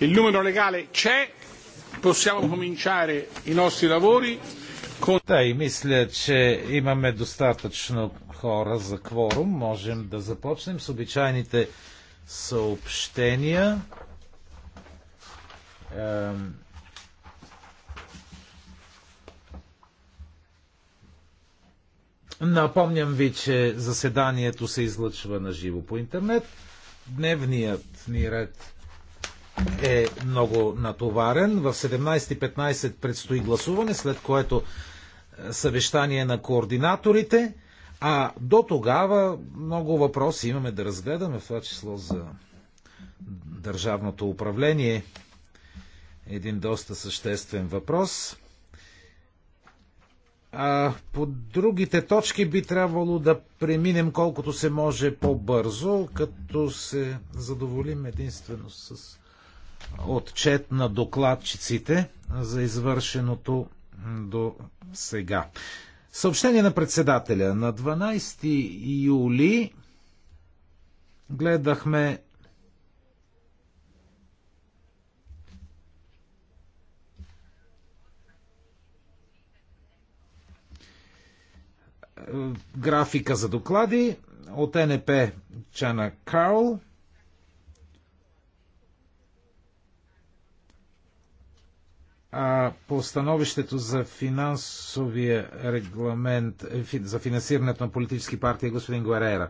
Il numero legale c'è, possiamo cominciare i nostri lavori. Да, и мисля, че имаме достатъчно хора за кворум. Можем да започнем с обичайните съобщения. Ем... Напомням ви, че заседанието се излъчва на живо по интернет. Дневният ни ред е много натоварен. В 17.15 предстои гласуване, след което е, съвещание на координаторите. А до тогава много въпроси имаме да разгледаме, в това число за държавното управление. Един доста съществен въпрос. А по другите точки би трябвало да преминем колкото се може по-бързо, като се задоволим единствено с отчет на докладчиците за извършеното до сега. Съобщение на председателя. На 12 юли гледахме графика за доклади от НП Чана Карл А по становището за финансовия регламент, е, за финансирането на политически партии, господин Гуарера.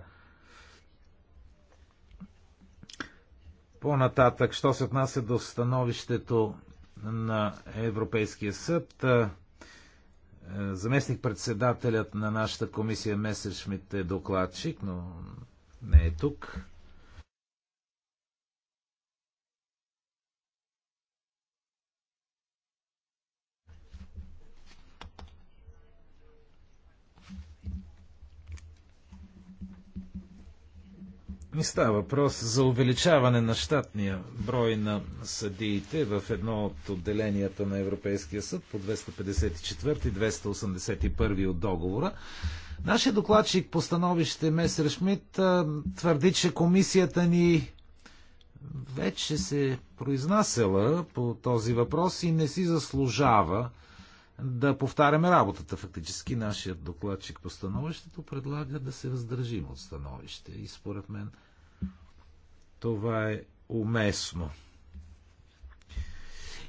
По-нататък, що се отнася до становището на Европейския съд, заместник-председателят на нашата комисия Месершмит е докладчик, но не е тук. Не става въпрос за увеличаване на щатния брой на съдиите в едно от отделенията на Европейския съд по 254 и 281 от договора. Нашия докладчик по становище Месер Шмидт твърди, че комисията ни вече се е произнасяла по този въпрос и не си заслужава да повтаряме работата. Фактически нашият докладчик по становището предлага да се въздържим от становище и според мен това е уместно.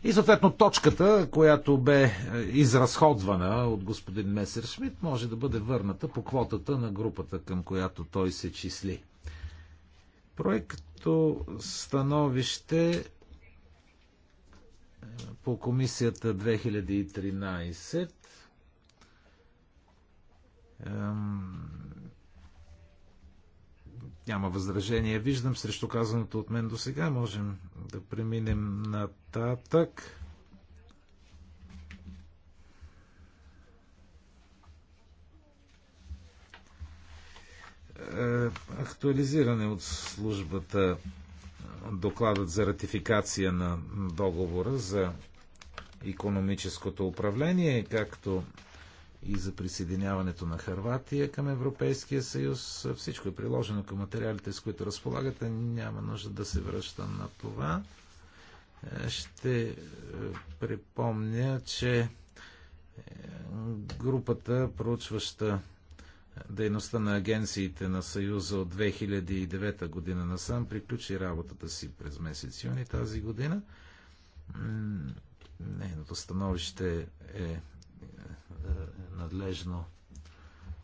И съответно точката, която бе е, изразходвана от господин Месершмит, може да бъде върната по квотата на групата, към която той се числи. Проекто становище е, по комисията 2013 няма възражение. Виждам срещу казаното от мен до сега. Можем да преминем нататък. Е, актуализиране от службата докладът за ратификация на договора за економическото управление, както и за присъединяването на Харватия към Европейския съюз. Всичко е приложено към материалите, с които разполагате. Няма нужда да се връщам на това. Е, ще е, припомня, че е, групата, проучваща дейността на агенциите на Съюза от 2009 година насам, приключи работата си през месец юни тази година. Нейното становище е надлежно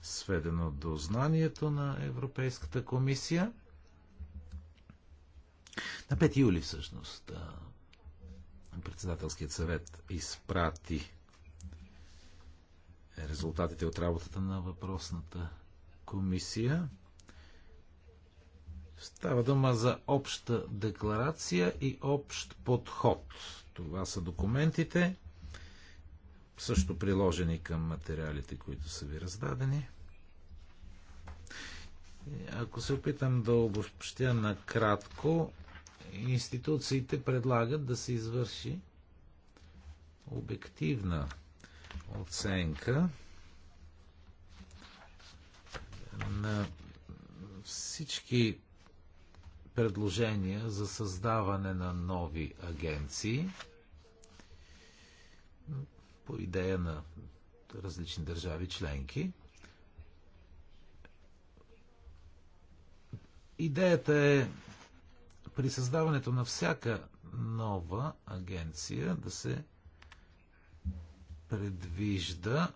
сведено до знанието на Европейската комисия. На 5 юли всъщност председателският съвет изпрати резултатите от работата на въпросната комисия. Става дума за обща декларация и общ подход. Това са документите, също приложени към материалите, които са ви раздадени. Ако се опитам да обобщя накратко, институциите предлагат да се извърши обективна оценка на всички предложения за създаване на нови агенции по идея на различни държави членки. Идеята е при създаването на всяка нова агенция да се предвижда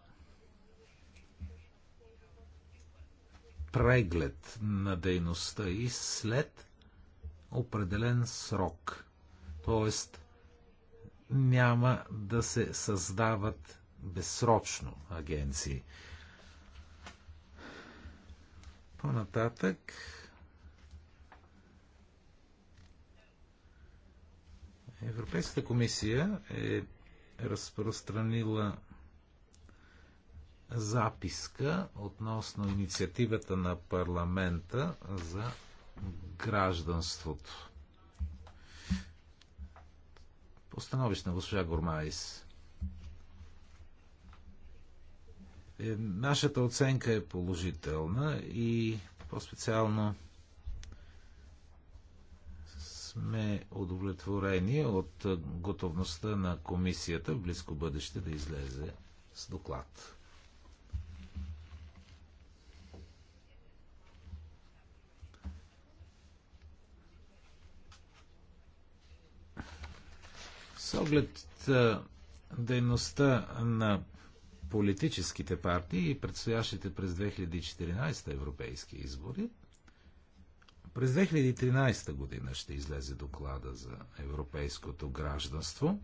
преглед на дейността и след определен срок. Тоест, няма да се създават безсрочно агенции. По-нататък Европейската комисия е разпространила записка относно инициативата на парламента за гражданството. По на госпожа Гормайс. Е, нашата оценка е положителна и по-специално сме удовлетворени от готовността на комисията в близко бъдеще да излезе с доклад. С оглед дейността на политическите партии и предстоящите през 2014 европейски избори, през 2013 година ще излезе доклада за европейското гражданство.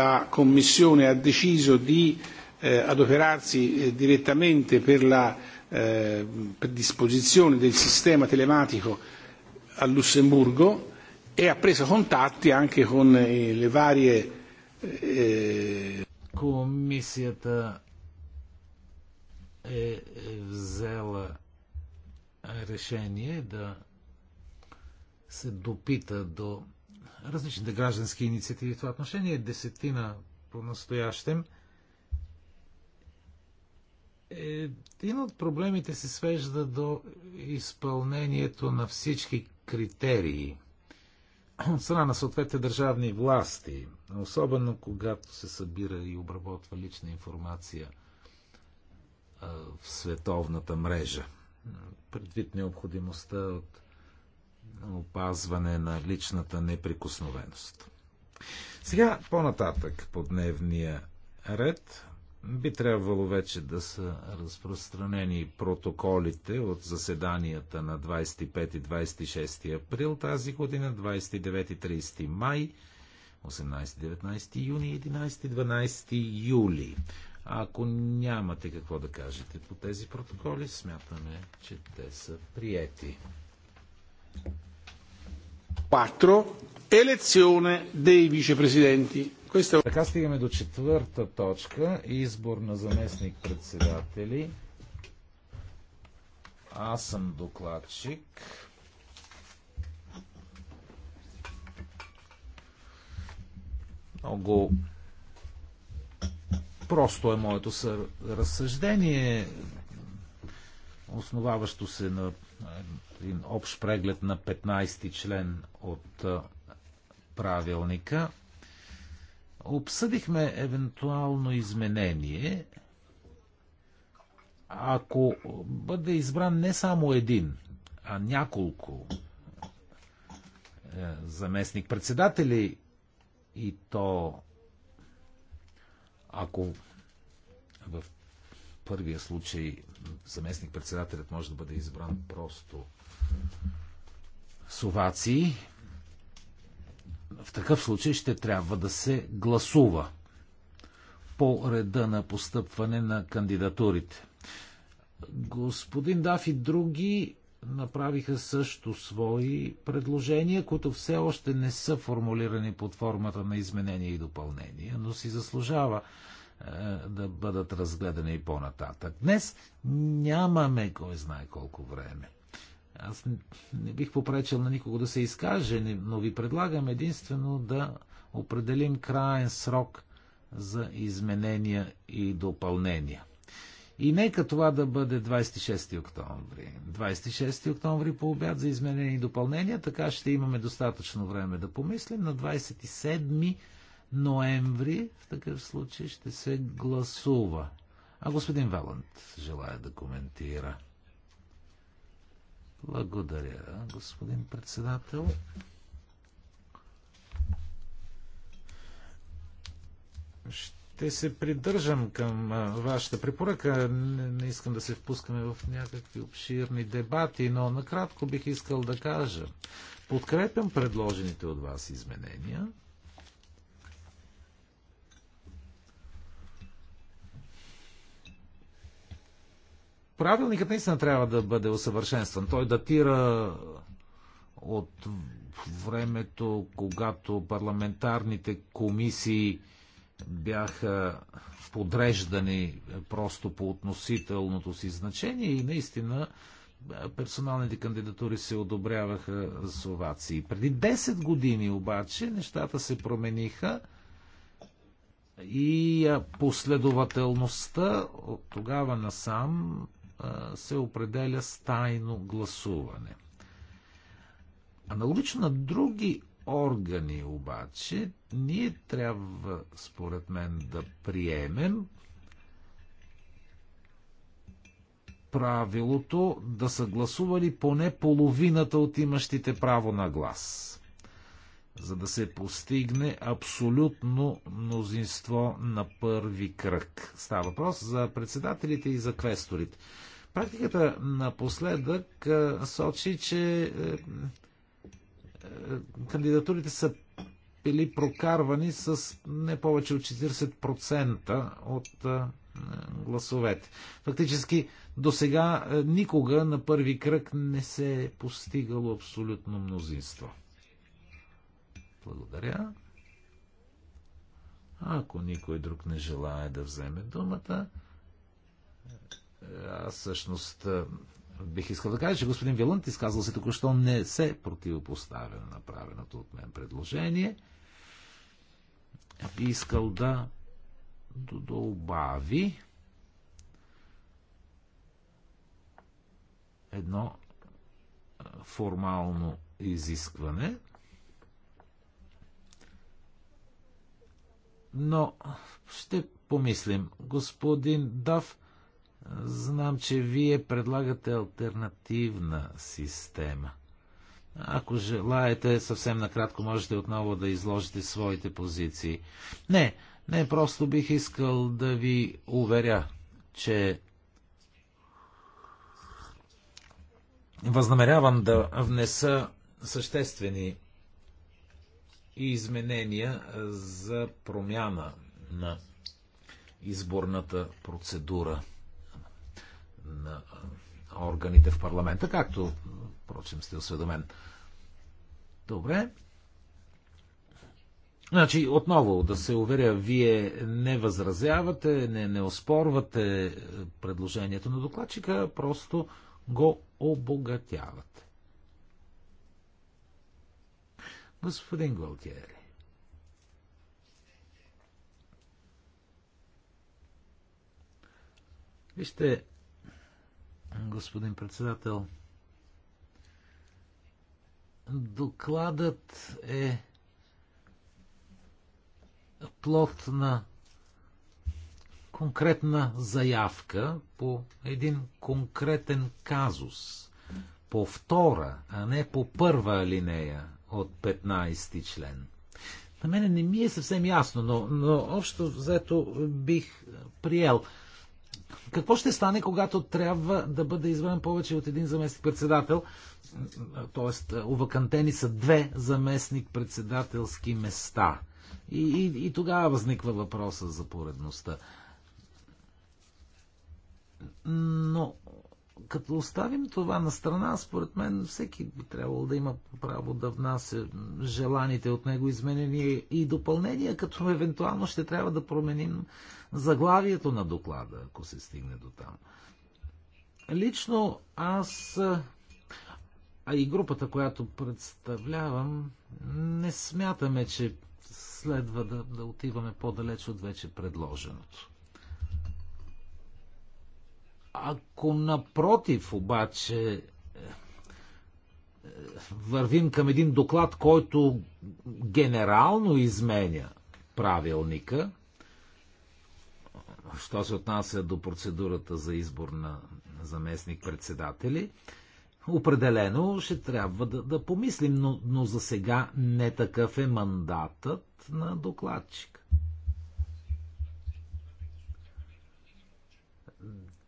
La Commissione ha deciso di adoperarsi direttamente per la predisposizione del sistema telematico a Lussemburgo e ha preso contatti anche con le varie Комисията е взела решение да се допита до различните граждански инициативи в това отношение. Десетина по-настоящем е, един от проблемите се свежда до изпълнението на всички критерии от страна на съответните държавни власти, особено когато се събира и обработва лична информация в световната мрежа. Предвид необходимостта от опазване на личната неприкосновеност. Сега по-нататък по дневния ред би трябвало вече да са разпространени протоколите от заседанията на 25 и 26 април тази година, 29 и 30 май, 18-19 юни, 11-12 юли. А ако нямате какво да кажете по тези протоколи, смятаме, че те са приети. 4. Елеzione dei viceprezidenti. Questa... Така стигаме до четвърта точка. Избор на заместник-председатели. Аз съм докладчик. Много просто е моето разсъждение, основаващо се на един общ преглед на 15 ти член от правилника. Обсъдихме евентуално изменение, ако бъде избран не само един, а няколко е, заместник-председатели и то ако в първия случай заместник-председателят може да бъде избран просто с овации, в такъв случай ще трябва да се гласува по реда на постъпване на кандидатурите. Господин Даф и други направиха също свои предложения, които все още не са формулирани под формата на изменения и допълнения, но си заслужава е, да бъдат разгледани и по-нататък. Днес нямаме кой знае колко време. Аз не бих попречил на никого да се изкаже, но ви предлагам единствено да определим краен срок за изменения и допълнения. И нека това да бъде 26 октомври. 26 октомври по обяд за изменения и допълнения, така ще имаме достатъчно време да помислим. На 27 ноември в такъв случай ще се гласува. А господин Валант желая да коментира. Благодаря, господин председател. Ще се придържам към вашата препоръка. Не, не искам да се впускаме в някакви обширни дебати, но накратко бих искал да кажа. Подкрепям предложените от вас изменения. Правилникът наистина трябва да бъде усъвършенстван. Той датира от времето, когато парламентарните комисии бяха подреждани просто по относителното си значение и наистина е, персоналните кандидатури се одобряваха с овации. Преди 10 години обаче нещата се промениха и е, последователността от тогава насам се определя стайно гласуване. Аналогично на други органи обаче, ние трябва, според мен, да приемем правилото да са гласували поне половината от имащите право на глас, за да се постигне абсолютно мнозинство на първи кръг. Става въпрос за председателите и за квесторите. Практиката напоследък сочи, че е, е, кандидатурите са били прокарвани с не повече от 40% от е, гласовете. Фактически до сега никога на първи кръг не се е постигало абсолютно мнозинство. Благодаря. Ако никой друг не желая да вземе думата, аз всъщност е, бих искал да кажа, че господин Вилънт изказал се току-що не се противопоставя на направеното от мен предложение. Би искал да добави едно е, формално изискване, но ще помислим. Господин Дав Знам, че вие предлагате альтернативна система. Ако желаете, съвсем накратко можете отново да изложите своите позиции. Не, не, просто бих искал да ви уверя, че възнамерявам да внеса съществени изменения за промяна на изборната процедура на органите в парламента, както, впрочем, сте осведомен. Добре. Значи, отново да се уверя, вие не възразявате, не, не оспорвате е, предложението на докладчика, просто го обогатявате. Господин Галтиери. Вижте, господин председател. Докладът е плод на конкретна заявка по един конкретен казус, по втора, а не по първа алинея от 15 ти член. На мене не ми е съвсем ясно, но, но общо взето бих приел. Какво ще стане, когато трябва да бъде избран повече от един заместник-председател? Тоест, е, увакантени са две заместник-председателски места. И, и, и тогава възниква въпроса за поредността. Но като оставим това на страна, според мен всеки би трябвало да има право да внася желаните от него изменения и допълнения, като евентуално ще трябва да променим заглавието на доклада, ако се стигне до там. Лично аз, а и групата, която представлявам, не смятаме, че следва да, да отиваме по-далеч от вече предложеното. Ако напротив, обаче, е, вървим към един доклад, който генерално изменя правилника, що се отнася до процедурата за избор на заместник-председатели, определено ще трябва да, да помислим, но, но за сега не такъв е мандатът на докладчика.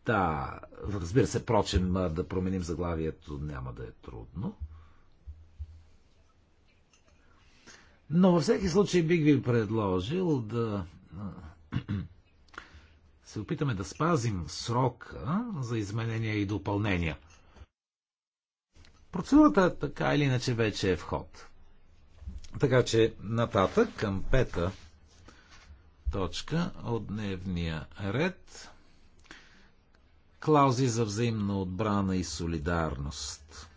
Да, разбира се, прочим, да променим заглавието няма да е трудно. Но във всеки случай бих ви предложил да се опитаме да спазим срока за изменения и допълнения. Процедурата така или иначе вече е в ход. Така че нататък към пета точка от дневния ред клаузи за взаимна отбрана и солидарност,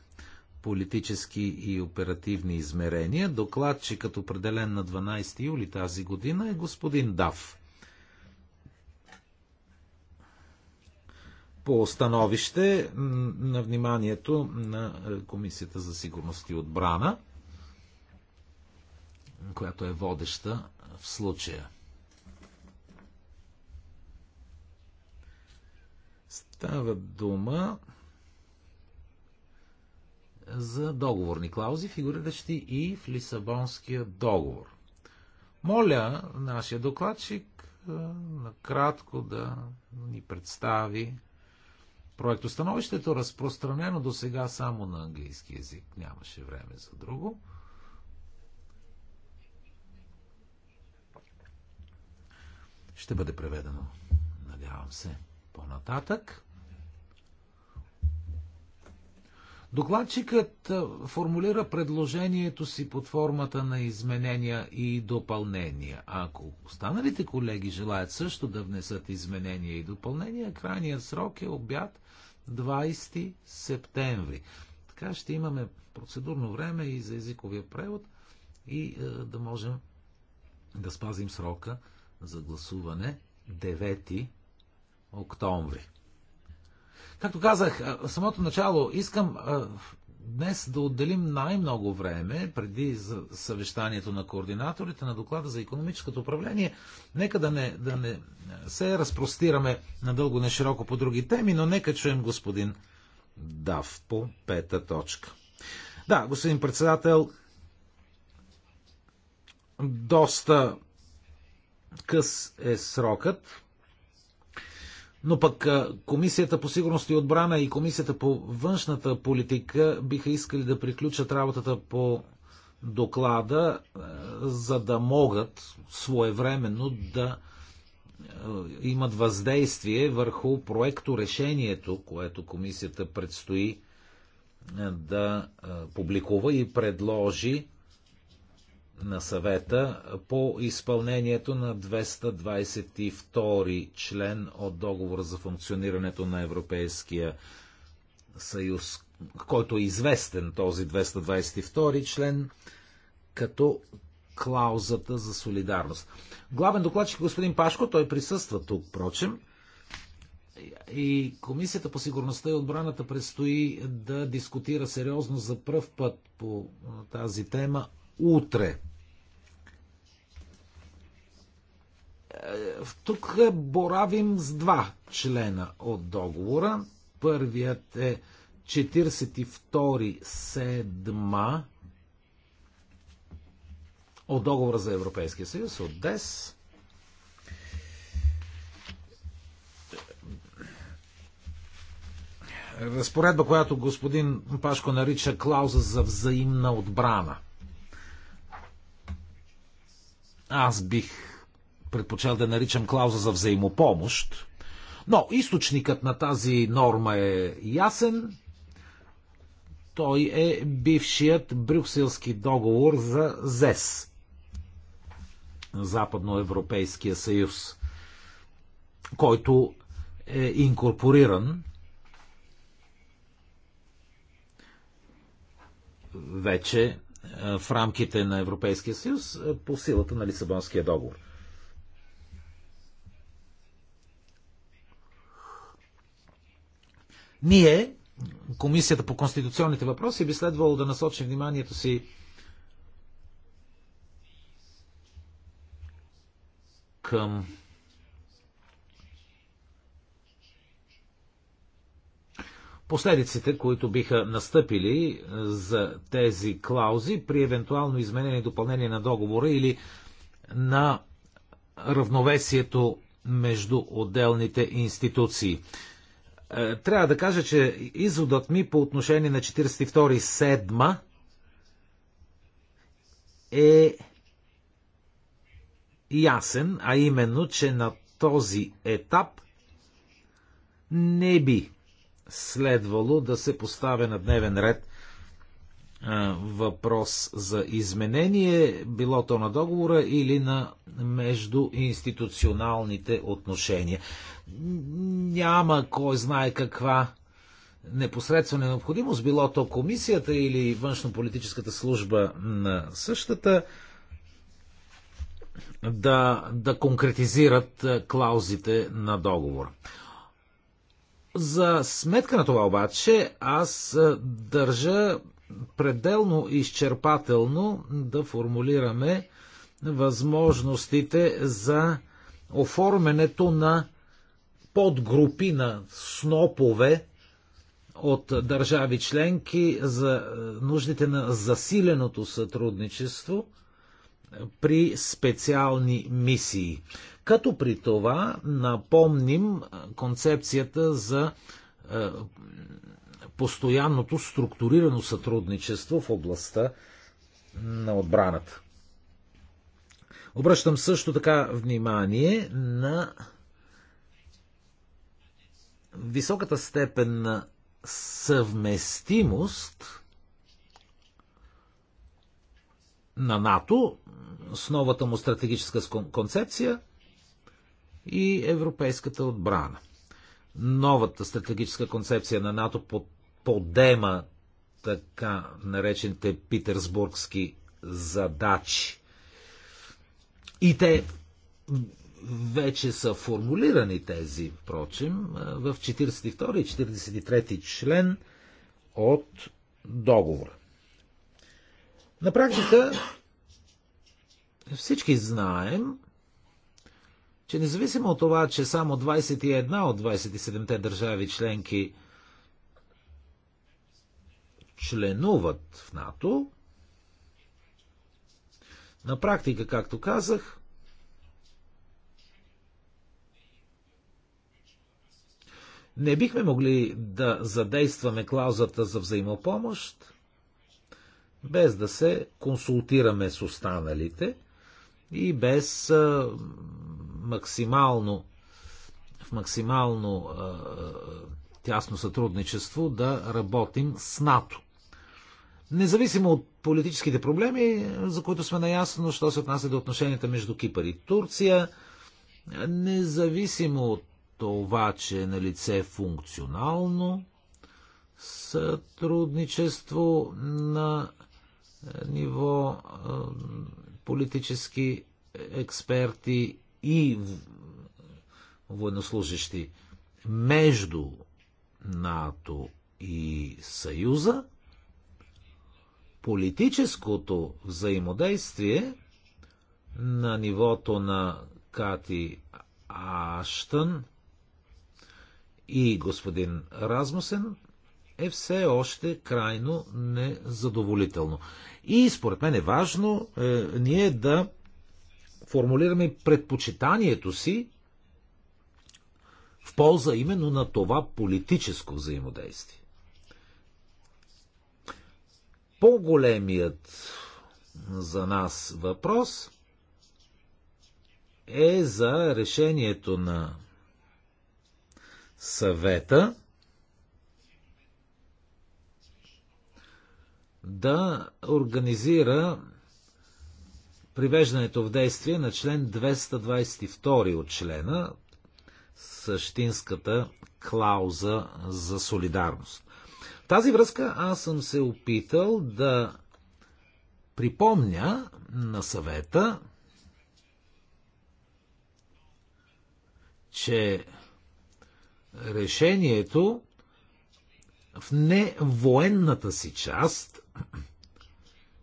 политически и оперативни измерения. Докладчикът определен на 12 юли тази година е господин Дав. По становище на вниманието на е, Комисията за сигурност и отбрана, която е водеща в случая – Става дума за договорни клаузи, фигуриращи и в Лисабонския договор. Моля нашия докладчик накратко да ни представи проектостановището, разпространено до сега само на английски язик. Нямаше време за друго. Ще бъде преведено, надявам се, по-нататък. Докладчикът формулира предложението си под формата на изменения и допълнения. ако останалите колеги желаят също да внесат изменения и допълнения, крайният срок е обяд 20 септември. Така ще имаме процедурно време и за езиковия превод и да можем да спазим срока за гласуване 9 октомври. Както казах, в самото начало искам днес да отделим най-много време преди съвещанието на координаторите на доклада за економическото управление. Нека да не, да не се разпростираме надълго не широко по други теми, но нека чуем господин Дав по пета точка. Да, господин председател, доста къс е срокът. Но пък Комисията по сигурност и отбрана и Комисията по външната политика биха искали да приключат работата по доклада, за да могат своевременно да имат въздействие върху проекто решението, което комисията предстои да публикува и предложи на съвета по изпълнението на 222 член от договора за функционирането на Европейския съюз, който е известен този 222 член като клаузата за солидарност. Главен докладчик е господин Пашко, той присъства тук, прочим. И Комисията по сигурността и отбраната предстои да дискутира сериозно за пръв път по тази тема утре. Тук боравим с два члена от договора. Първият е 42 7 от договора за Европейския съюз, от ДЕС. Разпоредба, която господин Пашко нарича клауза за взаимна отбрана. Аз бих предпочел да наричам клауза за взаимопомощ, но източникът на тази норма е ясен. Той е бившият брюкселски договор за ЗЕС. Западноевропейския съюз, който е инкорпориран вече в рамките на Европейския съюз по силата на Лисабонския договор. Ние, Комисията по конституционните въпроси, би следвало да насочи вниманието си към последиците, които биха настъпили за тези клаузи при евентуално изменение и допълнение на договора или на равновесието между отделните институции. Е, трябва да кажа, че изводът ми по отношение на 42 седма е ясен, а именно, че на този етап не би следвало да се поставя на дневен ред въпрос за изменение, било то на договора или на междуинституционалните отношения. Няма кой знае каква непосредствена необходимост, било то комисията или политическата служба на същата, да, да конкретизират клаузите на договора. За сметка на това обаче, аз държа пределно изчерпателно да формулираме възможностите за оформянето на подгрупи на снопове от държави членки за е, нуждите на засиленото сътрудничество при специални мисии. Като при това напомним концепцията за е, постоянното структурирано сътрудничество в областта на отбраната. Обръщам също така внимание на високата степен на съвместимост на НАТО с новата му стратегическа концепция и европейската отбрана. Новата стратегическа концепция на НАТО под подема така наречените питерсбургски задачи. И те вече са формулирани тези, впрочем, в 42 и 43 член от договора. На практика всички знаем, че независимо от това, че само 21 от 27-те държави членки членуват в НАТО, на практика, както казах, не бихме могли да задействаме клаузата за взаимопомощ, без да се консултираме с останалите и без а, максимално в максимално а, тясно сътрудничество да работим с НАТО. Независимо от политическите проблеми, за които сме наясно, що се отнася до отношенията между Кипър и Турция, независимо от това, че е на лице функционално сътрудничество на е, ниво е, политически експерти и военнослужащи между НАТО и Съюза, политическото взаимодействие на нивото на Кати Аштън и господин Размусен е все още крайно незадоволително. И според мен е важно е, ние да формулираме предпочитанието си в полза именно на това политическо взаимодействие. По-големият за нас въпрос е за решението на съвета да организира привеждането в действие на член 222 от члена, същинската клауза за солидарност тази връзка аз съм се опитал да припомня на съвета, че решението в невоенната си част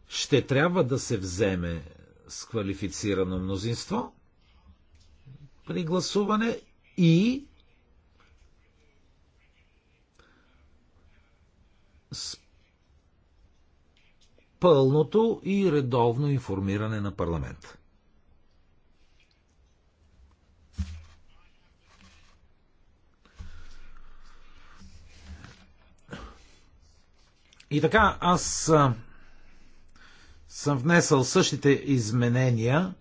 ще трябва да се вземе с квалифицирано мнозинство при гласуване и с пълното и редовно информиране на парламента. И така, аз съм внесъл същите изменения,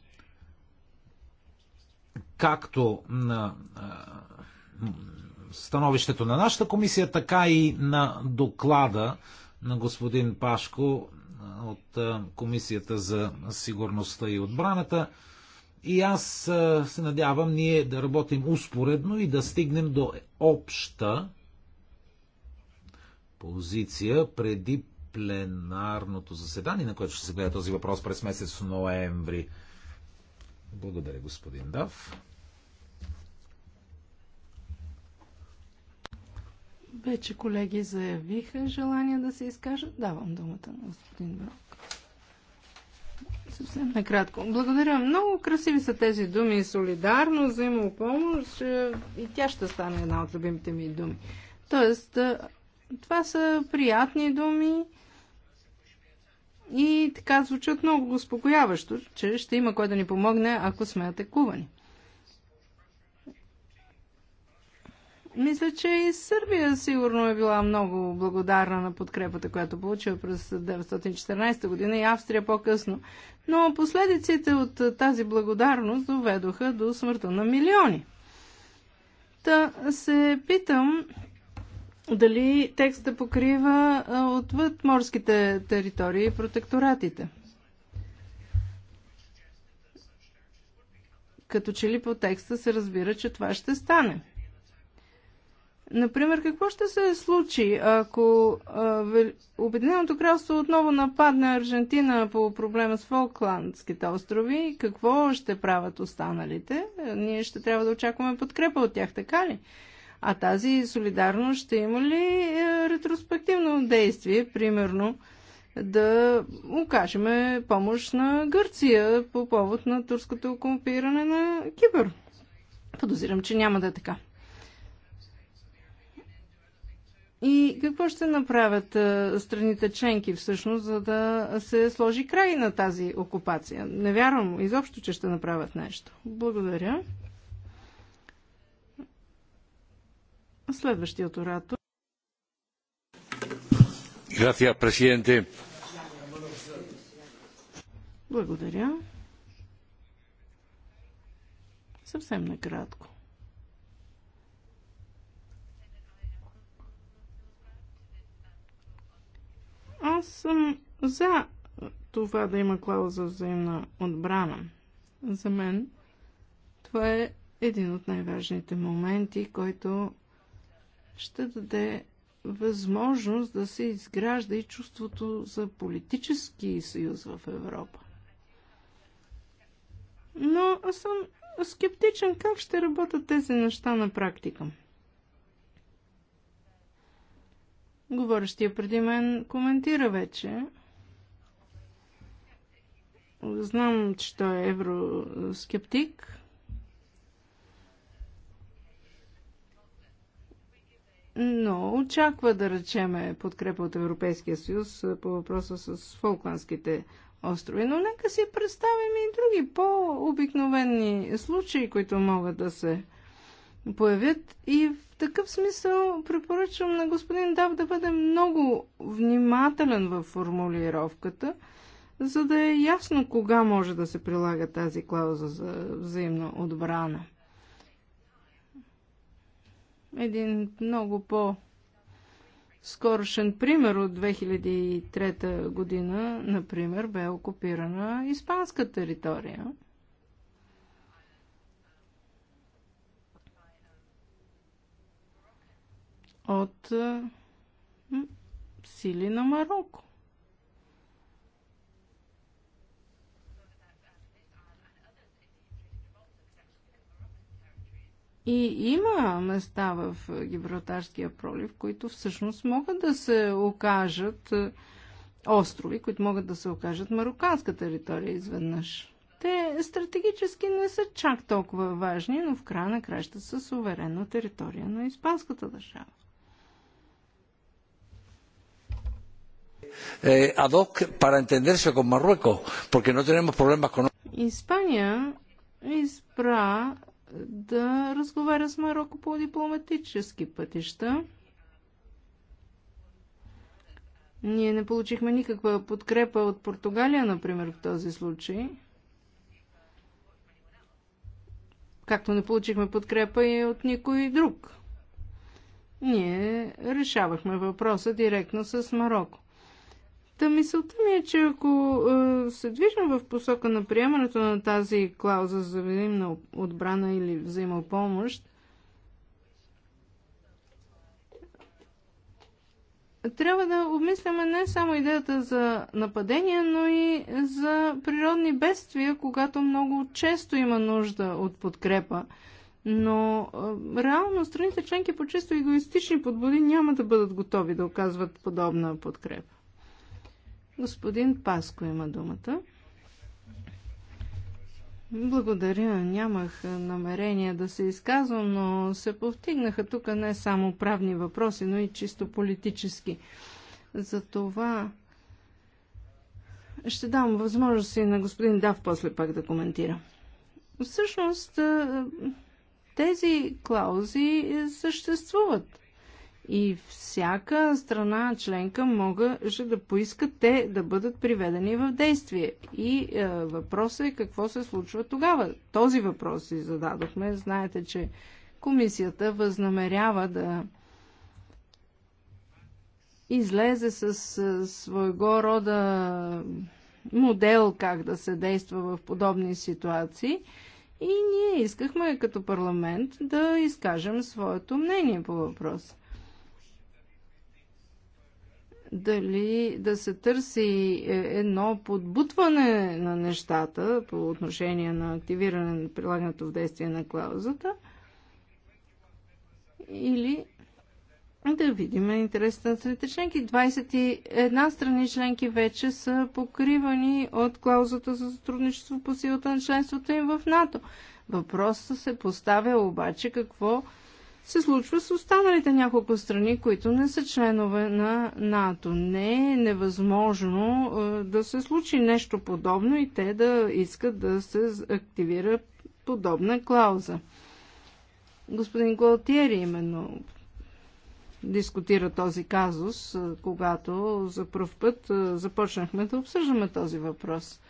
както на становището на нашата комисия, така и на доклада на господин Пашко от Комисията за сигурността и отбраната. И аз се надявам ние да работим успоредно и да стигнем до обща позиция преди пленарното заседание, на което ще се гледа този въпрос през месец ноември. Благодаря, господин Дав. Вече колеги заявиха желание да се изкажат. Давам думата на господин Брок. Съвсем накратко. Благодаря. Много красиви са тези думи. Солидарно, взаимопомощ е, и тя ще стане една от любимите ми думи. Тоест, е, това са приятни думи и така звучат много успокояващо, че ще има кой да ни помогне, ако сме атакувани. Мисля, че и Сърбия сигурно е била много благодарна на подкрепата, която получила през 1914 година и Австрия по-късно. Но последиците от тази благодарност доведоха до смъртта на милиони. Та се питам дали текста покрива отвъд морските територии и протекторатите. Като че ли по текста се разбира, че това ще стане – Например, какво ще се случи, ако Обединеното кралство отново нападне Аржентина по проблема с Фолкландските острови? Какво ще правят останалите? Ние ще трябва да очакваме подкрепа от тях, така ли? А тази солидарност ще има ли е, ретроспективно действие, примерно да окажеме помощ на Гърция по повод на турското окупиране на Кипър? Подозирам, че няма да е така. И какво ще направят страните членки всъщност, за да се сложи край на тази окупация? Не вярвам изобщо, че ще направят нещо. Благодаря. Следващият оратор. Грация, президенте. Благодаря. Съвсем накратко. Аз съм за това да има клауза взаимна отбрана. За мен това е един от най-важните моменти, който ще даде възможност да се изгражда и чувството за политически съюз в Европа. Но аз съм скептичен как ще работят тези неща на практика. Говорещия преди мен коментира вече. Знам, че той е евроскептик. Но очаква да речеме подкрепа от Европейския съюз по въпроса с Фолкландските острови. Но нека си представим и други по-обикновени случаи, които могат да се появят. И в такъв смисъл препоръчвам на господин Дав да бъде много внимателен в формулировката, за да е ясно кога може да се прилага тази клауза за взаимна отбрана. Един много по- скорошен пример от 2003 година, например, бе окупирана испанска територия – от сили на Марокко. И има места в Гибралтарския пролив, които всъщност могат да се окажат острови, които могат да се окажат мароканска територия изведнъж. Те стратегически не са чак толкова важни, но в края на краща са суверенна територия на испанската държава. Eh, ad hoc para entenderse con Marruecos, porque no tenemos problemas con. Испания избра да разговаря с Марокко по дипломатически пътища. Ние не получихме никаква подкрепа от Португалия, например, в този случай. Както не получихме подкрепа и от никой друг. Ние решавахме въпроса директно с Марокко. Та мисълта ми е, че ако се движим в посока на приемането на тази клауза за взаимна отбрана или взаимопомощ, трябва да обмисляме не само идеята за нападения, но и за природни бедствия, когато много често има нужда от подкрепа. Но реално страните членки по чисто егоистични подбуди няма да бъдат готови да оказват подобна подкрепа. Господин Паско има думата. Благодаря. Нямах намерение да се изказвам, но се повтигнаха тук не само правни въпроси, но и чисто политически. Затова ще дам възможност и на господин Дав после пак да коментира. Всъщност, тези клаузи съществуват. И всяка страна членка може да поиска те да бъдат приведени в действие. И е, въпросът е какво се случва тогава. Този въпрос си зададохме. Знаете, че комисията възнамерява да излезе с, с е, своего рода модел как да се действа в подобни ситуации. И ние искахме като парламент да изкажем своето мнение по въпроса дали да се търси е, едно подбутване на нещата по отношение на активиране на прилагането в действие на клаузата или да видим интересите на страните членки. 21 страни членки вече са покривани от клаузата за сътрудничество по силата на членството им в НАТО. Въпросът се поставя обаче какво се случва с останалите няколко страни, които не са членове на НАТО. Не е невъзможно е, да се случи нещо подобно и те да искат да се активира подобна клауза. Господин Гуалтиери именно дискутира този казус, е, когато за първ път е, започнахме да обсъждаме този въпрос.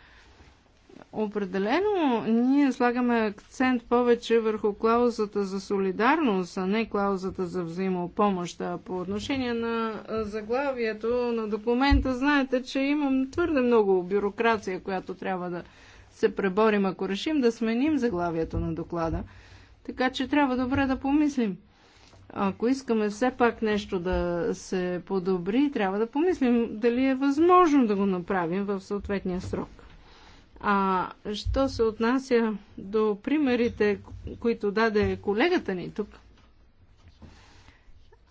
Определено ние слагаме акцент повече върху клаузата за солидарност, а не клаузата за взаимопомощ. А по отношение на заглавието на документа, знаете, че имам твърде много бюрокрация, която трябва да се преборим, ако решим да сменим заглавието на доклада. Така че трябва добре да помислим. Ако искаме все пак нещо да се подобри, трябва да помислим дали е възможно да го направим в съответния срок. А що се отнася до примерите, които даде колегата ни тук,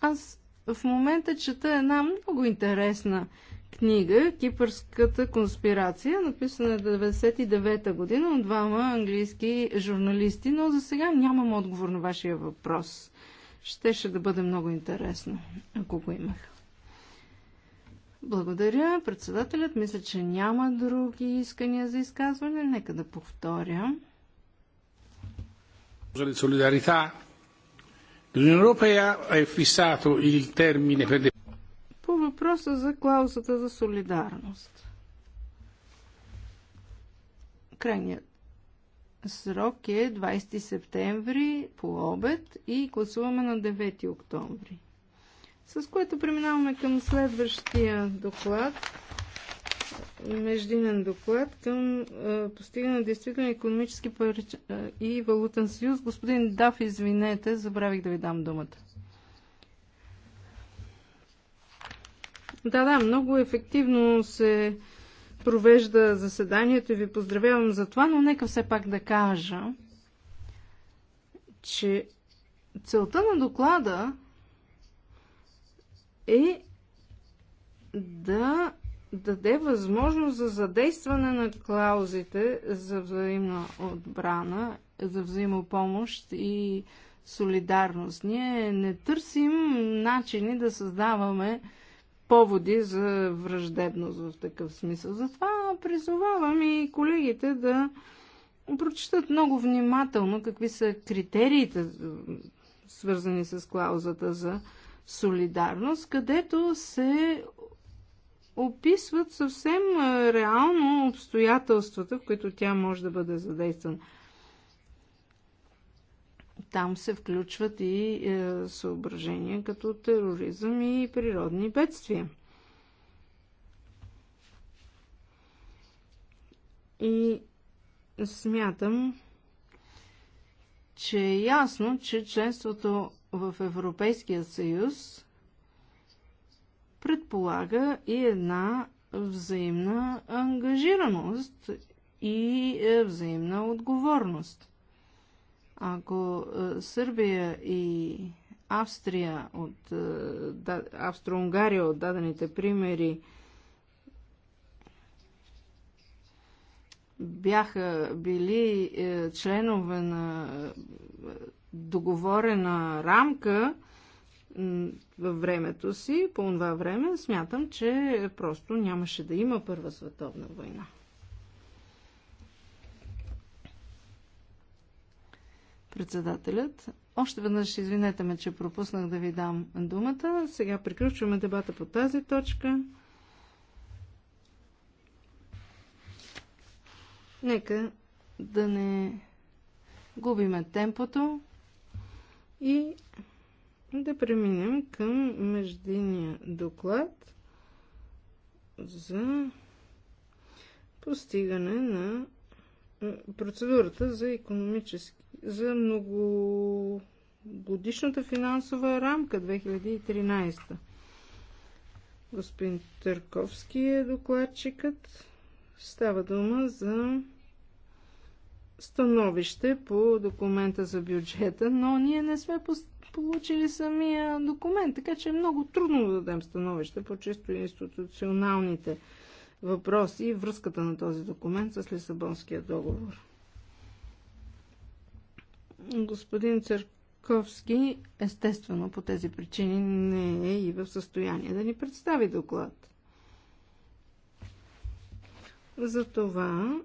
аз в момента чета една много интересна книга Кипърската конспирация, написана в 99-та година от двама английски журналисти, но за сега нямам отговор на вашия въпрос. Щеше да бъде много интересно, ако го имах. Благодаря. Председателят мисля, че няма други искания за изказване. Нека да повторя. По въпроса за клаузата за солидарност. Крайният срок е 20 септември по обед и гласуваме на 9 октомври. С което преминаваме към следващия доклад, междинен доклад, към постигане на действителен економически и валутен съюз. Господин Даф, извинете, забравих да ви дам думата. Да, да, много ефективно се провежда заседанието и ви поздравявам за това, но нека все пак да кажа, че целта на доклада е да даде възможност за задействане на клаузите за взаимна отбрана, за взаимопомощ и солидарност. Ние не търсим начини да създаваме поводи за враждебност в такъв смисъл. Затова призовавам и колегите да прочитат много внимателно какви са критериите, свързани с клаузата за солидарност, където се описват съвсем реално обстоятелствата, в които тя може да бъде задействана. Там се включват и е, съображения като тероризъм и природни бедствия. И смятам, че е ясно, че членството в Европейския съюз предполага и една взаимна ангажираност и е, взаимна отговорност. Ако е, Сърбия и Австрия от е, Австро-Унгария от дадените примери бяха били членове на договорена рамка във времето си, по това време, смятам, че просто нямаше да има Първа световна война. Председателят, още веднъж извинете ме, че пропуснах да ви дам думата. Сега приключваме дебата по тази точка. Нека да не губиме темпото. И да преминем към междинния доклад за постигане на процедурата за економически, за многогодишната финансова рамка 2013. Господин Търковски е докладчикът. Става дума за становище по документа за бюджета, но ние не сме получили самия документ, така че е много трудно да дадем становище по чисто институционалните въпроси и връзката на този документ с Лисабонския договор. Господин Църковски, естествено, по тези причини не е и в състояние да ни представи доклад. Затова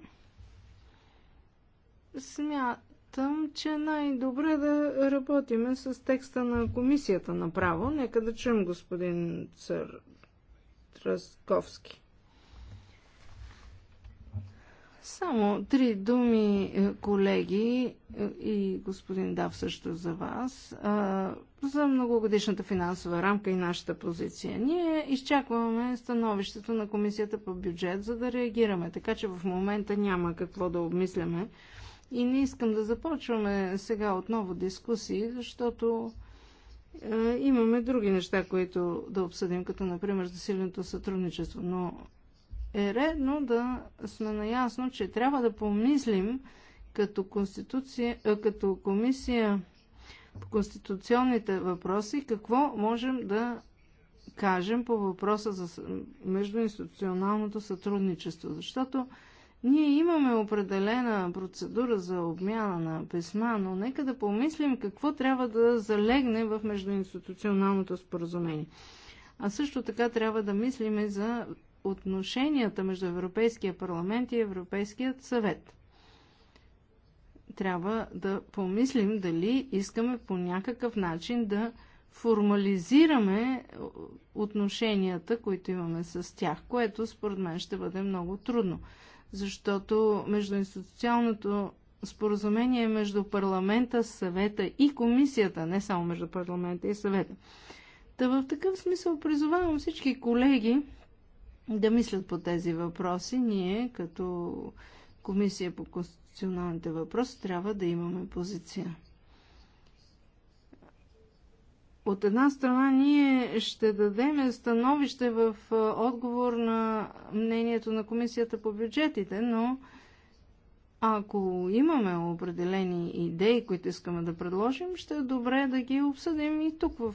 Смятам, че най-добре е да работиме с текста на комисията направо. Нека да чуем господин Цър Трасковски. Само три думи, е, колеги е, и господин Дав също за вас, за многогодишната финансова рамка и нашата позиция. Ние изчакваме становището на Комисията по бюджет, за да реагираме, така че в момента няма какво да обмисляме и не искам да започваме сега отново дискусии, защото е, имаме други неща, които да обсъдим, като например засиленото сътрудничество. Но е редно да сме наясно, че трябва да помислим като, конституция, е, като комисия по конституционните въпроси, какво можем да кажем по въпроса за междуинституционалното сътрудничество. Защото ние имаме определена процедура за обмяна на писма, но нека да помислим какво трябва да залегне в междуинституционалното споразумение. А също така трябва да мислим и за отношенията между Европейския парламент и Европейският съвет. Трябва да помислим дали искаме по някакъв начин да формализираме отношенията, които имаме с тях, което според мен ще бъде много трудно защото междуинституционалното споразумение между парламента, съвета и комисията, не само между парламента и съвета. Та в такъв смисъл призовавам всички колеги да мислят по тези въпроси. Ние, като Комисия по конституционалните въпроси, трябва да имаме позиция. От една страна ние ще дадем становище в отговор на мнението на Комисията по бюджетите, но ако имаме определени идеи, които искаме да предложим, ще е добре да ги обсъдим и тук в,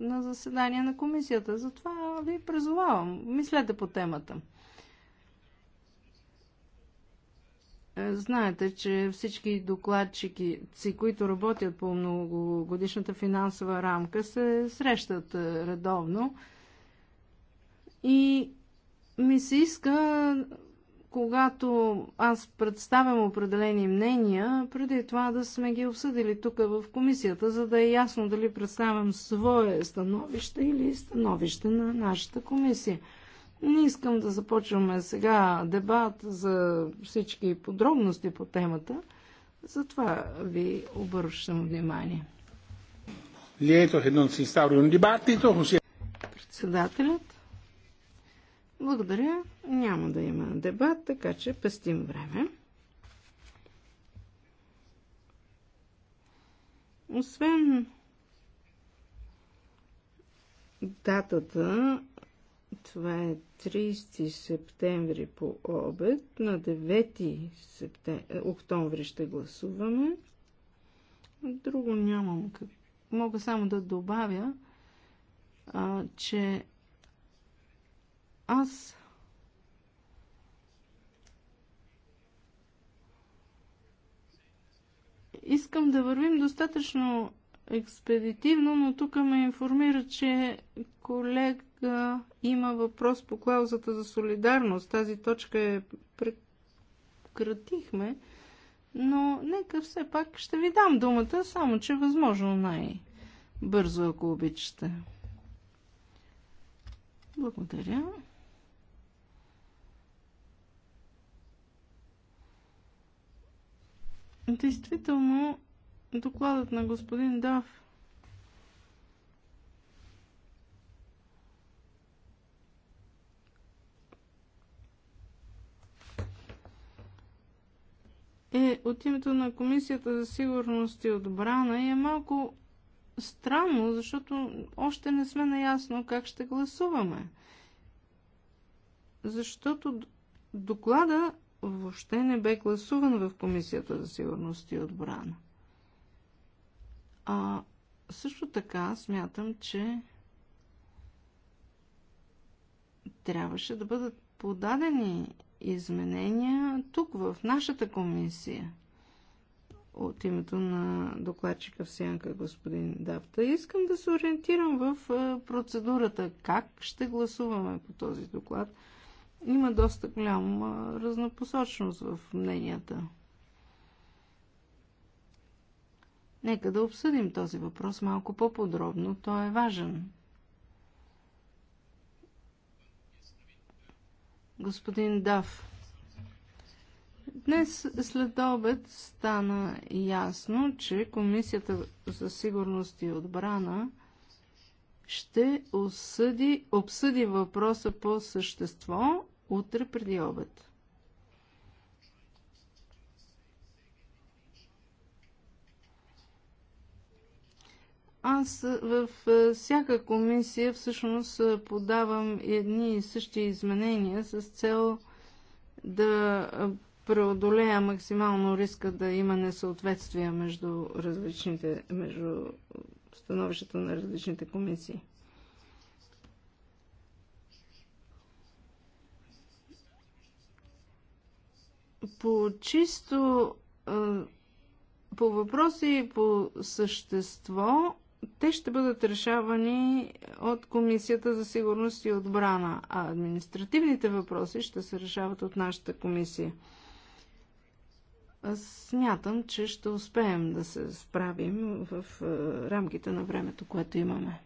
на заседание на комисията. Затова ви призовавам. Мислете по темата. Е, знаете, че всички докладчики, които работят по многогодишната финансова рамка, се срещат е, редовно. И ми се иска, когато аз представям определени мнения, преди това да сме ги обсъдили тук в комисията, за да е ясно дали представям свое становище или становище на нашата комисия. Не искам да започваме сега дебат за всички подробности по темата, затова ви обръщам внимание. Lieta che non si instauri un Председателят. Благодаря. Няма да има дебат, така че пестим време. Освен датата това е 30 септември по обед. На 9 септем... Е, октомври ще гласуваме. Друго нямам. Мога само да добавя, а, че аз искам да вървим достатъчно експедитивно, но тук ме информира, че Колега, има въпрос по клаузата за солидарност. Тази точка е прекратихме, но нека все пак ще ви дам думата, само че възможно най-бързо, ако обичате. Благодаря. Действително, докладът на господин Дав е от името на Комисията за сигурност и отбрана и е малко странно, защото още не сме наясно как ще гласуваме. Защото доклада въобще не бе гласуван в Комисията за сигурност и отбрана. А също така смятам, че трябваше да бъдат подадени изменения тук в нашата комисия от името на докладчика в Сянка господин Дафта. Искам да се ориентирам в процедурата как ще гласуваме по този доклад. Има доста голяма разнопосочност в мненията. Нека да обсъдим този въпрос малко по-подробно. Той е важен. господин Дав. Днес след обед стана ясно, че Комисията за сигурност и отбрана ще осъди, обсъди въпроса по същество утре преди обед. Аз е, в е, всяка комисия всъщност е, подавам едни и същи изменения с цел да преодолея максимално риска да има несъответствия между различните, между становищата на различните комисии. По чисто по въпроси по същество те ще бъдат решавани от Комисията за сигурност и отбрана, а административните въпроси ще се решават от нашата комисия. Аз смятам, че ще успеем да се справим в е, рамките на времето, което имаме.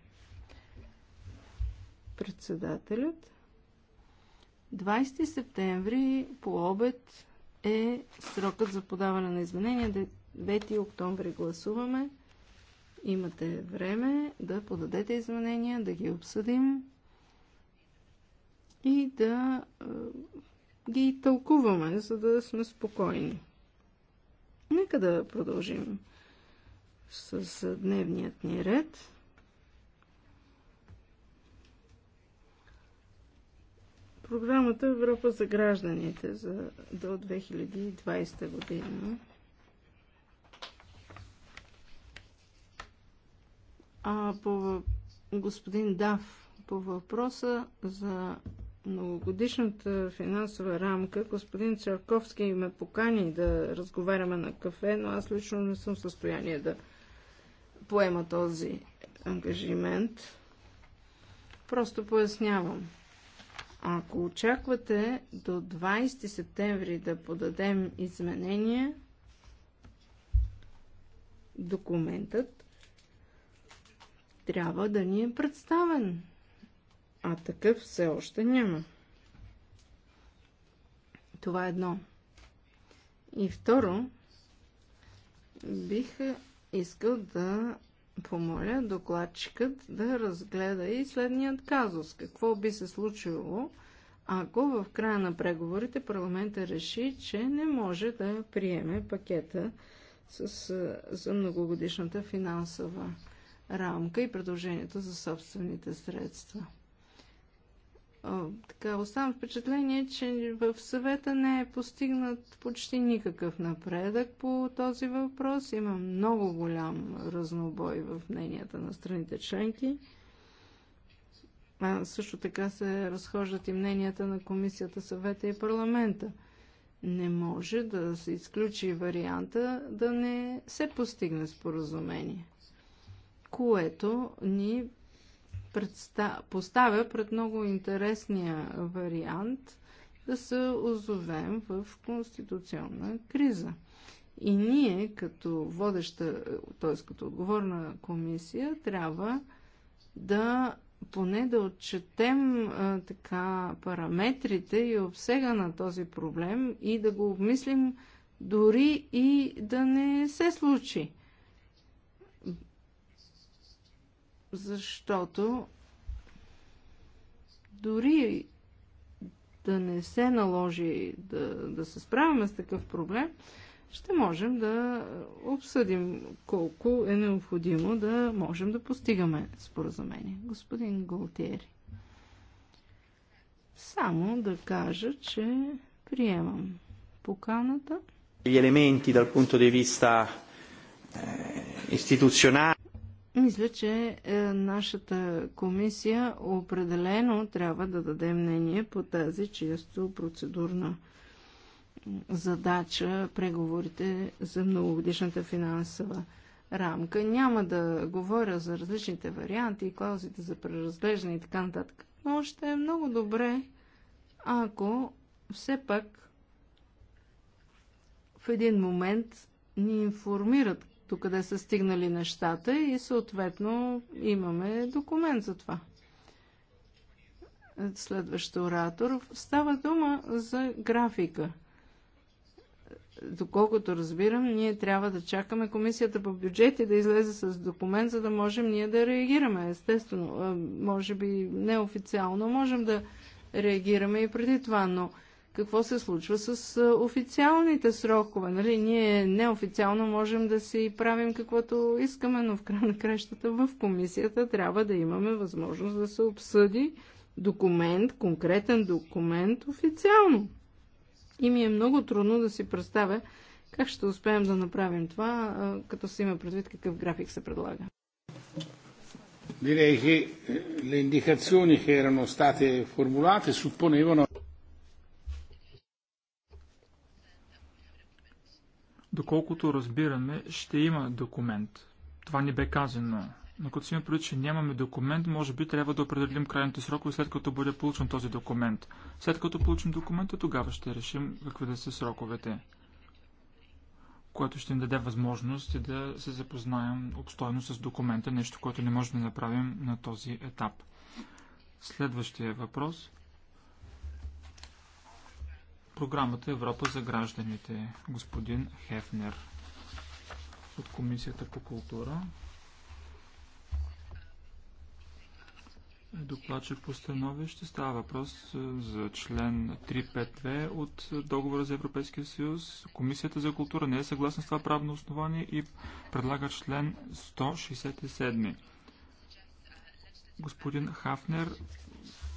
Председателят. 20 септември по обед е срокът за подаване на изменения. 9 октомври гласуваме. Имате време да подадете изменения, да ги обсъдим и да ги тълкуваме, за да сме спокойни. Нека да продължим с дневният ни ред. Програмата Европа за гражданите за, до 2020 година. А по господин Дав, по въпроса за многогодишната финансова рамка, господин Църковски ме покани да разговаряме на кафе, но аз лично не съм в състояние да поема този ангажимент. Просто пояснявам. Ако очаквате до 20 септември да подадем изменения, документът трябва да ни е представен. А такъв все още няма. Това е едно. И второ, бих искал да помоля докладчикът да разгледа и следният казус. Какво би се случило, ако в края на преговорите парламента реши, че не може да приеме пакета с, за многогодишната финансова рамка и предложението за собствените средства. Така, оставам впечатление, че в съвета не е постигнат почти никакъв напредък по този въпрос. Има много голям разнобой в мненията на страните членки. А също така се разхождат и мненията на комисията, съвета и парламента. Не може да се изключи варианта да не се постигне споразумение което ни поставя пред много интересния вариант да се озовем в конституционна криза. И ние, като водеща, т.е. като отговорна комисия, трябва да поне да отчетем а, така параметрите и обсега на този проблем и да го обмислим дори и да не се случи. защото дори да не се наложи да, да се справяме с такъв проблем, ще можем да обсъдим колко е необходимо да можем да постигаме споразумение. Господин Голтери. Само да кажа, че приемам поканата. Елементи дал dal punto di vista eh, istituzionale. Мисля, че е, нашата комисия определено трябва да даде мнение по тази чисто процедурна задача, преговорите за многогодишната финансова рамка. Няма да говоря за различните варианти, клаузите за преразглеждане и така нататък. Но ще е много добре, ако все пак в един момент ни информират до къде са стигнали нещата и съответно имаме документ за това. Следващо оратор. Става дума за графика. Доколкото разбирам, ние трябва да чакаме комисията по бюджет и да излезе с документ, за да можем ние да реагираме. Естествено, може би неофициално можем да реагираме и преди това, но какво се случва с официалните срокове. Нали? Ние неофициално можем да си правим каквото искаме, но в край на кращата в комисията трябва да имаме възможност да се обсъди документ, конкретен документ официално. И ми е много трудно да си представя как ще успеем да направим това, като се има предвид какъв график се предлага. Direi che eh, le indicazioni che erano state formulate supponevano Доколкото разбираме, ще има документ. Това не бе казано. Но като си има преди, че нямаме документ, може би трябва да определим крайните срокове след като бъде получен този документ. След като получим документа, тогава ще решим какви да са сроковете, което ще ни даде възможност да се запознаем обстойно с документа, нещо, което не можем да направим на този етап. Следващия въпрос – програмата Европа за гражданите, господин Хефнер от Комисията по култура. Доклаче по становище става въпрос е, за член 352 от Договора за Европейския съюз. Комисията за култура не е съгласна с това правно основание и предлага член 167. Господин Хафнер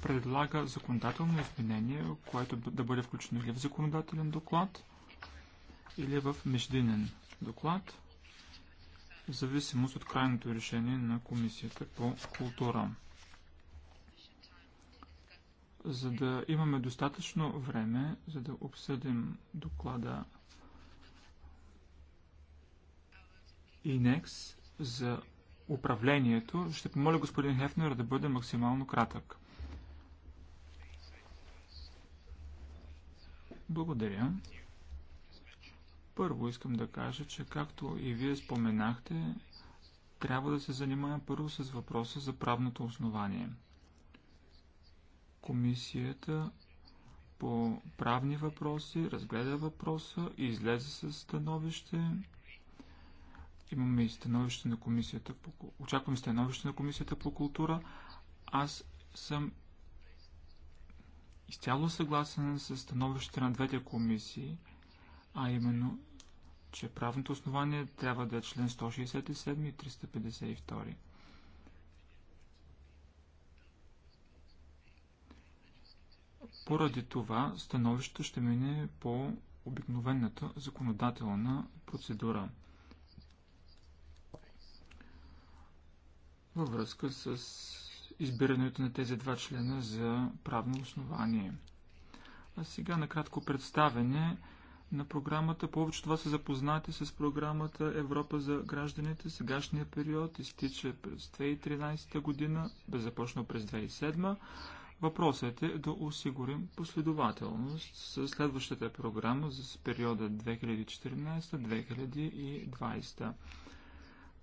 предлага законодателно изменение, което да бъде включено или в законодателен доклад, или в междинен доклад, в зависимост от крайното решение на Комисията по култура. За да имаме достатъчно време, за да обсъдим доклада ИНЕКС за управлението, ще помоля господин Хефнер да бъде максимално кратък. Благодаря. Първо искам да кажа, че както и вие споменахте, трябва да се занимаем първо с въпроса за правното основание. Комисията по правни въпроси разгледа въпроса и излезе с становище. Имаме и становище на комисията по... Очаквам становище на комисията по култура. Аз съм изцяло съгласен с становище на двете комисии, а именно, че правното основание трябва да е член 167 и 352. Поради това становището ще мине по обикновената законодателна процедура. Във връзка с избирането на тези два члена за правно основание. А сега накратко представене на програмата. Повече това са запознати с програмата Европа за гражданите. Сегашния период изтича през 2013 година, бе започнал през 2007. Въпросът е да осигурим последователност с следващата програма за периода 2014-2020.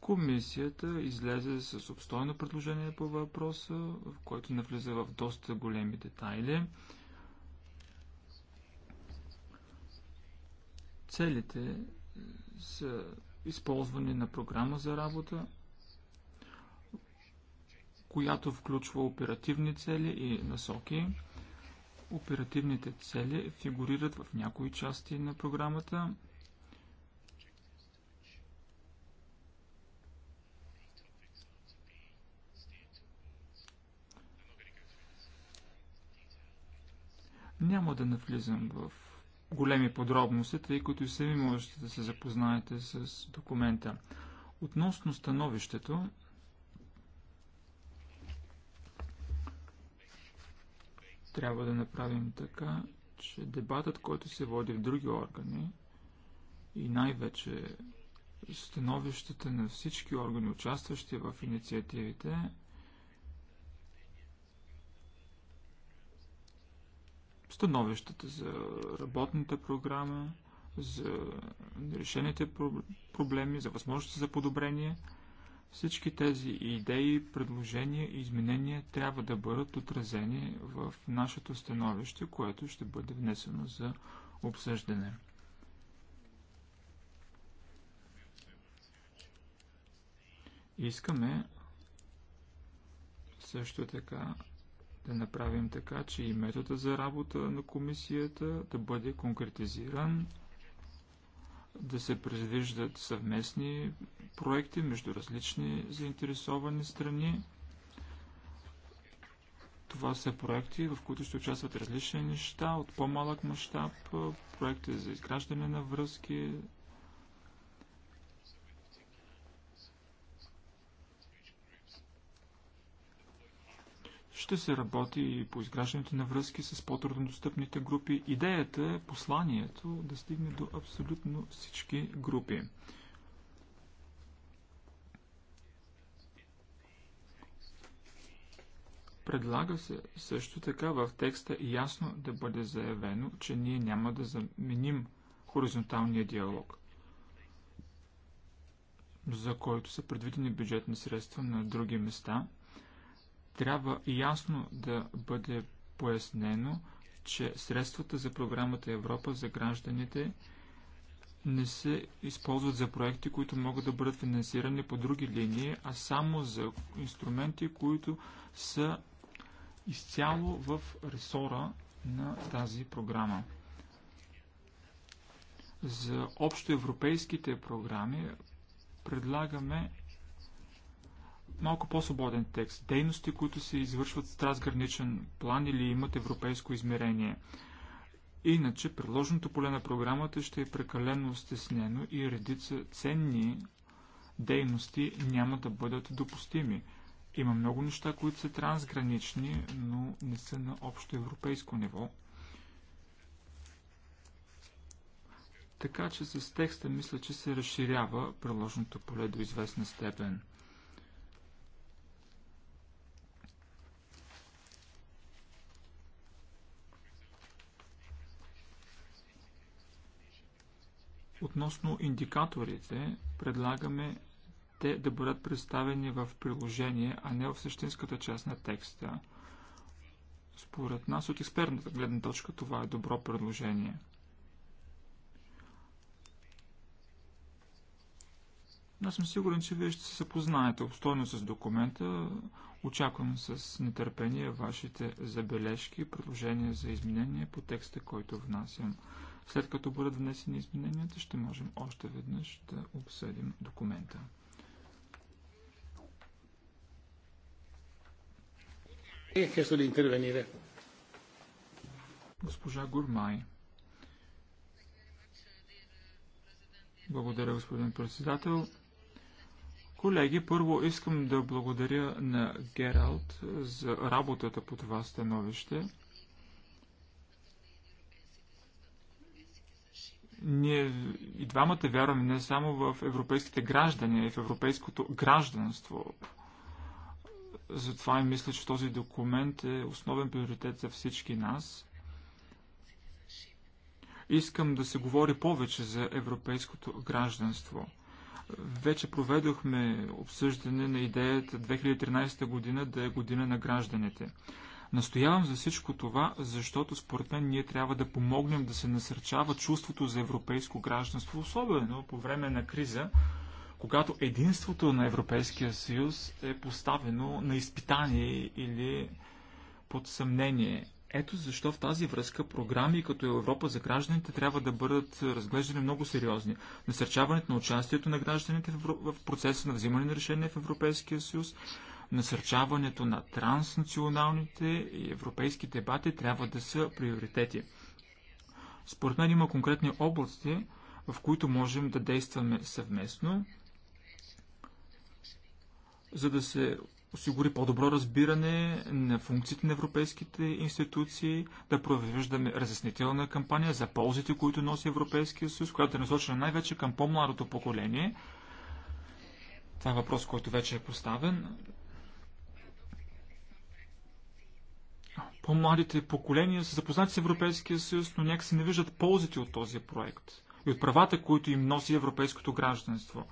Комисията излезе с обстойно предложение по въпроса, в което навлиза в доста големи детайли. Целите са използване на програма за работа, която включва оперативни цели и насоки. Оперативните цели фигурират в някои части на програмата. Няма да навлизам в големи подробности, тъй като и сами можете да се запознаете с документа. Относно становището, трябва да направим така, че дебатът, който се води в други органи и най-вече становищата на всички органи, участващи в инициативите, становищата за работната програма, за решените проблеми, за възможности за подобрение. Всички тези идеи, предложения и изменения трябва да бъдат отразени в нашето становище, което ще бъде внесено за обсъждане. Искаме също така да направим така, че и метода за работа на комисията да бъде конкретизиран, да се предвиждат съвместни проекти между различни заинтересовани страни. Това са проекти, в които ще участват различни неща от по-малък мащаб, проекти за изграждане на връзки, Ще се работи и по изграждането на връзки с по труднодостъпните групи. Идеята е посланието да стигне до абсолютно всички групи. Предлага се също така в текста ясно да бъде заявено, че ние няма да заменим хоризонталния диалог, за който са предвидени бюджетни средства на други места – трябва ясно да бъде пояснено, че средствата за програмата Европа за гражданите не се използват за проекти, които могат да бъдат финансирани по други линии, а само за инструменти, които са изцяло в ресора на тази програма. За общоевропейските програми предлагаме малко по-свободен текст. Дейности, които се извършват с трансграничен план или имат европейско измерение. Иначе, предложеното поле на програмата ще е прекалено стеснено и редица ценни дейности няма да бъдат допустими. Има много неща, които са трансгранични, но не са на общо европейско ниво. Така че с текста мисля, че се разширява приложното поле до известна степен. Относно индикаторите, предлагаме те да бъдат представени в приложение, а не в същинската част на текста. Според нас от експертната гледна точка това е добро предложение. Аз съм сигурен, че вие ще се запознаете обстойно с документа. Очаквам с нетърпение вашите забележки и предложения за изменения по текста, който внасям. След като бъдат внесени измененията, ще можем още веднъж да обсъдим документа. Е, е, Госпожа Гурмай. Благодаря, господин председател. Колеги, първо искам да благодаря на Гералт за работата по това становище. Ние и двамата вярваме не само в европейските граждани, а и в европейското гражданство. Затова и мисля, че този документ е основен приоритет за всички нас. Искам да се говори повече за европейското гражданство. Вече проведохме обсъждане на идеята 2013 година да е година на гражданите. Настоявам за всичко това, защото според мен ние трябва да помогнем да се насърчава чувството за европейско гражданство, особено по време на криза, когато единството на Европейския съюз е поставено на изпитание или под съмнение. Ето защо в тази връзка програми като Европа за гражданите трябва да бъдат разглеждани много сериозни. Насърчаването на участието на гражданите в процеса на взимане на решения в Европейския съюз, Насърчаването на транснационалните и европейски дебати трябва да са приоритети. Според мен има конкретни области, в които можем да действаме съвместно, за да се осигури по-добро разбиране на функциите на европейските институции, да провеждаме разяснителна кампания за ползите, които носи Европейския съюз, която е насочена най-вече към по-младото поколение. Това е въпрос, който вече е поставен. По-младите поколения са запознати с Европейския съюз, но някакси не виждат ползите от този проект и от правата, които им носи европейското гражданство.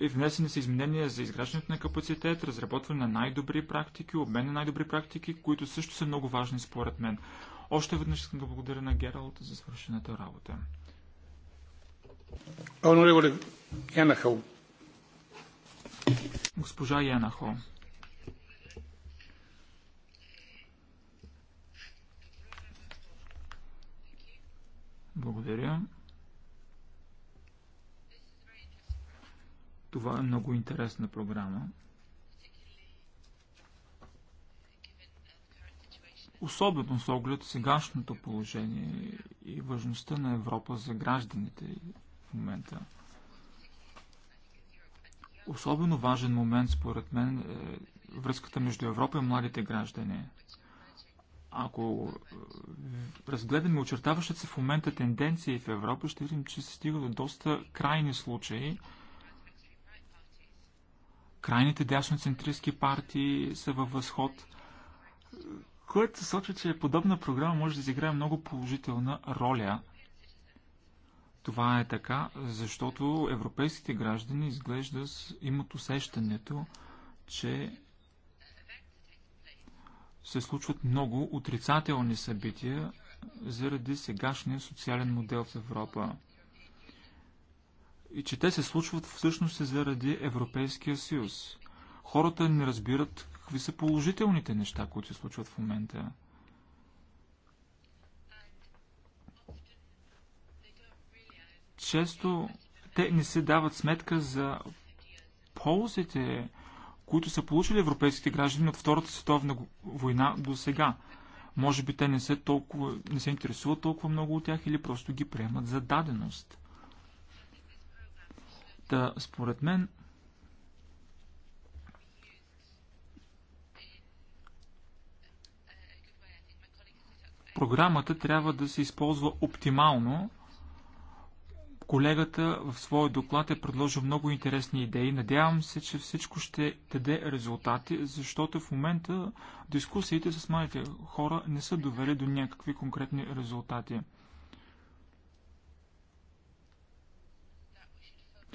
И внесени са изменения за изграждането на капацитет, разработване на най-добри практики, обмен на най-добри практики, които също са много важни според мен. Още веднъж искам да благодаря на Гералт за свършената работа. Госпожа Янахо. Благодаря. Това е много интересна програма. Особено с оглед сегашното положение и важността на Европа за гражданите в момента. Особено важен момент, според мен, е връзката между Европа и младите граждани – ако е, разгледаме очертаващите се в момента тенденции в Европа, ще видим, че се стига до доста крайни случаи. Крайните дясноцентристски партии са във възход, което сочи, че подобна програма може да изиграе много положителна роля. Това е така, защото европейските граждани изглежда имат усещането, че се случват много отрицателни събития заради сегашния социален модел в Европа. И че те се случват всъщност заради Европейския съюз. Хората не разбират какви са положителните неща, които се случват в момента. Често те не се дават сметка за ползите които са получили европейските граждани от Втората световна война до сега. Може би те не се, толкова, не се интересуват толкова много от тях или просто ги приемат за даденост. Та, според мен, програмата трябва да се използва оптимално Колегата в своя доклад е предложил много интересни идеи. Надявам се, че всичко ще даде резултати, защото в момента дискусиите с малите хора не са довели до някакви конкретни резултати.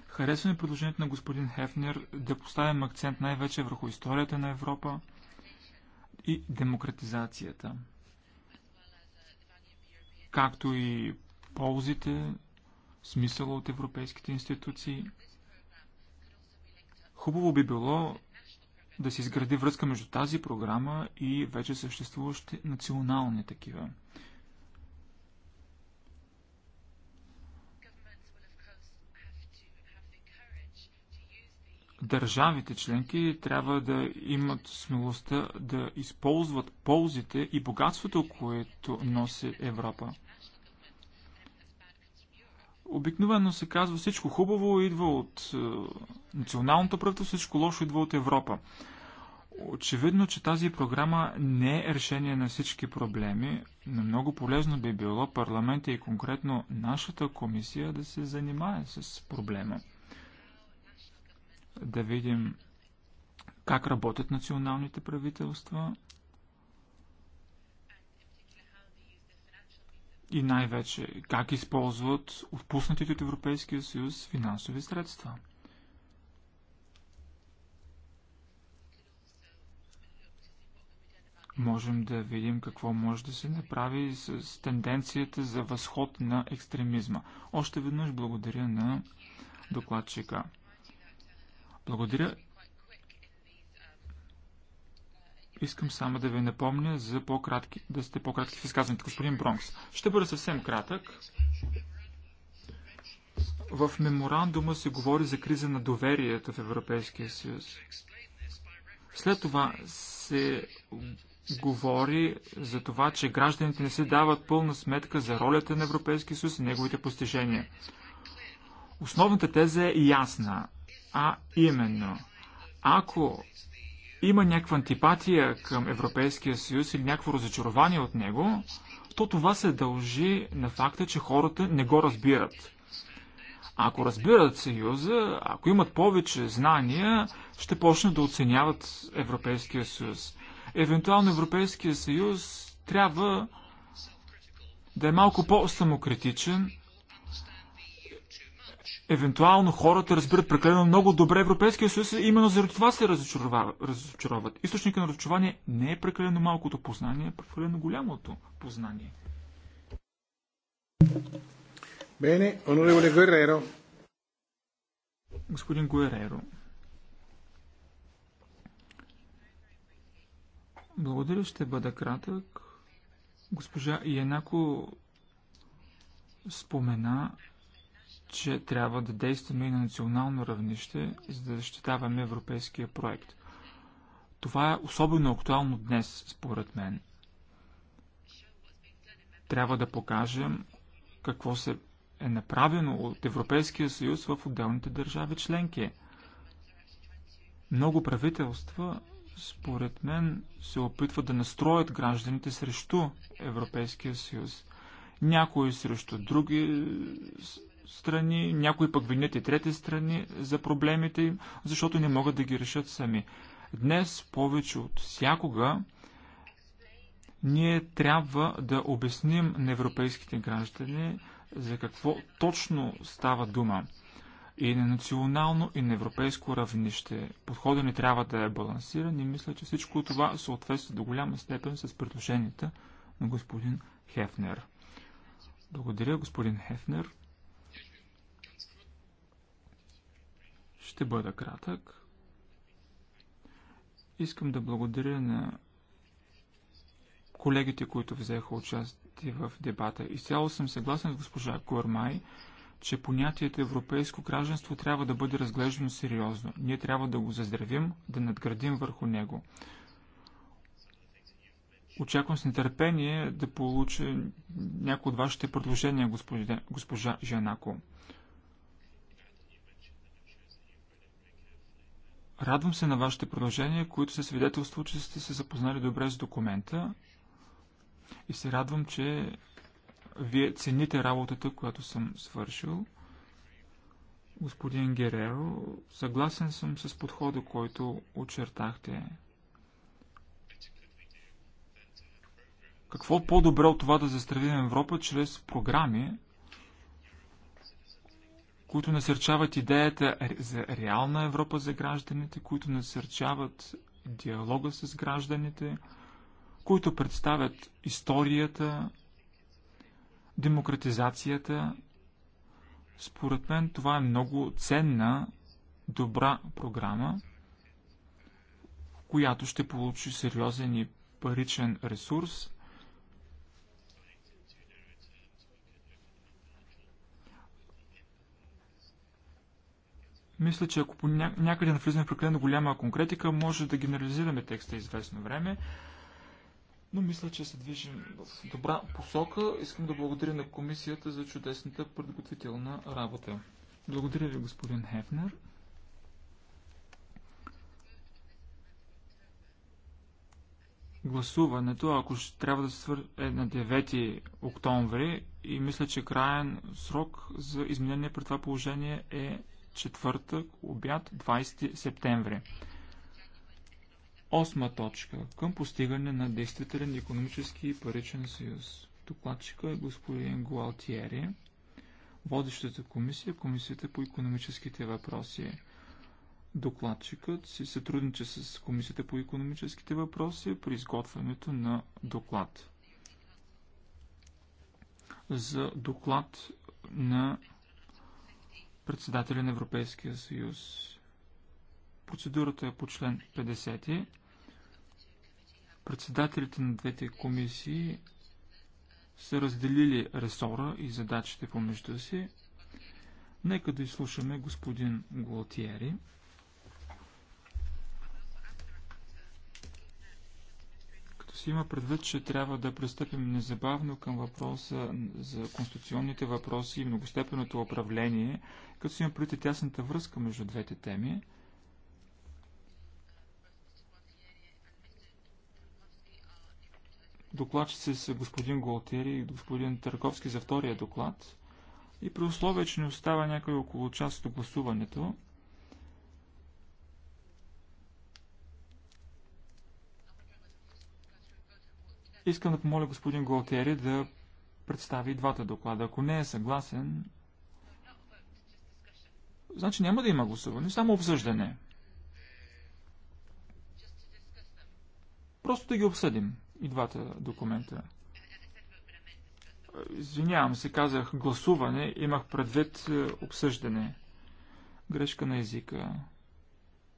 Харесваме предложението на господин Хефнер да поставим акцент най-вече върху историята на Европа и демократизацията, както и ползите смисъла от европейските институции. Хубаво би било да се изгради връзка между тази програма и вече съществуващи национални такива. Държавите членки трябва да имат смелостта да използват ползите и богатството, което носи Европа. Обикновено се казва всичко хубаво идва от е, националното правителство, всичко лошо идва от Европа. Очевидно, че тази програма не е решение на всички проблеми, но много полезно би било парламента и конкретно нашата комисия да се занимае с проблема. Да видим как работят националните правителства, и най-вече как използват отпуснатите от Европейския съюз финансови средства. Можем да видим какво може да се направи с тенденцията за възход на екстремизма. Още веднъж благодаря на докладчика. Благодаря Искам само да ви напомня за по-кратки, да сте по-кратки в изказването. Господин Бронкс, ще бъда съвсем кратък. В меморандума се говори за криза на доверието в Европейския съюз. След това се говори за това, че гражданите не се дават пълна сметка за ролята на Европейския съюз и неговите постижения. Основната теза е ясна, а именно, ако има някаква антипатия към Европейския съюз или някакво разочарование от него, то това се дължи на факта, че хората не го разбират. Ако разбират Съюза, ако имат повече знания, ще почнат да оценяват Европейския съюз. Евентуално Европейския съюз трябва да е малко по-самокритичен, евентуално хората разбират прекалено много добре Европейския съюз и именно заради това се разочароват. Източника на разочарование не е прекалено малкото познание, а прекалено голямото познание. Бене, онореволе Гуереро. Господин Гуереро. Благодаря, ще бъда кратък. Госпожа Янако спомена че трябва да действаме и на национално равнище, за да защитаваме европейския проект. Това е особено актуално днес, според мен. Трябва да покажем какво се е направено от Европейския съюз в отделните държави членки. Много правителства, според мен, се опитват да настроят гражданите срещу Европейския съюз. Някои срещу други, страни, някои пък винят и трети страни за проблемите им, защото не могат да ги решат сами. Днес повече от всякога ние трябва да обясним на европейските граждани за какво точно става дума. И на национално, и на европейско равнище. Подходът ни трябва да е балансиран и мисля, че всичко това съответства до голяма степен с предложенията на господин Хефнер. Благодаря, господин Хефнер. Ще бъда кратък. Искам да благодаря на колегите, които взеха участие в дебата. Изцяло съм съгласен с госпожа Кормай, че понятието европейско гражданство трябва да бъде разглеждано сериозно. Ние трябва да го заздравим, да надградим върху него. Очаквам с нетърпение да получа някои от вашите предложения, госпожа, госпожа Жанако. Радвам се на вашите продължения, които се свидетелство, че сте се запознали добре с документа и се радвам, че вие цените работата, която съм свършил. Господин Гереро, съгласен съм с подхода, който очертахте. Какво по-добре от това да застравим Европа чрез програми, които насърчават идеята за реална Европа за гражданите, които насърчават диалога с гражданите, които представят историята, демократизацията. Според мен това е много ценна, добра програма, която ще получи сериозен и паричен ресурс – Мисля, че ако някъде навлизаме прекалено голяма конкретика, може да генерализираме текста известно време. Но мисля, че се движим в добра посока. Искам да благодаря на комисията за чудесната подготвителна работа. Благодаря ви, господин Хефнер. Гласуването, ако ще трябва да се свър... е на 9 октомври и мисля, че краен срок за изменение при това положение е четвъртък, обяд, 20 септември. Осма точка. Към постигане на действителен економически и паричен съюз. Докладчика е господин Гуалтиери. Водещата комисия е Комисията по економическите въпроси. Докладчикът си сътрудничи с Комисията по економическите въпроси при изготвянето на доклад. За доклад на председателя на Европейския съюз. Процедурата е по член 50. Председателите на двете комисии са разделили ресора и задачите помежду си. Нека да изслушаме господин Голтиери. Като се има предвид, че трябва да пристъпим незабавно към въпроса за конституционните въпроси и многостепенното управление, като се има предвид тясната връзка между двете теми, докладчици са господин Голтери и господин Търковски за втория доклад. И при условие, че не остава някой около част от гласуването, Искам да помоля господин Голтери да представи двата доклада. Ако не е съгласен, значи няма да има гласуване, само обсъждане. Просто да ги обсъдим и двата документа. Извинявам се, казах гласуване, имах предвид е, обсъждане. Грешка на езика.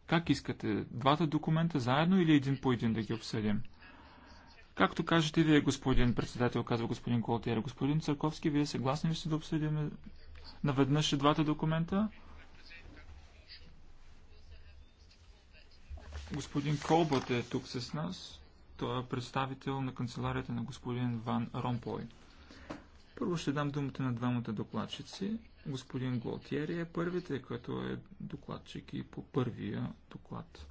Как искате? Двата документа заедно или един по един да ги обсъдим? Както кажете вие, господин председател, казва господин Колтиер, господин Църковски, вие съгласни ли сте да обсъдим наведнъж двата документа? Господин Колбът е тук с нас. Той е представител на канцеларията на господин Ван Ромпой. Първо ще дам думата на двамата докладчици. Господин Голтиери е първите, като е докладчик и по първия доклад.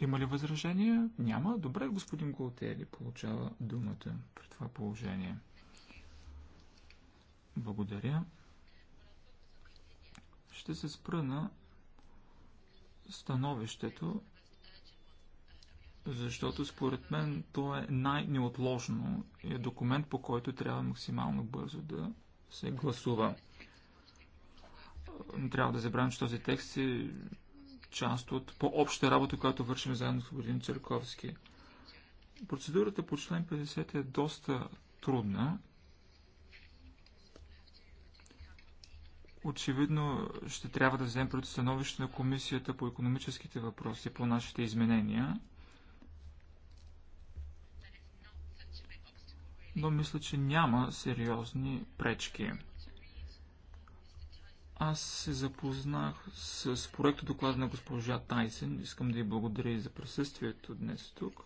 Има ли възражения? Няма. Добре, господин Голтели получава думата при това положение. Благодаря. Ще се спра на становището, защото според мен то е най-неотложно и е документ, по който трябва максимално бързо да се гласува. Трябва да забравим, че този текст е част от по-обща работа, която вършим заедно с господин Църковски. Процедурата по член 50 е доста трудна. Очевидно ще трябва да вземем пред становище на Комисията по економическите въпроси по нашите изменения. Но мисля, че няма сериозни пречки. Аз се запознах с проекта доклада на госпожа Тайсен. Искам да й благодаря и за присъствието днес тук.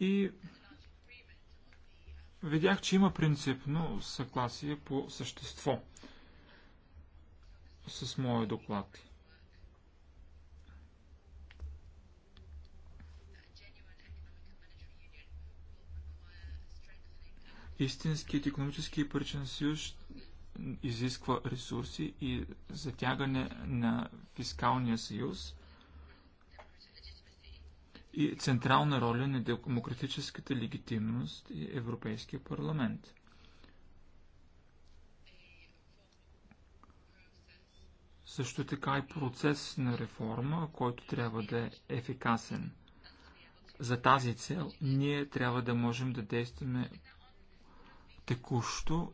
И видях, че има принципно съгласие по същество с моя доклад. Истинският економически и паричен съюз изисква ресурси и затягане на фискалния съюз и централна роля на демократическата легитимност и Европейския парламент. Също така и процес на реформа, който трябва да е ефикасен. За тази цел ние трябва да можем да действаме текущо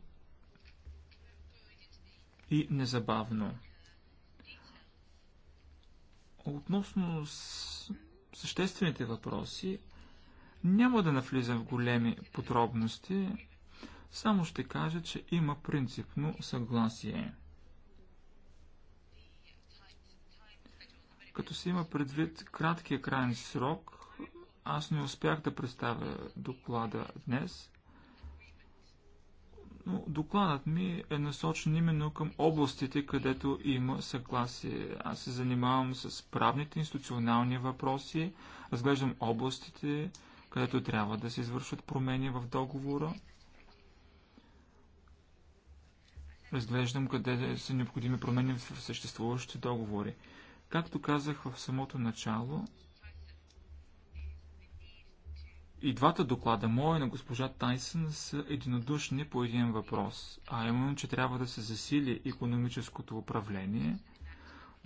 и незабавно. Относно съществените въпроси, няма да навлизам в големи подробности, само ще кажа, че има принципно съгласие. Като се има предвид краткия крайен срок, аз не успях да представя доклада днес. Но докладът ми е насочен именно към областите, където има съгласие. Аз се занимавам с правните институционални въпроси, разглеждам областите, където трябва да се извършват промени в договора. Разглеждам къде са необходими промени в съществуващите договори. Както казах в самото начало, и двата доклада, моя и на госпожа Тайсън, са единодушни по един въпрос, а именно, че трябва да се засили економическото управление,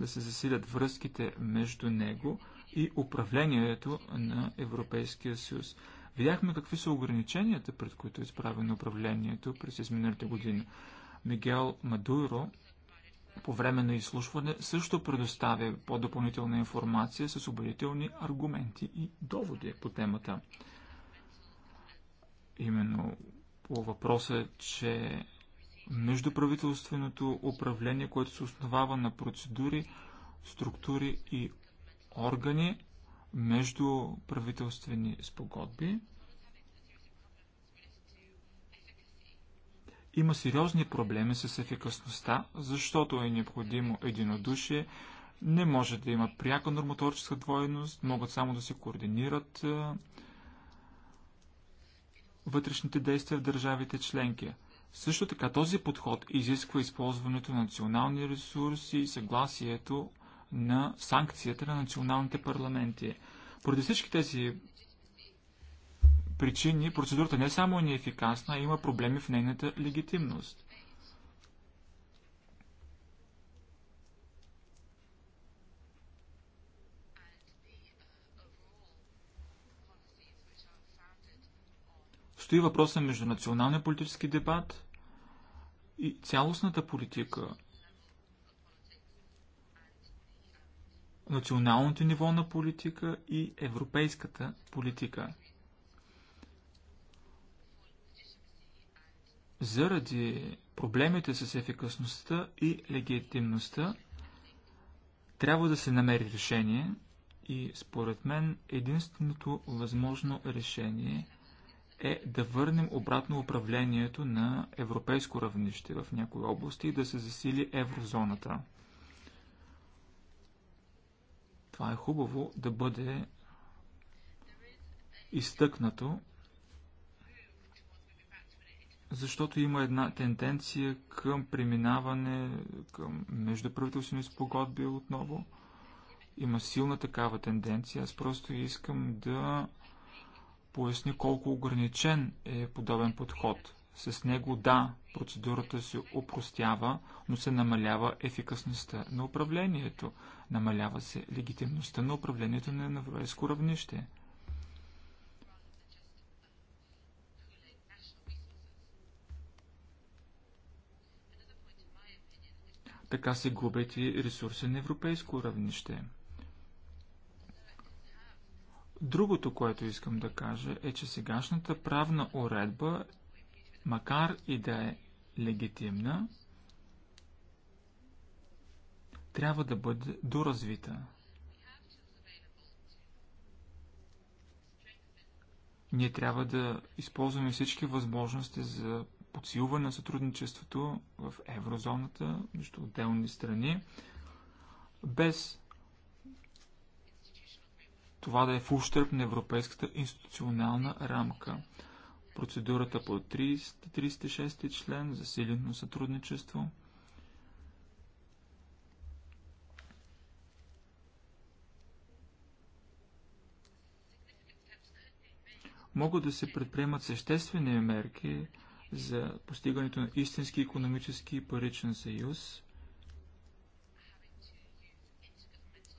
да се засилят връзките между него и управлението на Европейския съюз. Видяхме какви са ограниченията, пред които е изправено управлението през изминалите години. Мигел Мадуро по време на изслушване също предоставя по-допълнителна информация с убедителни аргументи и доводи по темата. Именно по въпроса, че междуправителственото управление, което се основава на процедури, структури и органи между правителствени спогодби, има сериозни проблеми с ефикасността, защото е необходимо единодушие, не може да има пряка нормоторческа двойност, могат само да се координират е, вътрешните действия в държавите членки. Също така този подход изисква използването на национални ресурси и съгласието на санкцията на националните парламенти. Поради всички тези причини процедурата не е само е неефикасна, а има проблеми в нейната легитимност. Стои въпроса между националния политически дебат и цялостната политика. Националното ниво на политика и европейската политика. Заради проблемите с ефикасността и легитимността трябва да се намери решение и според мен единственото възможно решение е е да върнем обратно управлението на европейско равнище в някои области и да се засили еврозоната. Това е хубаво да бъде изтъкнато, защото има една тенденция към преминаване към междуправителствени спогодби отново. Има силна такава тенденция. Аз просто искам да поясни колко ограничен е подобен подход. С него да, процедурата се упростява, но се намалява ефикасността на управлението, намалява се легитимността на управлението на европейско равнище. Така се губят и ресурси на европейско равнище. Другото, което искам да кажа е, че сегашната правна уредба, макар и да е легитимна, трябва да бъде доразвита. Ние трябва да използваме всички възможности за подсилване на сътрудничеството в еврозоната между отделни страни, без това да е в ущърп на европейската институционална рамка. Процедурата по 30, ти член за силено сътрудничество. Могат да се предприемат съществени мерки за постигането на истински економически и паричен съюз –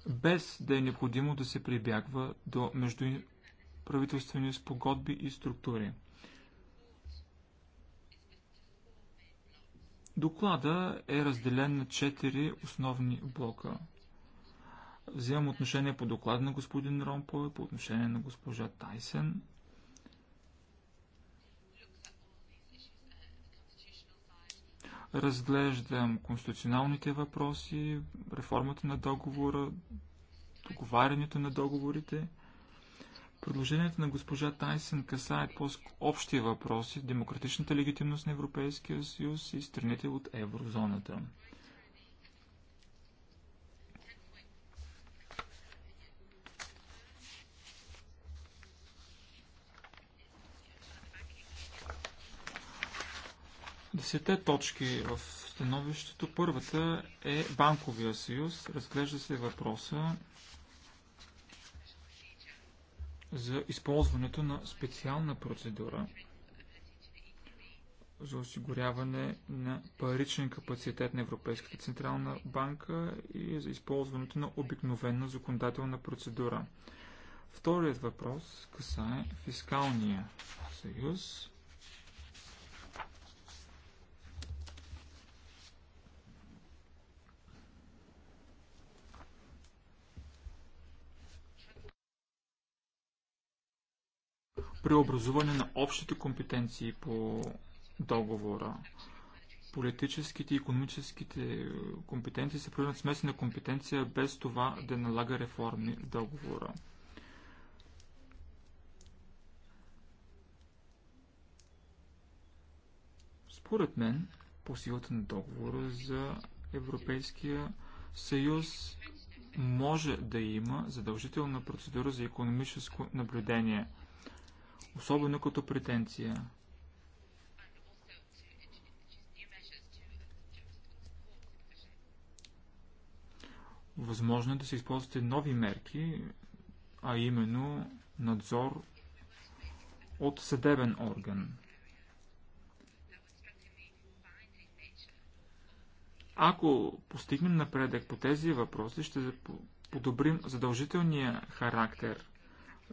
без да е необходимо да се прибягва до междуправителствени спогодби и структури. Доклада е разделен на четири основни блока. Взимам отношение по доклада на господин Ромпове, по отношение на госпожа Тайсен, Разглеждам конституционалните въпроси, реформата на договора, договарянето на договорите. Предложението на госпожа Тайсън касае по-общи въпроси, демократичната легитимност на Европейския съюз и страните от еврозоната. Десете точки в становището. Първата е Банковия съюз. Разглежда се въпроса за използването на специална процедура за осигуряване на паричен капацитет на Европейската Централна банка и за използването на обикновена законодателна процедура. Вторият въпрос касае фискалния съюз. преобразуване на общите компетенции по договора. Политическите и економическите е, компетенции се превърнат смесена компетенция без това да налага реформи в договора. Според мен, по силата на договора за Европейския съюз може да има задължителна процедура за економическо наблюдение – особено като претенция. Възможно е да се използвате нови мерки, а именно надзор от съдебен орган. Ако постигнем напредък по тези въпроси, ще подобрим задължителния характер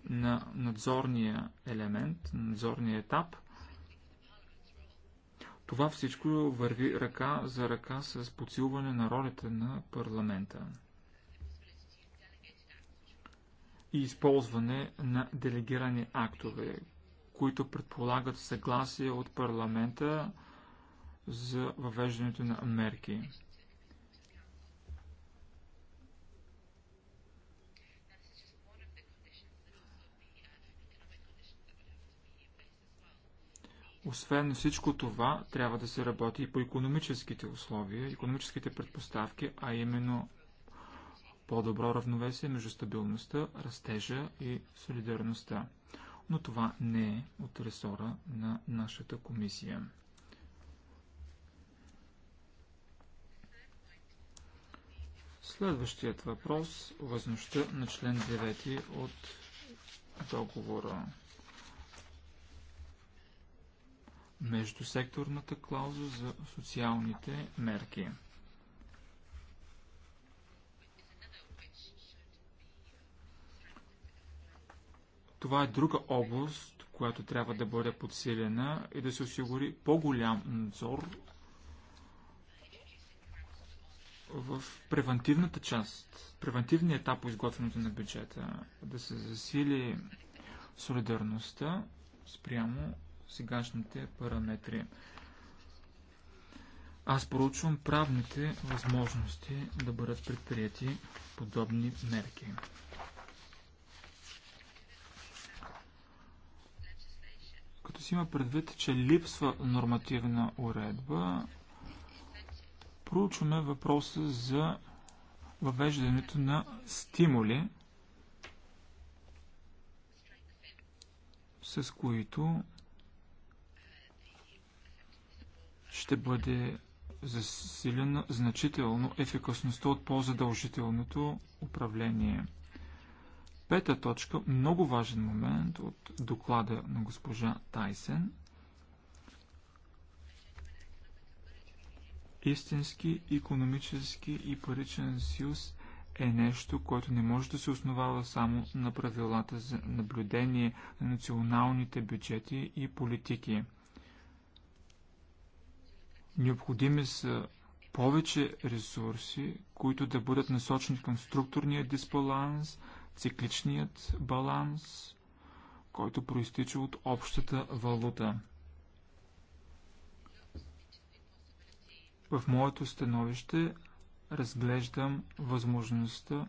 на надзорния елемент, на надзорния етап. Това всичко върви ръка за ръка с подсилване на ролята на парламента и използване на делегирани актове, които предполагат съгласие от парламента за въвеждането на мерки. Освен всичко това, трябва да се работи и по економическите условия, економическите предпоставки, а именно по-добро равновесие между стабилността, растежа и солидарността. Но това не е от ресора на нашата комисия. Следващият въпрос – възможността на член 9 от договора. Междусекторната клауза за социалните мерки. Това е друга област, която трябва да бъде подсилена и да се осигури по-голям надзор в превентивната част, превентивният етап по изготвянето на бюджета, да се засили солидарността спрямо сегашните параметри. Аз проучвам правните възможности да бъдат предприяти подобни мерки. Като си има предвид, че липсва нормативна уредба, проучваме въпроса за въвеждането на стимули, с които ще бъде засилена значително ефикасността от по-задължителното управление. Пета точка, много важен момент от доклада на госпожа Тайсен. Истински економически и паричен съюз е нещо, което не може да се основава само на правилата за наблюдение на националните бюджети и политики – Необходими са повече ресурси, които да бъдат насочени към структурния дисбаланс, цикличният баланс, който проистича от общата валута. В моето становище разглеждам възможността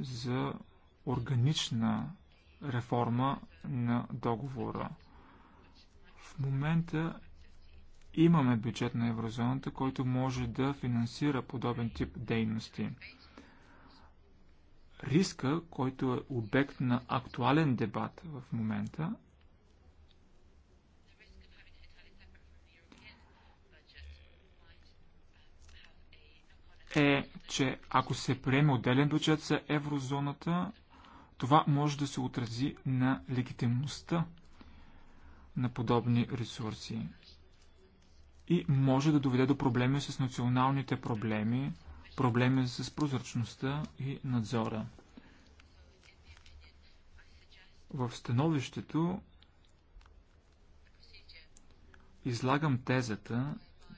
за органична реформа на договора. В момента Имаме бюджет на еврозоната, който може да финансира подобен тип дейности. Риска, който е обект на актуален дебат в момента, е, че ако се приеме отделен бюджет за еврозоната, това може да се отрази на легитимността на подобни ресурси и може да доведе до проблеми с националните проблеми, проблеми с прозрачността и надзора. В становището излагам тезата,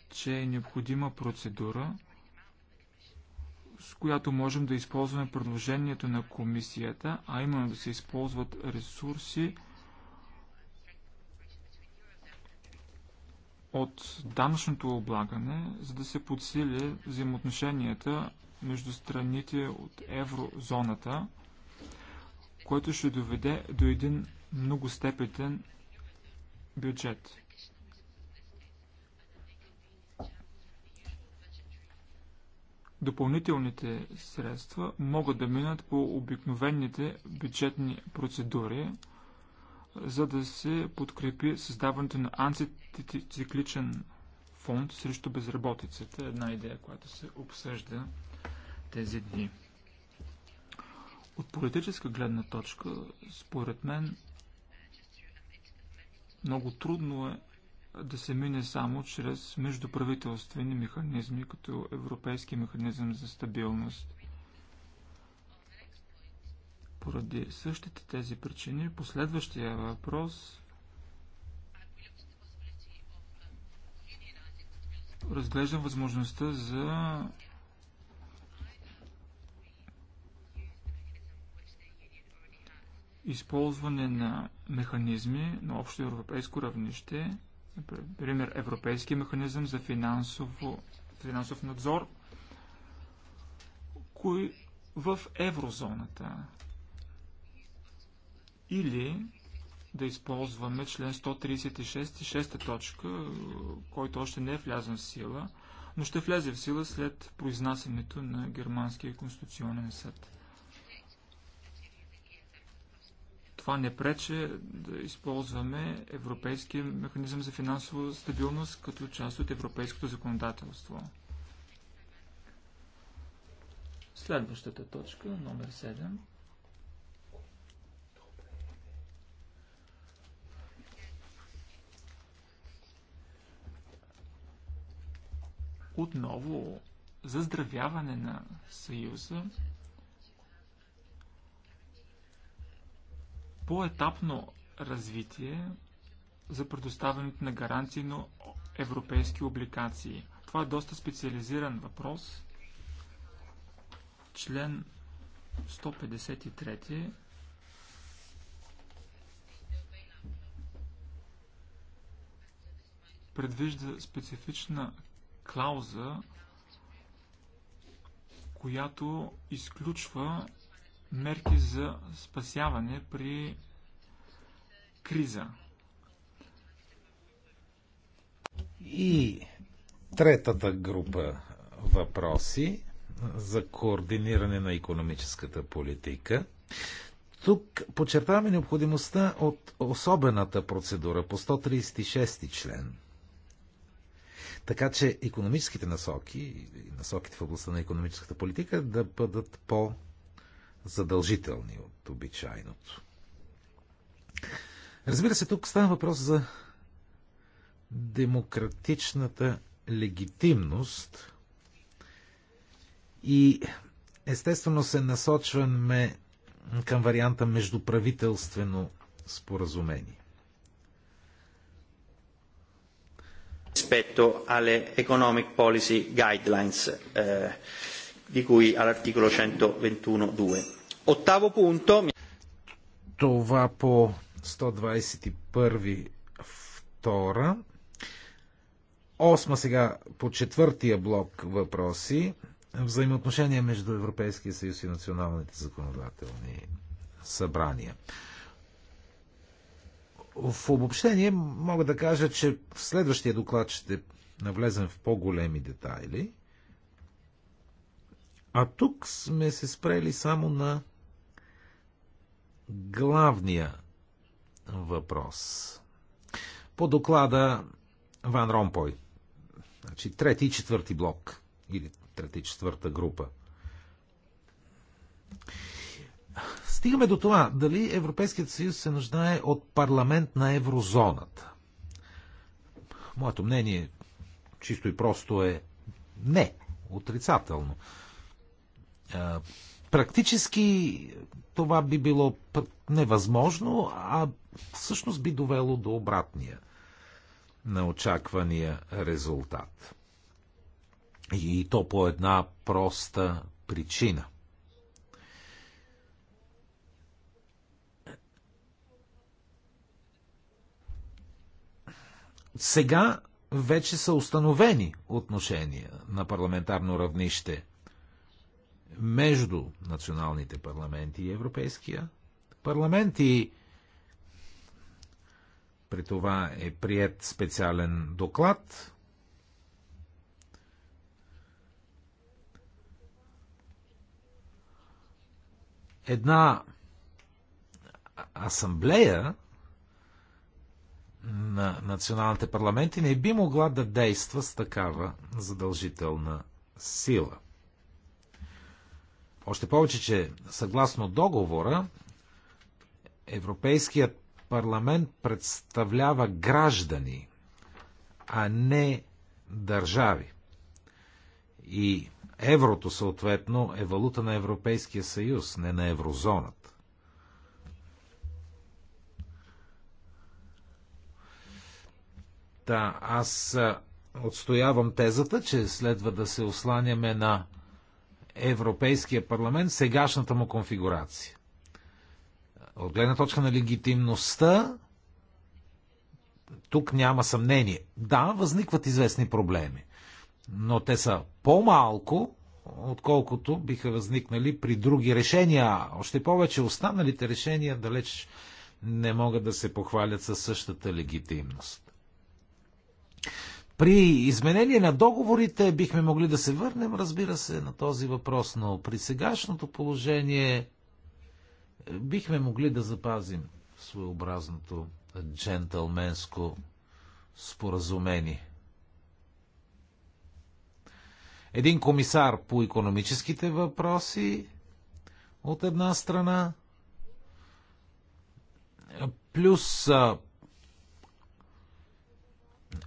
че е необходима процедура, с която можем да използваме предложението на комисията, а именно да се използват ресурси от данъчното облагане, за да се подсили взаимоотношенията между страните от еврозоната, което ще доведе до един многостепетен бюджет. Допълнителните средства могат да минат по обикновените бюджетни процедури, за да се подкрепи създаването на антицикличен фонд срещу безработицата. Една идея, която се обсъжда тези дни. От политическа гледна точка, според мен, много трудно е да се мине само чрез междуправителствени механизми, като Европейски механизъм за стабилност. Поради същите тези причини, последващия въпрос разглеждам възможността за използване на механизми на общо европейско равнище, например Европейски механизъм за финансово, финансов надзор, кои в еврозоната, или да използваме член 136 и шеста точка, който още не е влязен в сила, но ще влезе в сила след произнасянето на Германския конституционен съд. Това не прече да използваме Европейския механизъм за финансова стабилност като част от европейското законодателство. Следващата точка, номер 7. отново заздравяване на Съюза, по-етапно развитие за предоставянето на гаранции на европейски обликации. Това е доста специализиран въпрос. Член 153 предвижда специфична клауза, която изключва мерки за спасяване при криза. И третата група въпроси за координиране на економическата политика. Тук подчертаваме необходимостта от особената процедура по 136 член – така че економическите насоки и насоките в областта на економическата политика да бъдат по-задължителни от обичайното. Разбира се, тук става въпрос за демократичната легитимност и естествено се насочваме към варианта междуправителствено споразумение. rispetto alle Economic Policy Guidelines eh, di cui all'articolo 121.2. Ottavo punto. Това по 121.2. Осма сега по четвъртия блок въпроси. Взаимоотношения между Европейския съюз и националните законодателни събрания. В обобщение мога да кажа, че в следващия доклад ще навлезем в по-големи детайли. А тук сме се спрели само на главния въпрос. По доклада Ван Ромпой. Значи трети и четвърти блок. Или трети и четвърта група. Стигаме до това, дали Европейският съюз се нуждае от парламент на еврозоната. Моето мнение, чисто и просто е не, отрицателно. Практически това би било невъзможно, а всъщност би довело до обратния на очаквания резултат. И то по една проста причина – Сега вече са установени отношения на парламентарно равнище между националните парламенти и Европейския парламент и при това е прият специален доклад. Една асамблея на националните парламенти не би могла да действа с такава задължителна сила. Още повече, че съгласно договора, Европейският парламент представлява граждани, а не държави. И еврото, съответно, е валута на Европейския съюз, не на еврозоната. Та аз отстоявам тезата, че следва да се осланяме на Европейския парламент сегашната му конфигурация. От гледна точка на легитимността, тук няма съмнение. Да, възникват известни проблеми, но те са по-малко, отколкото биха възникнали при други решения. Още повече останалите решения далеч не могат да се похвалят със същата легитимност. При изменение на договорите бихме могли да се върнем, разбира се, на този въпрос, но при сегашното положение е, бихме могли да запазим своеобразното джентълменско споразумение. Един комисар по економическите въпроси от една страна, плюс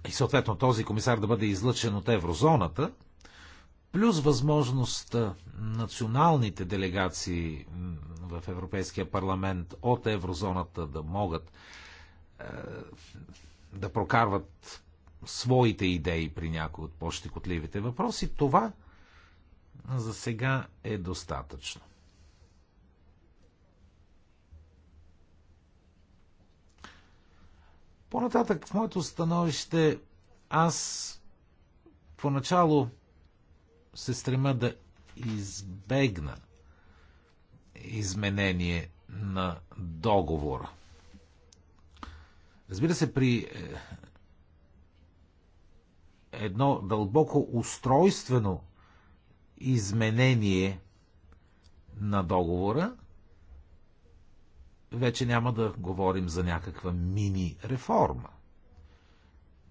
и съответно този комисар да бъде излъчен от еврозоната, плюс възможността националните делегации в Европейския парламент от еврозоната да могат е, да прокарват своите идеи при някои от по-щекотливите въпроси, това за сега е достатъчно. По-нататък в моето становище аз поначало се стрема да избегна изменение на договора. Разбира се, при е, едно дълбоко устройствено изменение на договора, вече няма да говорим за някаква мини реформа.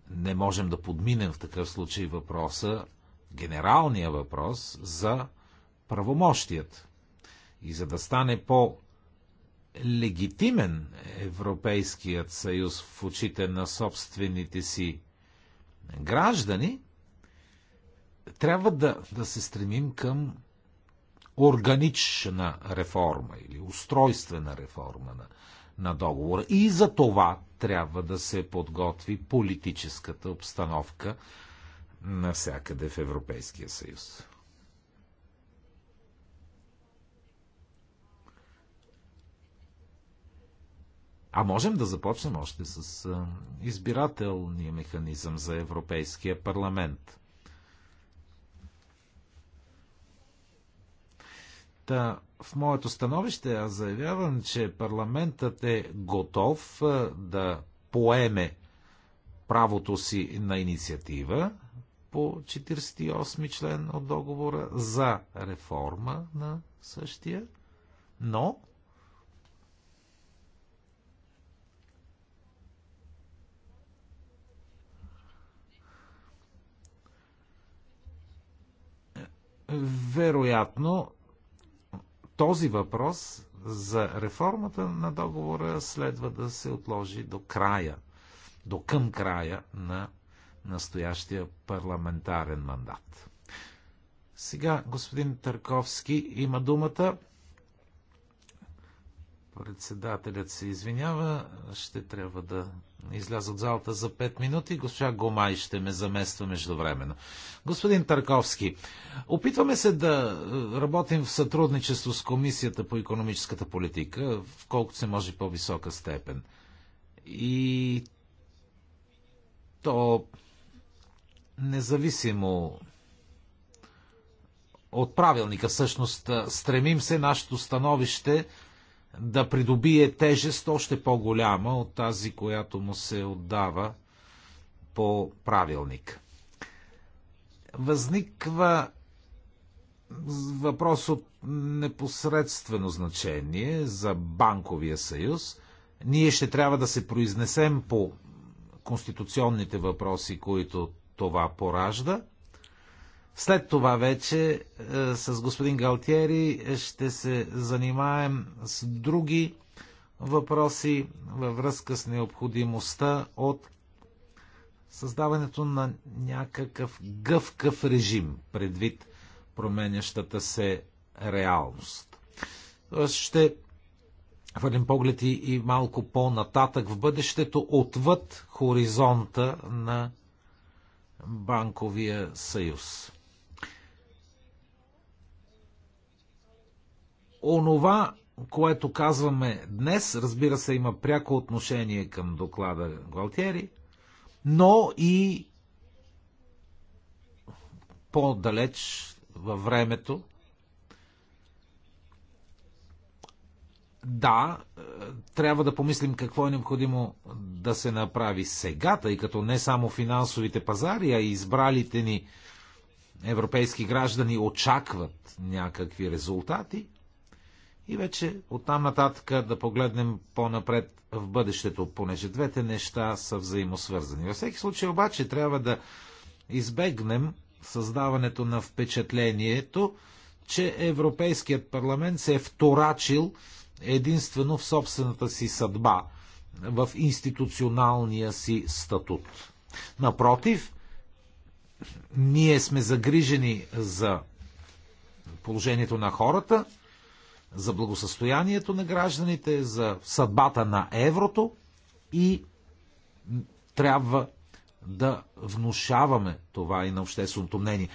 Не можем да подминем в такъв случай въпроса, генералния въпрос за правомощият. И за да стане по легитимен Европейският съюз в очите на собствените си граждани, трябва да, да се стремим към органична реформа или устройствена реформа на, на договора. И за това трябва да се подготви политическата обстановка навсякъде в Европейския съюз. А можем да започнем още с избирателния механизъм за Европейския парламент. Та, в моето становище аз заявявам, че парламентът е готов да поеме правото си на инициатива по 48 член от договора за реформа на същия, но вероятно този въпрос за реформата на договора следва да се отложи до края, до към края на настоящия парламентарен мандат. Сега господин Търковски има думата. Председателят се извинява. Ще трябва да изляза от залата за 5 минути. Госпожа Гомай ще ме замества междувременно. Господин Тарковски, опитваме се да е, работим в сътрудничество с Комисията по економическата политика, в колкото се може по-висока степен. И то независимо от правилника, всъщност е, стремим се нашето становище да придобие тежест още по-голяма от тази, която му се отдава по правилник. Възниква въпрос от непосредствено значение за банковия съюз. Ние ще трябва да се произнесем по конституционните въпроси, които това поражда – след това вече е, с господин Галтиери ще се занимаем с други въпроси във връзка с необходимостта от създаването на някакъв гъвкав режим предвид променящата се реалност. Тоест ще хвърлим поглед и, и малко по-нататък в бъдещето, отвъд хоризонта на банковия съюз. онова, което казваме днес, разбира се, има пряко отношение към доклада Галтери, но и по-далеч във времето. Да, трябва да помислим какво е необходимо да се направи сега, тъй като не само финансовите пазари, а и избралите ни европейски граждани очакват някакви резултати – и вече оттам нататък да погледнем по-напред в бъдещето, понеже двете неща са взаимосвързани. Във всеки случай обаче трябва да избегнем създаването на впечатлението, че Европейският парламент се е вторачил единствено в собствената си съдба, в институционалния си статут. Напротив, ние сме загрижени за положението на хората, за благосъстоянието на гражданите, за съдбата на еврото и трябва да внушаваме това и на общественото мнение.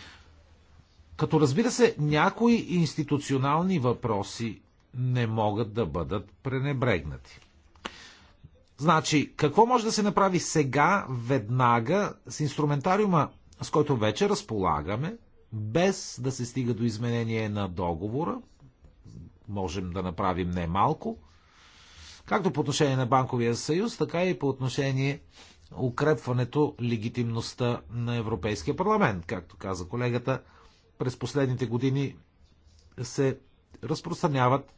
Като разбира се, някои институционални въпроси не могат да бъдат пренебрегнати. Значи, какво може да се направи сега, веднага, с инструментариума, с който вече разполагаме, без да се стига до изменение на договора, можем да направим немалко, както по отношение на Банковия съюз, така и по отношение укрепването легитимността на Европейския парламент. Както каза колегата, през последните години се разпространяват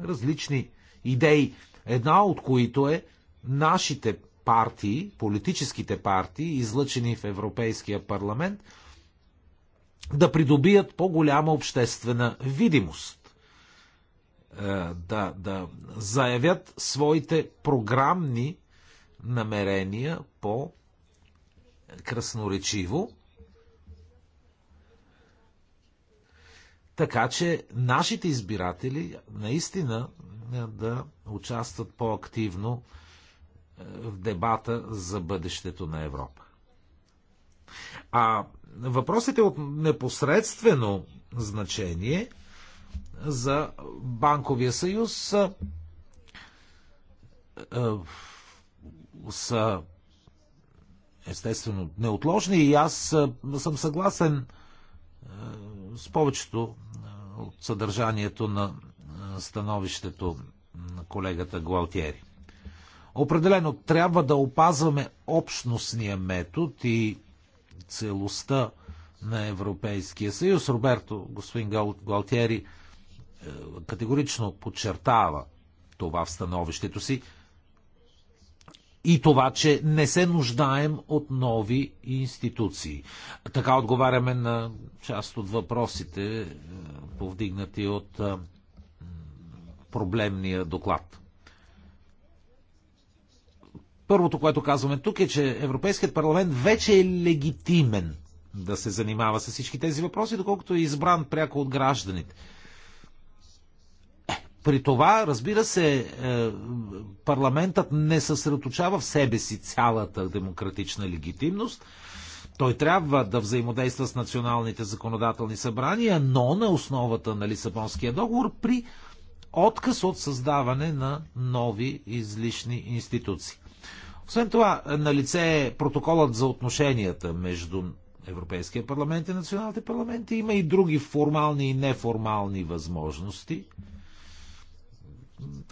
различни идеи, една от които е нашите партии, политическите партии, излъчени в Европейския парламент, да придобият по-голяма обществена видимост е, да, да заявят своите програмни намерения по красноречиво. Така че нашите избиратели наистина е, да участват по-активно е, в дебата за бъдещето на Европа. А въпросите от непосредствено значение – за банковия съюз са, са естествено неотложни и аз съм съгласен с повечето от съдържанието на становището на колегата Гуалтиери. Определено трябва да опазваме общностния метод и целостта на Европейския съюз. Роберто, господин Гуалтиери, е, категорично подчертава това в становището си и това, че не се нуждаем от нови институции. Така отговаряме на част от въпросите, е, повдигнати от е, проблемния доклад. Първото, което казваме тук е, че Европейският парламент вече е легитимен да се занимава с всички тези въпроси, доколкото е избран пряко от гражданите. При това, разбира се, е, парламентът не съсредоточава в себе си цялата демократична легитимност. Той трябва да взаимодейства с националните законодателни събрания, но на основата на Лисабонския договор при отказ от създаване на нови излишни институции. Освен това, на лице е протоколът за отношенията между Европейския парламент и националните парламенти. Има и други формални и неформални възможности –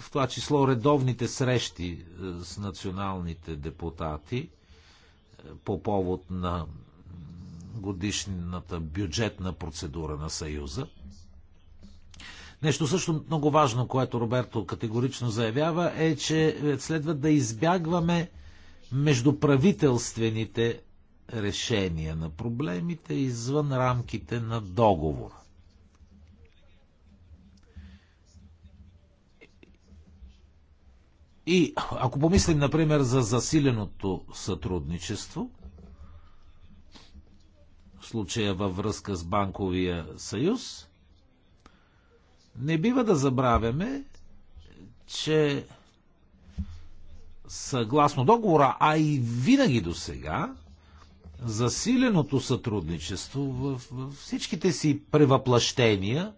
в това число редовните срещи е, с националните депутати е, по повод на годишната бюджетна процедура на Съюза. Нещо също много важно, което Роберто категорично заявява, е, че следва да избягваме междуправителствените решения на проблемите извън рамките на договора. И ако помислим, например, за засиленото сътрудничество, в случая във връзка с Банковия съюз, не бива да забравяме, че съгласно договора, а и винаги до сега, засиленото сътрудничество в, всичките си превъплъщения,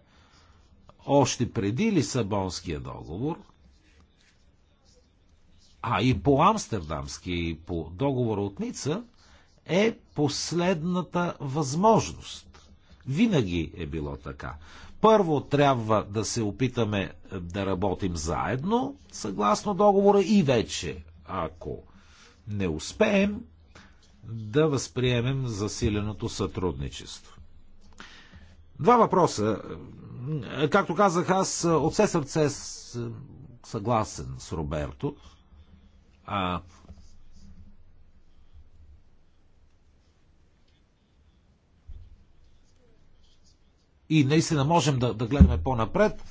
още преди Лисабонския договор – а и по Амстердамски, и по договора от Ница, е последната възможност. Винаги е било така. Първо трябва да се опитаме е, да работим заедно, съгласно договора, и вече, ако не успеем, да възприемем засиленото сътрудничество. Два въпроса. Е, както казах, аз е, от все сърце съгласен с Роберто, а, и наистина можем да, да гледаме по-напред,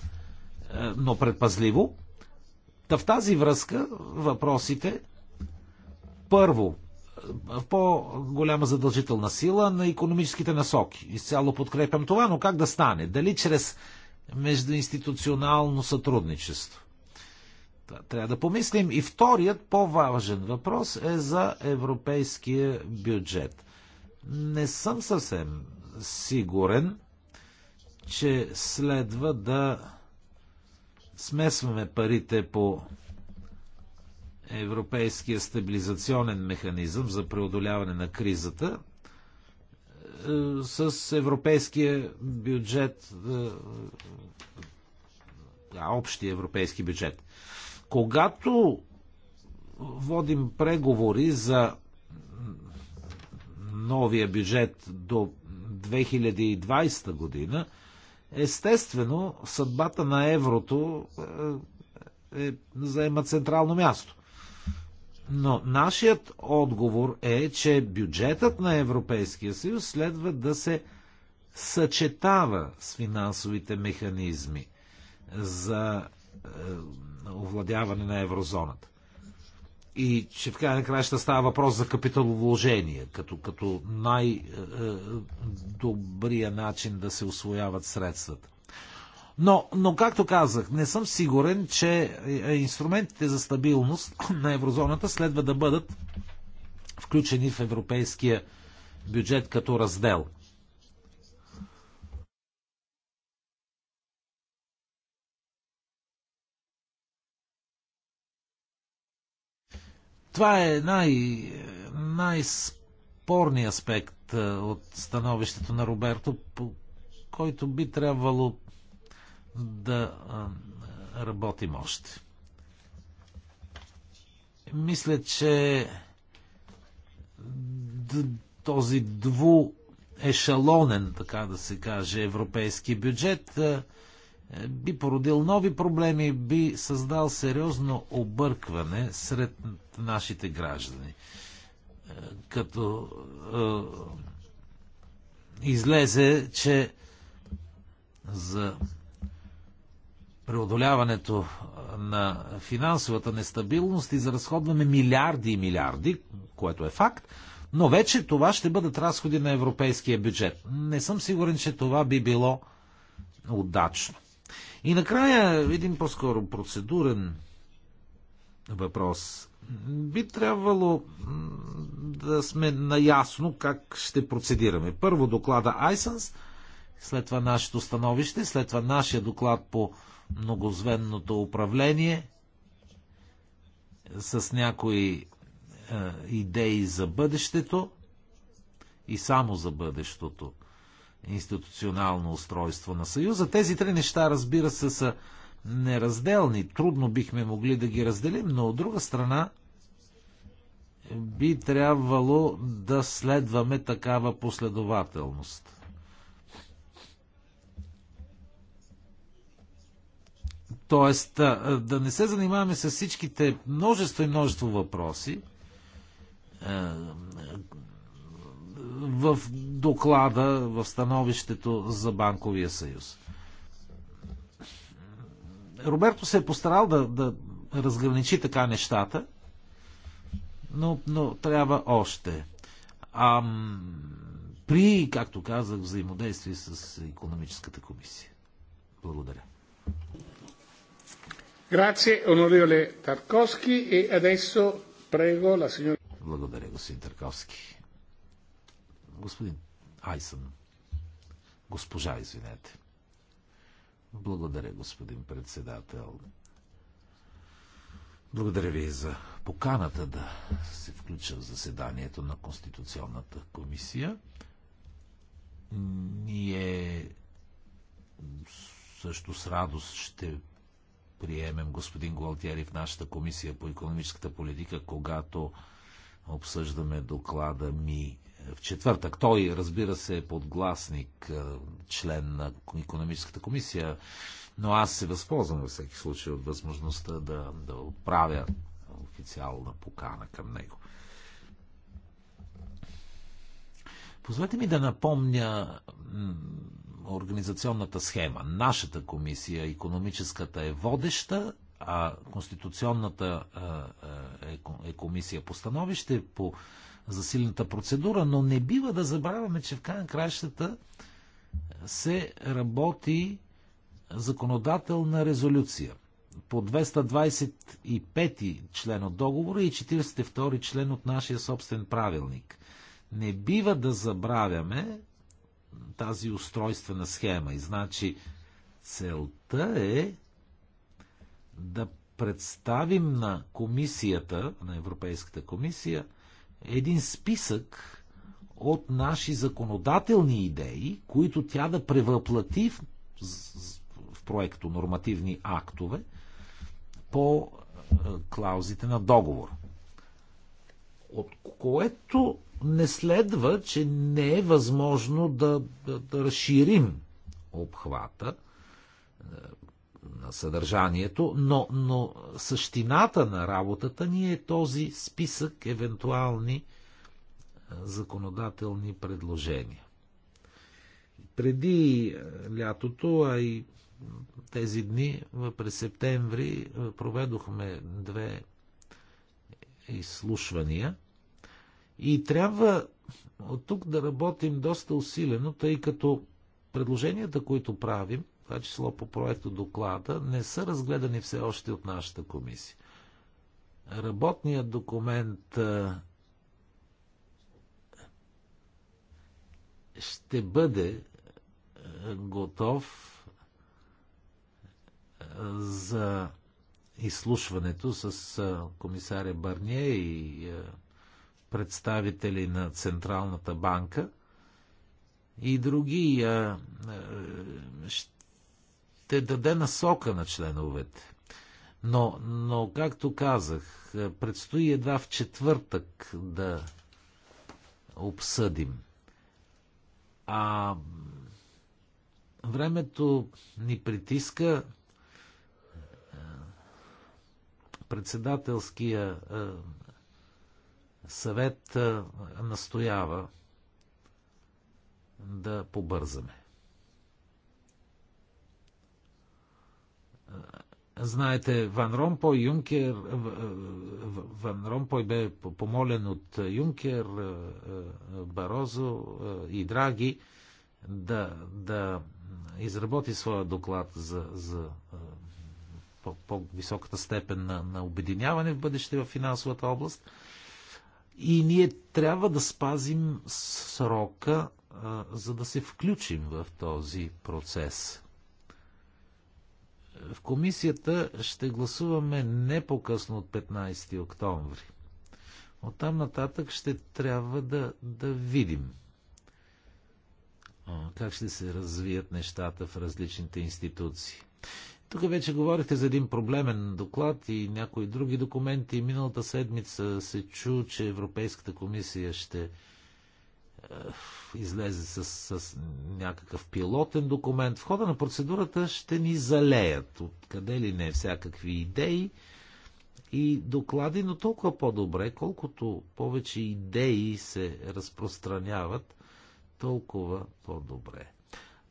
е, но предпазливо. Та в тази връзка въпросите първо е, в по-голяма задължителна сила на економическите насоки. Изцяло подкрепям това, но как да стане? Дали чрез междуинституционално сътрудничество? трябва да помислим. И вторият по-важен въпрос е за европейския бюджет. Не съм съвсем сигурен, че следва да смесваме парите по Европейския стабилизационен механизъм за преодоляване на кризата е, с европейския бюджет, е, общия европейски бюджет. Когато водим преговори за новия бюджет до 2020 година, естествено съдбата на еврото е, е, заема централно място. Но нашият отговор е, че бюджетът на Европейския съюз следва да се съчетава с финансовите механизми за е, овладяване на еврозоната. И че в крайна края ще става въпрос за капиталовложение, като, като най-добрия начин да се освояват средствата. Но, но, както казах, не съм сигурен, че е, е, инструментите за стабилност на еврозоната следва да бъдат включени в европейския бюджет като раздел. Това е най, най-спорният аспект е, от становището на Роберто, по който би трябвало да е, работим още. Мисля, че този двуешалонен, така да се каже, европейски бюджет е, е, би породил нови проблеми, би създал сериозно объркване сред нашите граждани. Е, като е, излезе, че за преодоляването на финансовата нестабилност изразходваме милиарди и милиарди, което е факт, но вече това ще бъдат разходи на европейския бюджет. Не съм сигурен, че това би било удачно. И накрая един по-скоро процедурен въпрос. Би трябвало да сме наясно как ще процедираме. Първо доклада Айсенс, след това нашето становище, след това нашия доклад по многозвенното управление с някои е, идеи за бъдещето и само за бъдещето институционално устройство на Съюза. Тези три неща, разбира се, са неразделни. Трудно бихме могли да ги разделим, но от друга страна би трябвало да следваме такава последователност. Тоест, да не се занимаваме с всичките множество и множество въпроси, в доклада, в становището за Банковия съюз. Роберто се е постарал да, да разграничи така нещата, но, но трябва още. А, при, както казах, взаимодействие с економическата комисия. Благодаря. Grazie, onorevole Tarkovsky. E adesso prego la signora... Благодаря, господин Тарковски. Господин Айсън. Госпожа, извинете. Благодаря, господин председател. Благодаря ви за поканата да се включа в заседанието на Конституционната комисия. Ние също с радост ще приемем господин Гуалтиери в нашата комисия по економическата политика, когато обсъждаме доклада ми в четвъртък. Той, разбира се, е подгласник, е, член на економическата комисия, но аз се възползвам във всеки случай от възможността да, да отправя официална покана към него. Позволете ми да напомня организационната схема. Нашата комисия, економическата, е водеща а Конституционната е, е комисия по становище по засилената процедура, но не бива да забравяме, че в край на краищата се работи законодателна резолюция по 225 член от договора и 42 член от нашия собствен правилник. Не бива да забравяме тази устройствена схема. И значи целта е да представим на комисията, на Европейската комисия, един списък от наши законодателни идеи, които тя да превъплати в, в проекто нормативни актове по е, клаузите на договор. От което не следва, че не е възможно да, да, да разширим обхвата е, на съдържанието, но, но същината на работата ни е този списък евентуални е, законодателни предложения. Преди е, лятото, а и тези дни, е, през септември, проведохме две изслушвания и трябва от тук да работим доста усилено, тъй като предложенията, които правим, това число по проекта доклада, не са разгледани все още от нашата комисия. Работният документ ще бъде готов за изслушването с комисаря Барние и представители на Централната банка и други. Ще ще даде насока на членовете. Но, но, както казах, е, предстои едва в четвъртък да обсъдим. А времето ни притиска. Е, председателския е, съвет настоява да побързаме. Знаете, Ван Ромпой, Юнкер, Ван Ромпой бе помолен от е, Юнкер, е, е, Барозо и Драги да, да изработи своя доклад за, за по-високата -по степен на, на обединяване в бъдеще в финансовата област. И ние трябва да спазим срока, за да се включим в този процес. В комисията ще гласуваме не по-късно от 15 октомври. От там нататък ще трябва да, да видим как ще се развият нещата в различните институции. Тук вече говорихте за един проблемен доклад и някои други документи. Миналата седмица се чу, че Европейската комисия ще е, излезе с, с някакъв пилотен документ. В хода на процедурата ще ни залеят от къде ли не всякакви идеи и доклади, но толкова по-добре, колкото повече идеи се разпространяват, толкова по-добре.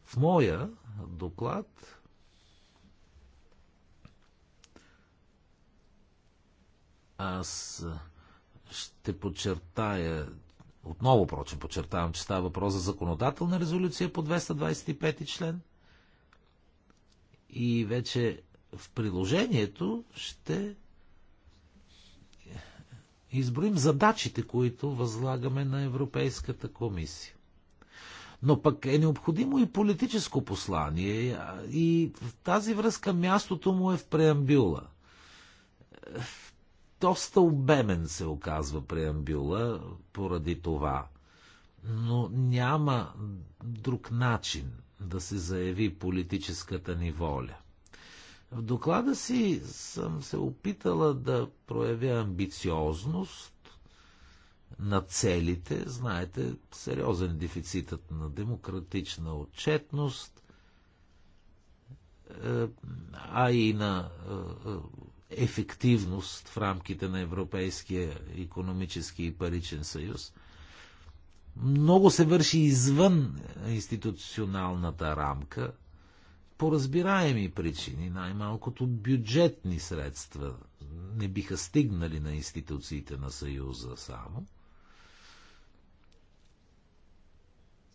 В моя доклад аз ще подчертая, отново, прочим, подчертавам, че става въпрос за законодателна резолюция по 225 член. И вече в приложението ще изброим задачите, които възлагаме на Европейската комисия. Но пък е необходимо и политическо послание и в тази връзка мястото му е в преамбюла. Е, доста обемен се оказва преамбюла поради това. Но няма друг начин да се заяви политическата ни воля. В доклада си съм се опитала да проявя амбициозност на целите. Знаете, сериозен дефицитът на демократична отчетност, е, а и на е, е, ефективност в рамките на Европейския економически и паричен съюз. Много се върши извън институционалната рамка, по разбираеми причини, най-малкото бюджетни средства не биха стигнали на институциите на Съюза само.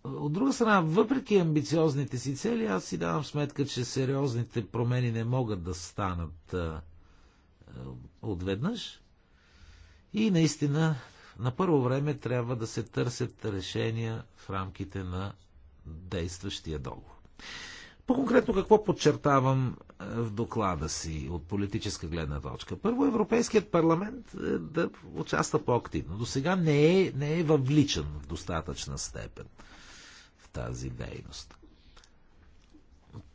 От друга страна, въпреки амбициозните си цели, аз си давам сметка, че сериозните промени не могат да станат а, отведнъж. И наистина на първо време трябва да се търсят решения в рамките на действащия договор. По-конкретно какво подчертавам е, в доклада си от политическа гледна точка? Първо, Европейският парламент е, да участва по-активно. До сега не е, не е въвличан в достатъчна степен в тази дейност.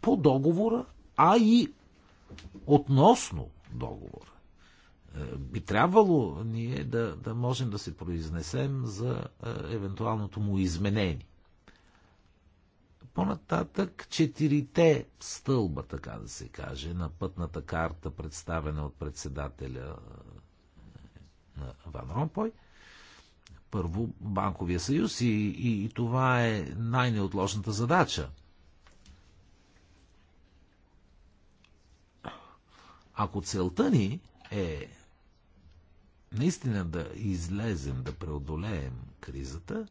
По договора, а и относно договор. Е, би трябвало ние да, да можем да се произнесем за е, евентуалното му изменение. Понататък четирите стълба, така да се каже, на пътната карта, представена от председателя е, на Ван Ромпой. Първо, Банковия съюз и, и, и това е най-неотложната задача Ако целта ни е наистина да излезем, да преодолеем кризата,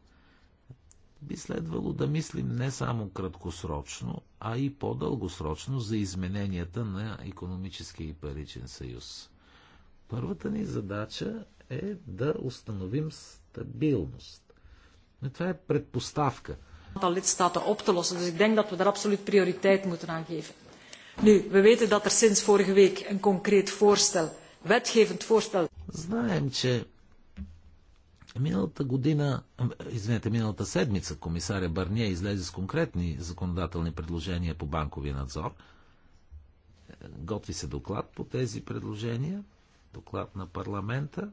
би следвало да мислим не само краткосрочно, а и по-дългосрочно за измененията на економическия и паричен съюз. Първата ни задача е да установим стабилност. Но това е предпоставка. Aantal lidstaten op Nu, we weten dat er sinds vorige week een concreet voorstel, wetgevend voorstel... Знаем, че миналата година, извинете, миналата седмица комисаря Барния излезе с конкретни законодателни предложения по банкови надзор. Готви се доклад по тези предложения, доклад на парламента.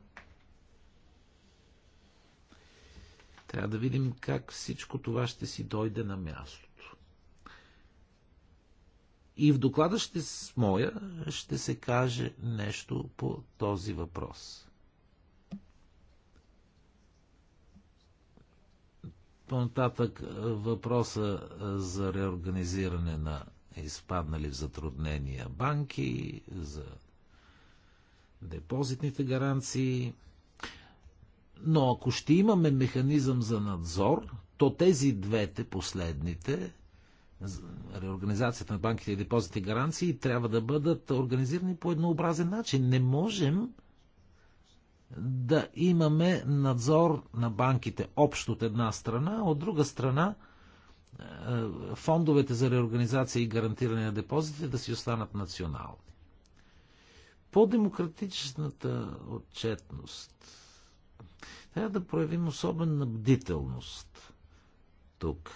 Трябва да видим как всичко това ще си дойде на място. И в доклада ще с моя ще се каже нещо по този въпрос. По-нататък е, въпроса е, за реорганизиране на изпаднали в затруднения банки, за депозитните гаранции. Но ако ще имаме механизъм за надзор, то тези двете последните реорганизацията на банките и депозити гаранции трябва да бъдат организирани по еднообразен начин. Не можем да имаме надзор на банките общо от една страна, а от друга страна е, фондовете за реорганизация и гарантиране на депозитите да си останат национални. По-демократичната отчетност трябва да проявим особена бдителност тук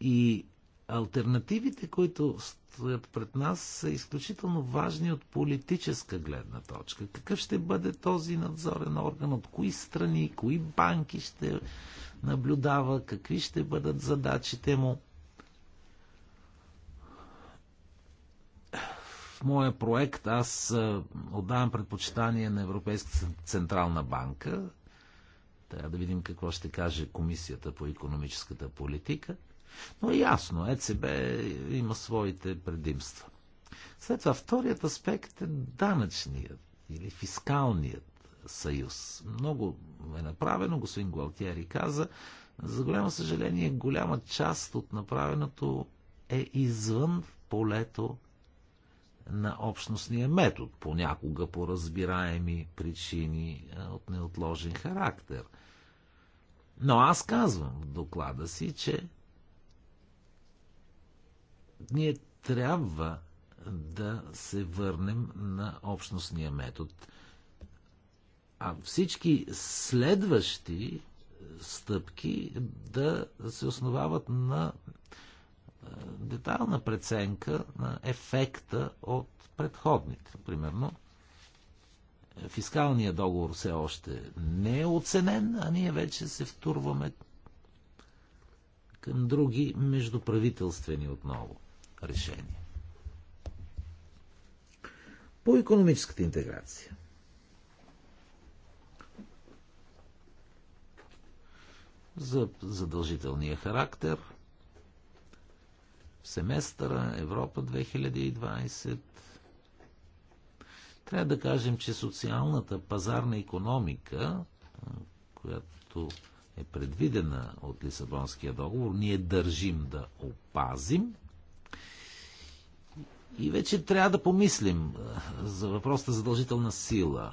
и Альтернативите, които стоят пред нас, са изключително важни от политическа гледна точка. Какъв ще бъде този надзорен орган, от кои страни, кои банки ще наблюдава, какви ще бъдат задачите му. В моя проект аз отдавам предпочитание на Европейската централна банка. Трябва да видим какво ще каже Комисията по економическата политика – но ясно, ЕЦБ има своите предимства. След това вторият аспект е данъчният или фискалният съюз. Много е направено, господин Гуалтиери каза. За голямо съжаление, голяма част от направеното е извън полето на общностния метод, понякога по разбираеми причини е, от неотложен характер. Но аз казвам в доклада си, че ние трябва да се върнем на общностния метод. А всички следващи стъпки да се основават на детайлна преценка на ефекта от предходните. Примерно, фискалния договор все още не е оценен, а ние вече се втурваме към други междуправителствени отново решение. По економическата интеграция. За задължителния характер в семестъра Европа 2020 трябва да кажем, че социалната пазарна економика, която е предвидена от Лисабонския договор, ние държим да опазим, и вече трябва да помислим за за задължителна сила.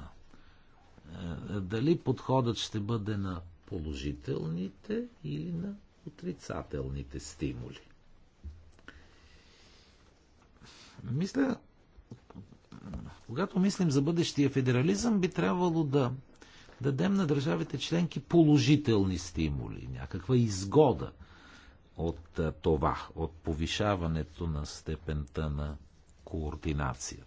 Дали подходът ще бъде на положителните или на отрицателните стимули. Мисля, когато мислим за бъдещия федерализъм, би трябвало да дадем на държавите членки положителни стимули, някаква изгода от това, от повишаването на степента на координация.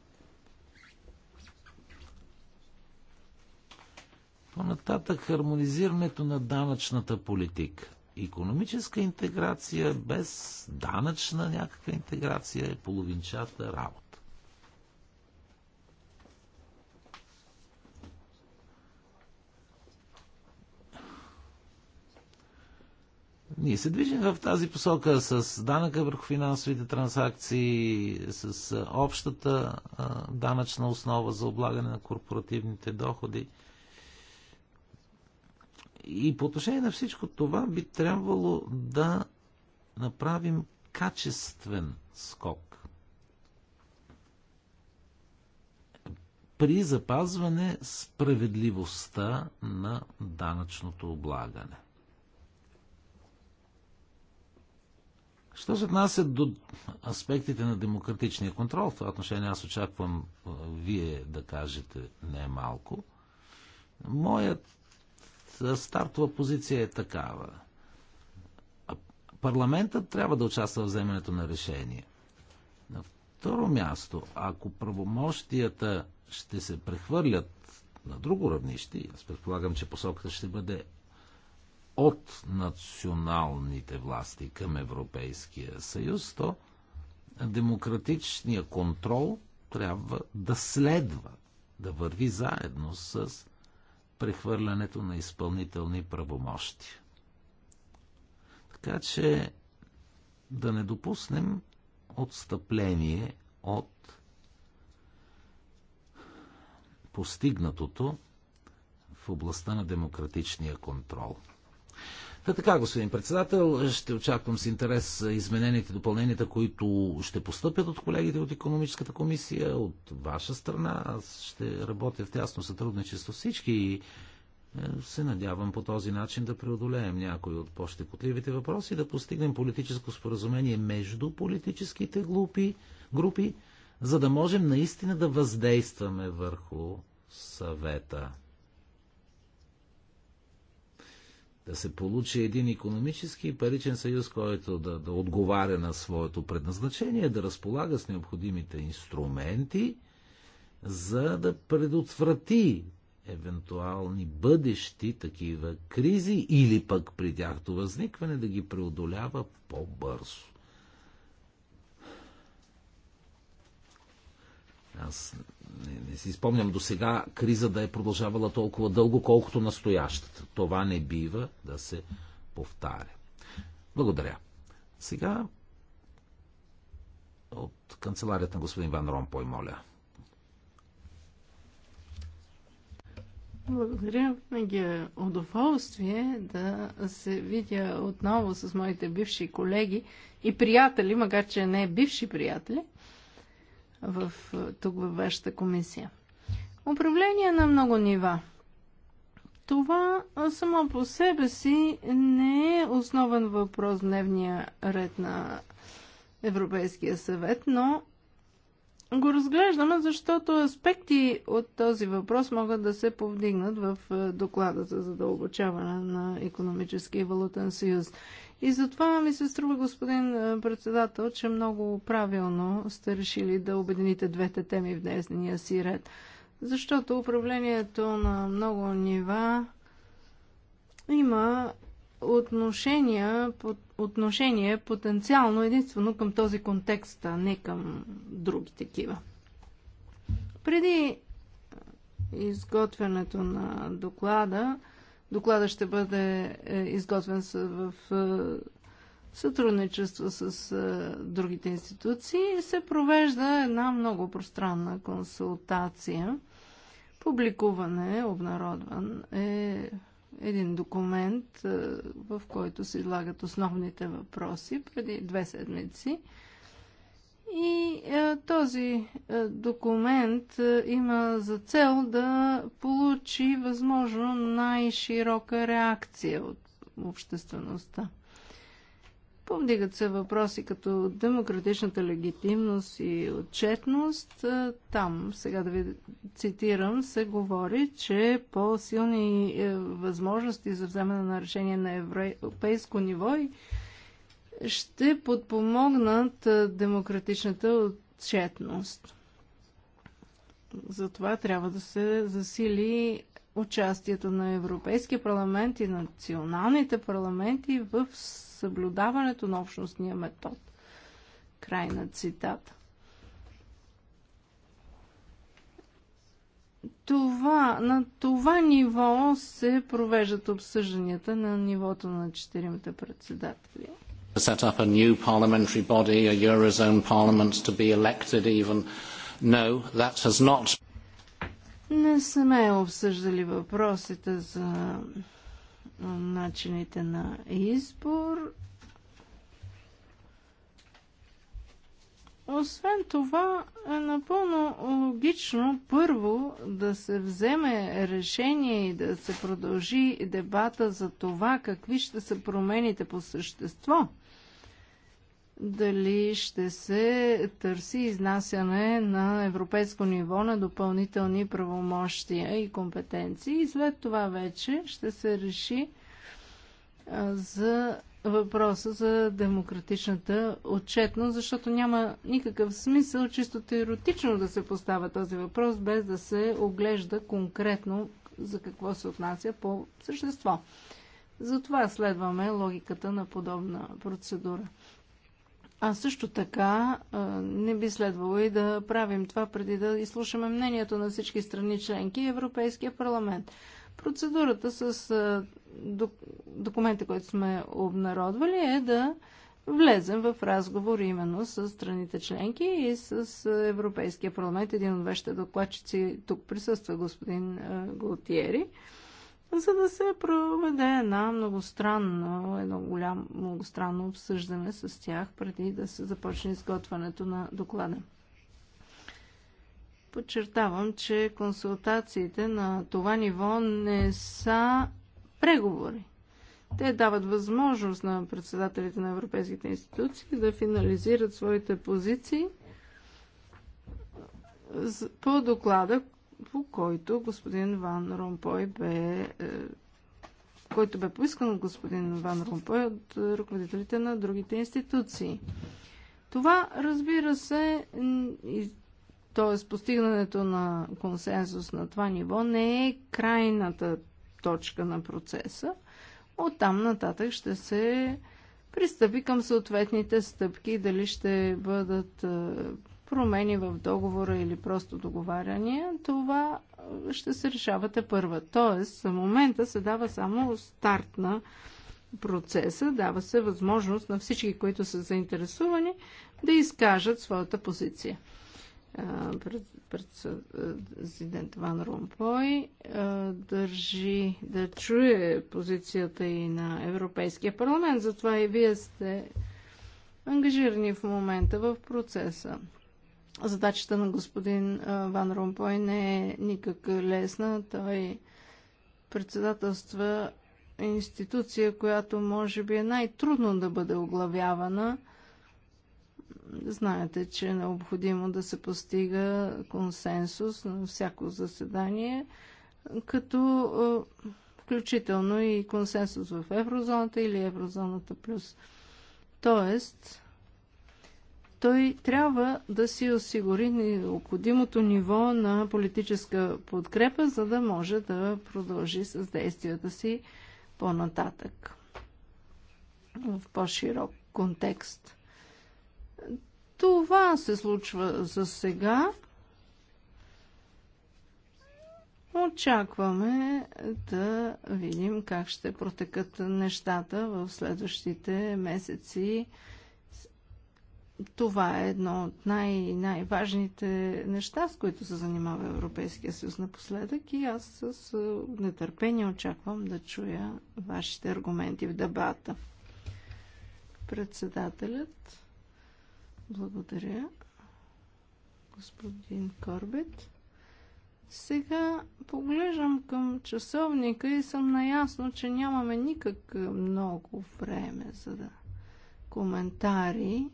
По-нататък хармонизирането на данъчната политика. Економическа интеграция без данъчна някаква интеграция е половинчата работа. Ние се движим в тази посока с данъка върху финансовите транзакции, с общата данъчна основа за облагане на корпоративните доходи. И по отношение на всичко това би трябвало да направим качествен скок. При запазване справедливостта на данъчното облагане. Що се отнася до аспектите на демократичния контрол, в това отношение аз очаквам вие да кажете не малко. Моят стартова позиция е такава. Парламентът трябва да участва в вземането на решение. На второ място, ако правомощията ще се прехвърлят на друго равнище, аз предполагам, че посоката ще бъде от националните власти към Европейския съюз, то демократичния контрол трябва да следва, да върви заедно с прехвърлянето на изпълнителни правомощия. Така че да не допуснем отстъпление от постигнатото в областта на демократичния контрол. Та е, така, господин председател, ще очаквам с интерес изменените допълненията, които ще поступят от колегите от економическата комисия, от ваша страна. Аз ще работя в тясно сътрудничество с всички и е, се надявам по този начин да преодолеем някои от по-щекотливите въпроси, да постигнем политическо споразумение между политическите глупи, групи, за да можем наистина да въздействаме върху съвета. да се получи един економически и паричен съюз, който да, да отговаря на своето предназначение, да разполага с необходимите инструменти, за да предотврати евентуални бъдещи такива кризи или пък при тяхто възникване да ги преодолява по-бързо. Аз не, не си спомням до сега криза да е продължавала толкова дълго, колкото настоящата. Това не бива да се повтаря. Благодаря. Сега от канцеларията на господин Ван Ромпой, моля. Благодаря. Винаги е удоволствие да се видя отново с моите бивши колеги и приятели, макар че не бивши приятели в, тук във вашата комисия. Управление на много нива. Това само по себе си не е основен въпрос в дневния ред на Европейския съвет, но го разглеждаме, защото аспекти от този въпрос могат да се повдигнат в е, доклада за задълбочаване на економическия и валутен съюз. И затова ми се струва, господин е, председател, че много правилно сте решили да обедините двете теми в днесния си ред. Защото управлението на много нива има отношения, отношение потенциално единствено към този контекст, а не към други такива. Преди изготвянето на доклада, Доклада ще бъде е, изготвен в е, сътрудничество с е, другите институции. Се провежда една много пространна консултация. Публикуване, обнародван е един документ, в който се излагат основните въпроси преди две седмици. И е, този е, документ е, има за цел да получи възможно най-широка реакция от обществеността. Повдигат се въпроси като демократичната легитимност и отчетност. Е, там, сега да ви цитирам, се говори, че по-силни е, възможности за вземане на решение на европейско ниво и ще подпомогнат демократичната отчетност. Затова трябва да се засили участието на Европейския парламент и националните парламенти в съблюдаването на общностния метод. Край на цитата. Това, на това ниво се провеждат обсъжданията на нивото на четиримата председатели to set up a new parliamentary body, a Eurozone parliament to be elected even. No, that has not. Не сме обсъждали въпросите за начините на избор. Освен това, е напълно логично първо да се вземе решение и да се продължи дебата за това какви ще са промените по същество – дали ще се търси изнасяне на европейско ниво на допълнителни правомощия и компетенции. И след това вече ще се реши за въпроса за демократичната отчетност, защото няма никакъв смисъл чисто теоретично да се поставя този въпрос, без да се оглежда конкретно за какво се отнася по същество. Затова следваме логиката на подобна процедура. А също така не би следвало и да правим това преди да изслушаме мнението на всички страни членки и Европейския парламент. Процедурата с документа, който сме обнародвали е да влезем в разговор именно с страните членки и с Европейския парламент. Един от вещите докладчици тук присъства господин Голтиери за да се проведе една странна, едно голямо странно обсъждане с тях преди да се започне изготвянето на доклада. Подчертавам, че консултациите на това ниво не са преговори. Те дават възможност на председателите на европейските институции да финализират своите позиции по доклада, по който господин Ван Ромпой бе е, който бе поискан от господин Ван Ромпой от ръководителите на другите институции. Това, разбира се, т.е. постигането на консенсус на това ниво не е крайната точка на процеса. Оттам нататък ще се пристъпи към съответните стъпки, дали ще бъдат е, промени в договора или просто договаряния, това ще се решавате първа. Тоест, за момента се дава само старт на процеса, дава се възможност на всички, които са заинтересувани, да изкажат своята позиция. Пред Президент Ван Ромпой държи да чуе позицията и на Европейския парламент, затова и вие сте ангажирани в момента в процеса задачата на господин Ван Ромпой не е никак лесна. Той председателства институция, която може би е най-трудно да бъде оглавявана. Знаете, че е необходимо да се постига консенсус на всяко заседание, като включително и консенсус в еврозоната или еврозоната плюс. Тоест, той трябва да си осигури необходимото ниво на политическа подкрепа, за да може да продължи с действията си по-нататък в по-широк контекст. Това се случва за сега. Очакваме да видим как ще протекат нещата в следващите месеци това е едно от най- най-важните неща, с които се занимава Европейския съюз напоследък и аз с е, нетърпение очаквам да чуя вашите аргументи в дебата. Председателят, благодаря, господин Корбет. Сега поглеждам към часовника и съм наясно, че нямаме никак много време за да коментари.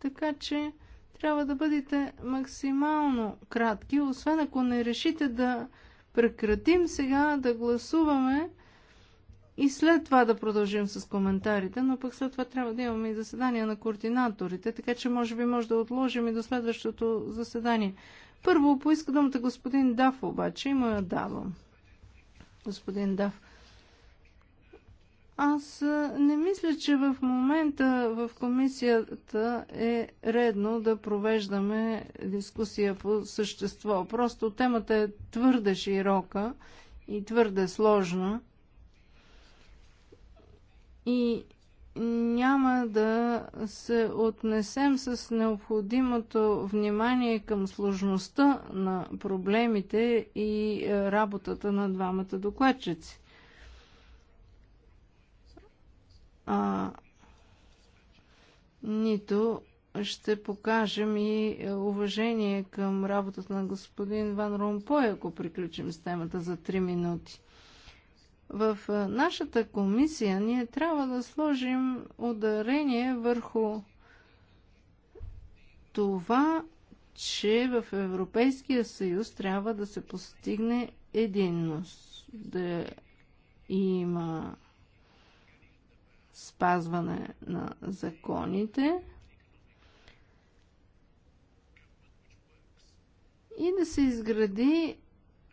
Така че трябва да бъдете максимално кратки, освен ако не решите да прекратим сега да гласуваме и след това да продължим с коментарите, но пък след това трябва да имаме и заседания на координаторите, така че може би може да отложим и до следващото заседание. Първо поиска думата господин Даф, обаче има я давам. Господин Даф. Аз не мисля, че в момента в комисията е редно да провеждаме дискусия по същество. Просто темата е твърде широка и твърде сложна. И няма да се отнесем с необходимото внимание към сложността на проблемите и работата на двамата докладчици. а, нито ще покажем и е, уважение към работата на господин Ван Ромпой, ако приключим с темата за 3 минути. В е, нашата комисия ние трябва да сложим ударение върху това, че в Европейския съюз трябва да се постигне единност, да има спазване на законите и да се изгради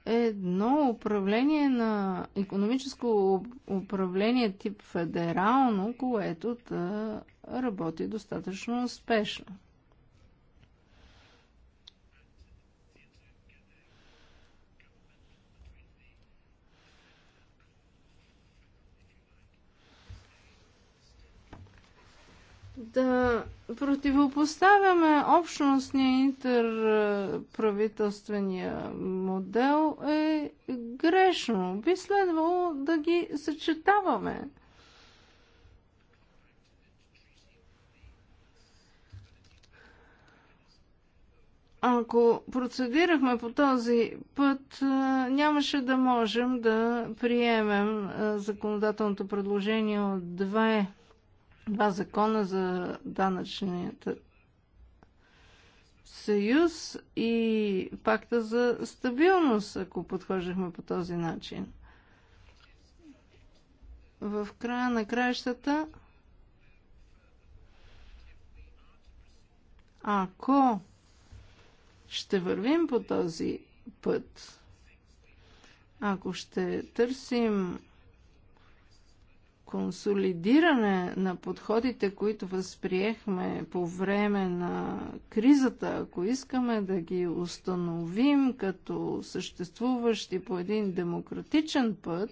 едно управление на економическо управление тип федерално, което да работи достатъчно успешно. да противопоставяме общностния интерправителствения модел е грешно. Би следвало да ги съчетаваме. ако процедирахме по този път, нямаше да можем да приемем законодателното предложение от две два закона за данъчния съюз и пакта за стабилност, ако подхождахме по този начин. В края на краищата, ако ще вървим по този път, ако ще търсим консолидиране на подходите, които възприехме по време на кризата, ако искаме да ги установим като съществуващи по един демократичен път,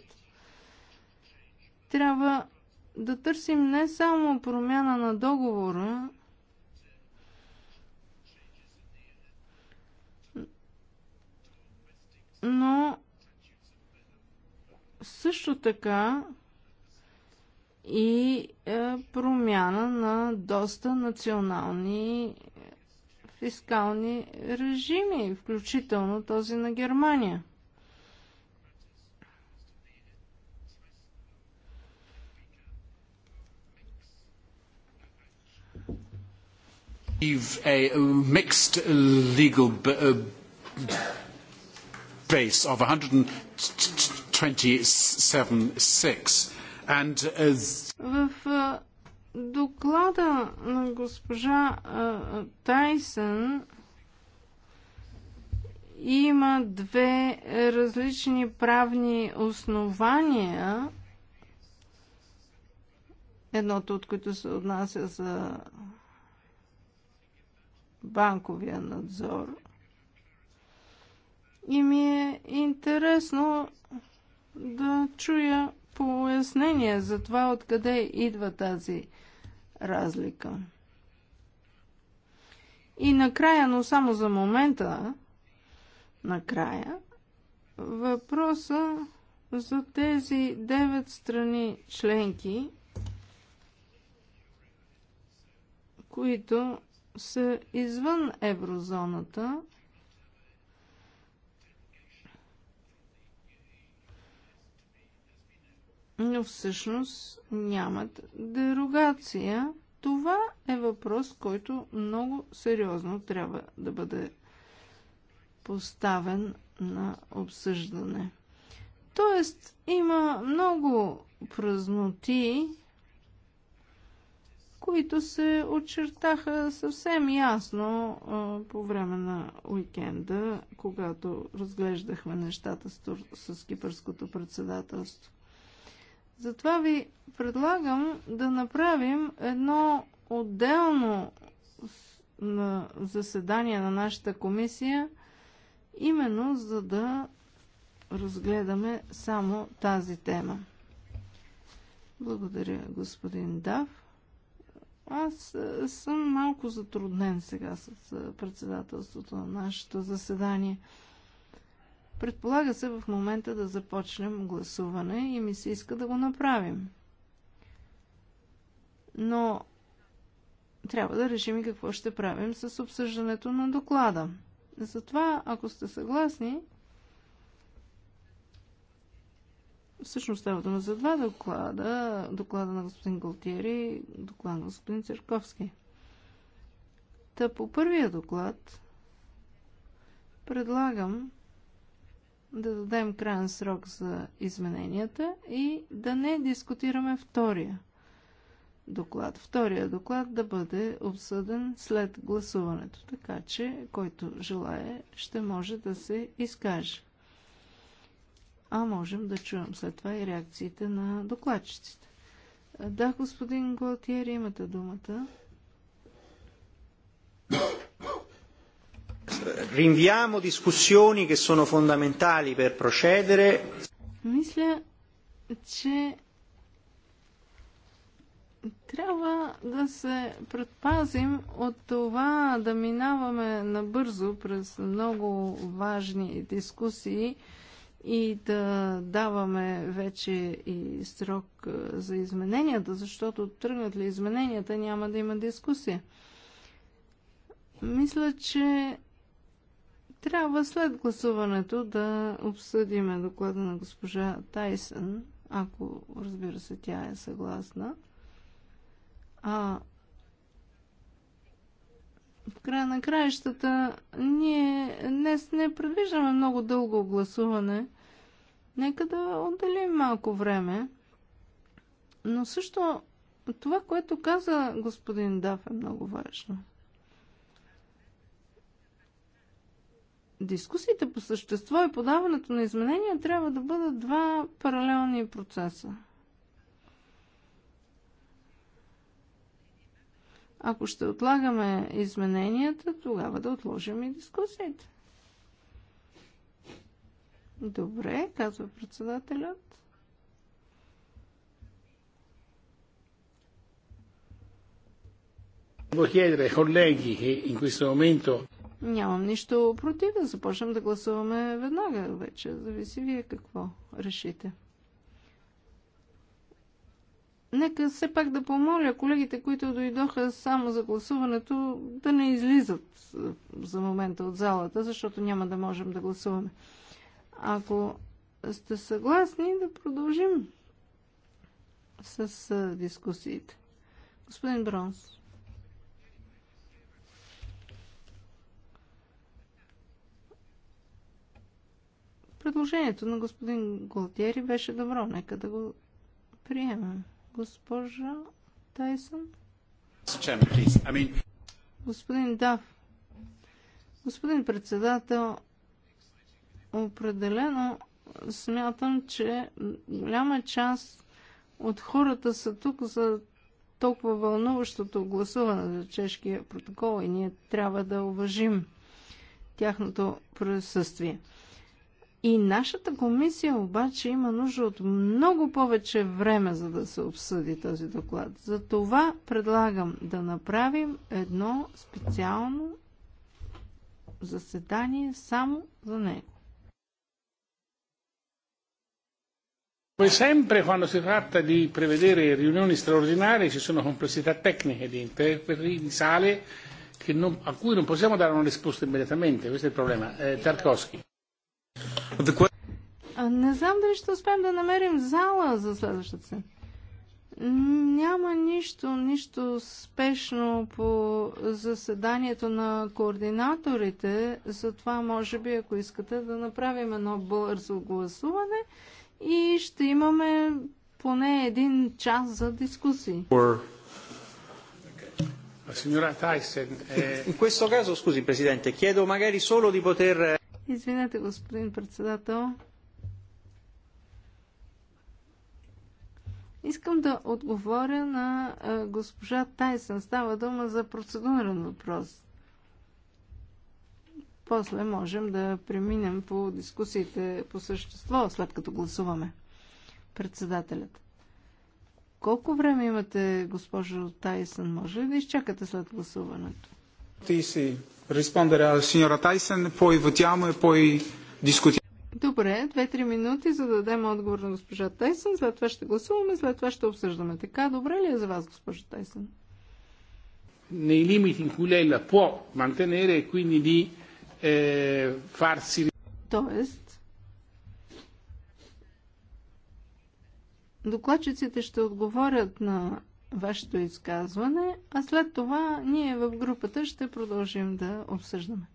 трябва да търсим не само промяна на договора, но също така и е, промяна на доста национални е, фискални режими, включително този на Германия. a mixed legal uh, base of 127.6 And as... В доклада на госпожа Тайсън има две различни правни основания, едното от които се отнася за банковия надзор. И ми е интересно да чуя пояснение за това откъде идва тази разлика. И накрая, но само за момента, накрая, въпроса за тези девет страни членки, които са извън еврозоната но всъщност нямат дерогация. Това е въпрос, който много сериозно трябва да бъде поставен на обсъждане. Тоест, има много празноти, които се очертаха съвсем ясно а, по време на уикенда, когато разглеждахме нещата с, с кипърското председателство. Затова ви предлагам да направим едно отделно заседание на нашата комисия, именно за да разгледаме само тази тема. Благодаря, господин Дав. Аз е, съм малко затруднен сега с е, председателството на нашето заседание. Предполага се в момента да започнем гласуване и ми се иска да го направим. Но трябва да решим и какво ще правим с обсъждането на доклада. Затова, ако сте съгласни, всъщност става дума за два доклада. Доклада на господин Галтиери и доклада на господин Церковски. Та по първия доклад предлагам да дадем крайен срок за измененията и да не дискутираме втория доклад. Втория доклад да бъде обсъден след гласуването, така че който желая, ще може да се изкаже. А можем да чуем след това и реакциите на докладчиците. Да, господин Голтиер, имате думата rinviamo discussioni che sono fondamentali per procedere. Мисля, че трябва да се предпазим от това да минаваме набързо през много важни дискусии и да даваме вече и срок е, за измененията, защото тръгнат ли измененията, няма да има дискусия. Мисля, че трябва след гласуването да обсъдиме доклада на госпожа Тайсън, ако разбира се тя е съгласна. А в края на краищата ние днес не предвиждаме много дълго гласуване. Нека да отделим малко време. Но също това, което каза господин Даф е много важно. Дискусиите по същество и подаването на изменения трябва да бъдат два паралелни процеса. Ако ще отлагаме измененията, тогава да отложим и дискусиите. Добре, казва председателят. Devo chiedere ai colleghi che in questo momento Нямам нищо против да започнем да гласуваме веднага вече. Зависи вие какво решите. Нека все пак да помоля колегите, които дойдоха само за гласуването, да не излизат е, за момента от залата, защото няма да можем да гласуваме. Ако сте съгласни, да продължим с е, дискусиите. Господин Бронс. Предложението на господин Голтери беше добро. Нека да го приемем. Госпожа Тайсън? Господин Дав. Господин председател, определено смятам, че голяма част от хората са тук за толкова вълнуващото гласуване за чешкия протокол и ние трябва да уважим тяхното присъствие. И нашата комисия обаче има нужда от много повече време, за да се обсъди този доклад. Затова предлагам да направим едно специално заседание само за него. Come sempre, quando si tratta di prevedere riunioni straordinarie, ci sono complessità tecniche di interpreti, di sale, che non, a cui non possiamo dare una risposta immediatamente. Questo è il problema. Eh, Tarkovsky. Не знам дали ще успеем да намерим зала за следващата се, Няма нищо, нищо спешно по заседанието на координаторите, затова може би, ако искате, да направим едно бързо гласуване и ще имаме поне един час за дискусии. Signora Tyson, in questo caso, scusi Presidente, chiedo magari solo di poter... Извинете, господин председател. Искам да отговоря на госпожа Тайсън. Става дума за процедурен въпрос. После можем да преминем по дискусиите по същество, след като гласуваме. Председателят. Колко време имате, госпожо Тайсън? Може ли да изчакате след гласуването? Ти си Tyson, e Добре, две-три минути, за да дадем отговор на госпожа Тайсън. След това ще гласуваме, след това ще обсъждаме. Така, добре ли е за вас, госпожа Тайсън? in cui lei la può mantenere e quindi di eh, farsi. Тоест, докладчиците ще отговорят на вашето изказване, а след това ние в групата ще продължим да обсъждаме.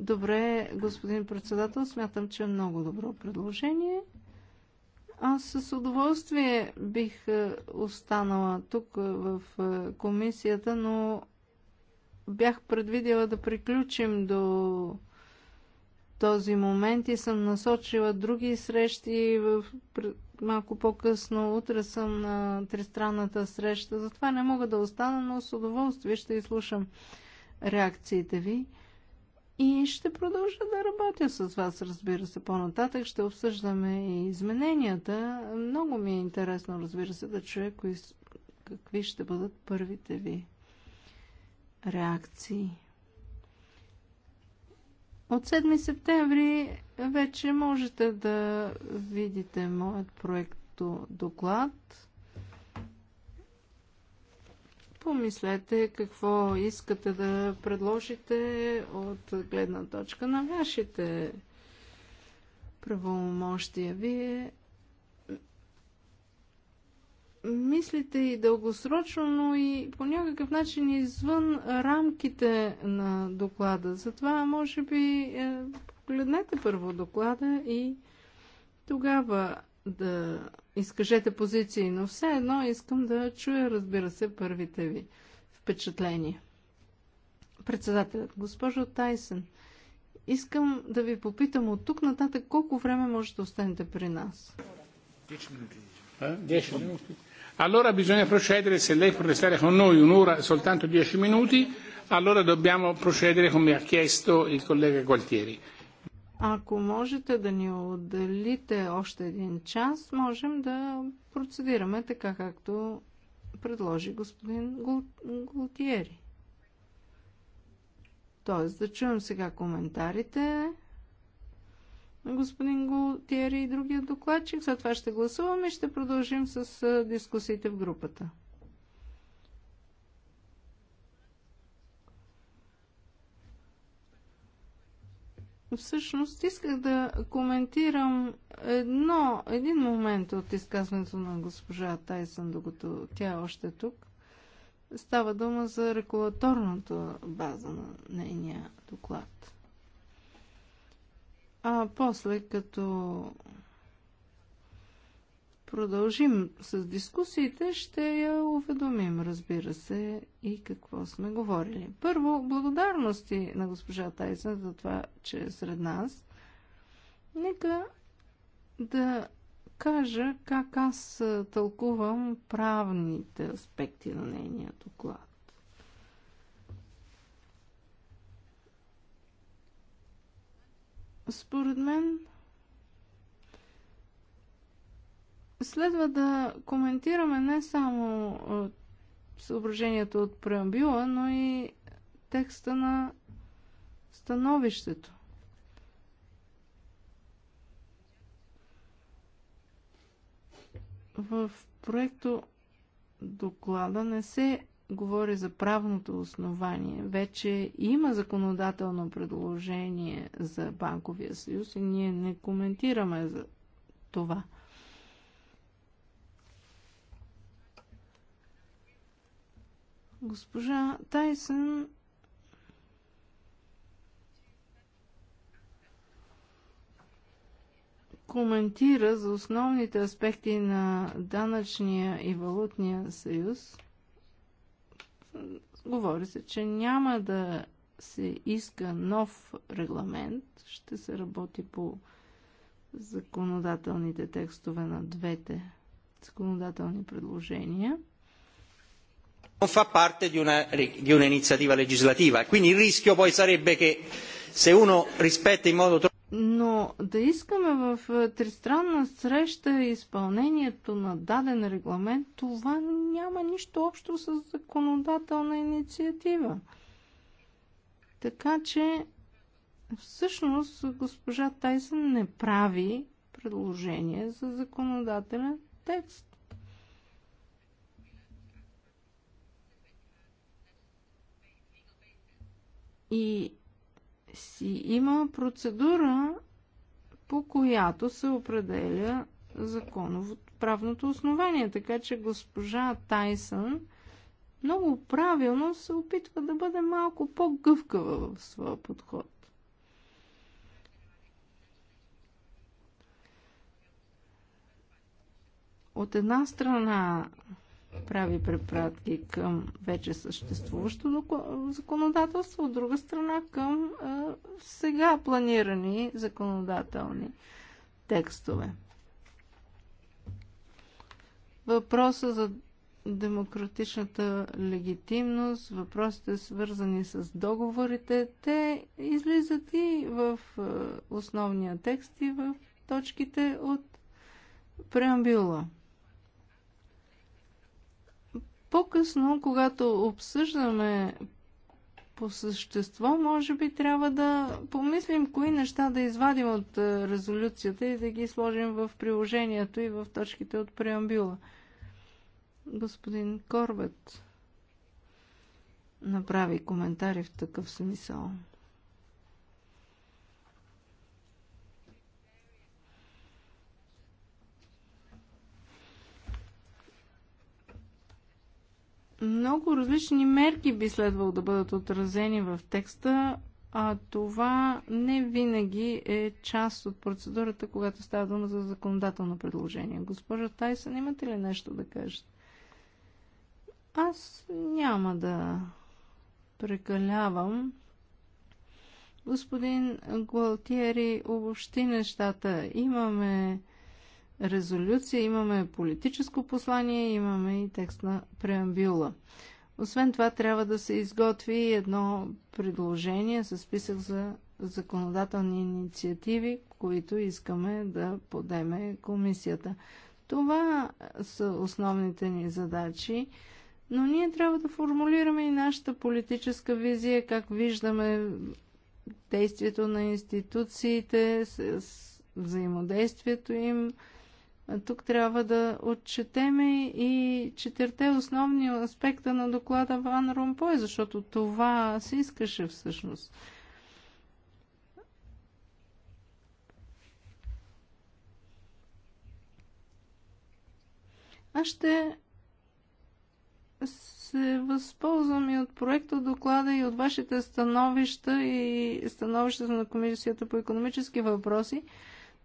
Добре, господин председател, смятам, че е много добро предложение. Аз с удоволствие бих е, останала тук е, в е, комисията, но бях предвидела да приключим до този момент и съм насочила други срещи в малко по-късно. Утре съм на тристранната среща, затова не мога да остана, но с удоволствие ще изслушам реакциите ви. И ще продължа да работя с вас, разбира се, по-нататък. Ще обсъждаме и измененията. Много ми е интересно, разбира се, да чуя кои, какви ще бъдат първите ви реакции. От 7 септември вече можете да видите моят проект доклад. Помислете какво искате да предложите от гледна точка на вашите правомощия. Вие мислите и дългосрочно, но и по някакъв начин извън рамките на доклада. Затова, може би, е, погледнете първо доклада и тогава да изкажете позиции, но все едно искам да чуя, разбира се, първите ви впечатления. Председателят, госпожо Тайсен, искам да ви попитам от тук нататък колко време можете да останете при нас. 10 минути. 10 минути. Allora bisogna procedere, se lei può restare con noi un'ora, soltanto dieci minuti, allora dobbiamo procedere come ha chiesto il collega Gualtieri. Ако можете да ни отделите още един час, можем да процедираме така, както предложи господин Гултиери. Тоест да чуем сега коментарите, господин Голтиери и другия докладчик. След това ще гласуваме и ще продължим с дискусиите в групата. Всъщност исках да коментирам едно, един момент от изказването на госпожа Тайсън, докато тя е още тук. Става дума за регулаторната база на нейния доклад. А после, като продължим с дискусиите, ще я уведомим, разбира се, и какво сме говорили. Първо, благодарности на госпожа Тайсън за това, че е сред нас. Нека да кажа как аз тълкувам правните аспекти на нейния доклад. Според мен следва да коментираме не само съображението от преамбюла, но и текста на становището. В проекто доклада не се говори за правното основание, вече има законодателно предложение за Банковия съюз и ние не коментираме за това. Госпожа Тайсън коментира за основните аспекти на данъчния и валутния съюз – Говори се, че няма да се иска нов регламент, ще се работи по законодателните текстове на двете законодателни предложения. Non fa parte di una, di un'iniziativa legislativa, quindi il rischio poi sarebbe che se uno rispetta in modo troppo но да искаме в е, тристранна среща изпълнението на даден регламент, това няма нищо общо с законодателна инициатива. Така че, всъщност, госпожа Тайсън не прави предложение за законодателен текст. И си има процедура, по която се определя законовото правното основание. Така че госпожа Тайсън много правилно се опитва да бъде малко по-гъвкава в своя подход. От една страна прави препратки към вече съществуващо законодателство, от друга страна към а, сега планирани законодателни текстове. Въпроса за демократичната легитимност, въпросите свързани с договорите, те излизат и в основния текст и в точките от преамбюла. По-късно, когато обсъждаме по същество, може би трябва да помислим кои неща да извадим от е, резолюцията и да ги сложим в приложението и в точките от преамбюла. Господин Корбет направи коментари в такъв смисъл. много различни мерки би следвало да бъдат отразени в текста, а това не винаги е част от процедурата, когато става дума за законодателно предложение. Госпожа Тайсън, имате ли нещо да кажете? Аз няма да прекалявам. Господин Гуалтиери обобщи нещата. Имаме резолюция, имаме политическо послание, имаме и текст на преамбюла. Освен това, трябва да се изготви едно предложение с списък за законодателни инициативи, които искаме да подеме комисията. Това са основните ни задачи, но ние трябва да формулираме и нашата политическа визия, как виждаме действието на институциите, с взаимодействието им тук трябва да отчетеме и четирте основни аспекта на доклада Ван Ромпой, защото това се искаше всъщност. Аз ще се възползвам и от проекта доклада и от вашите становища и становището на Комисията по економически въпроси,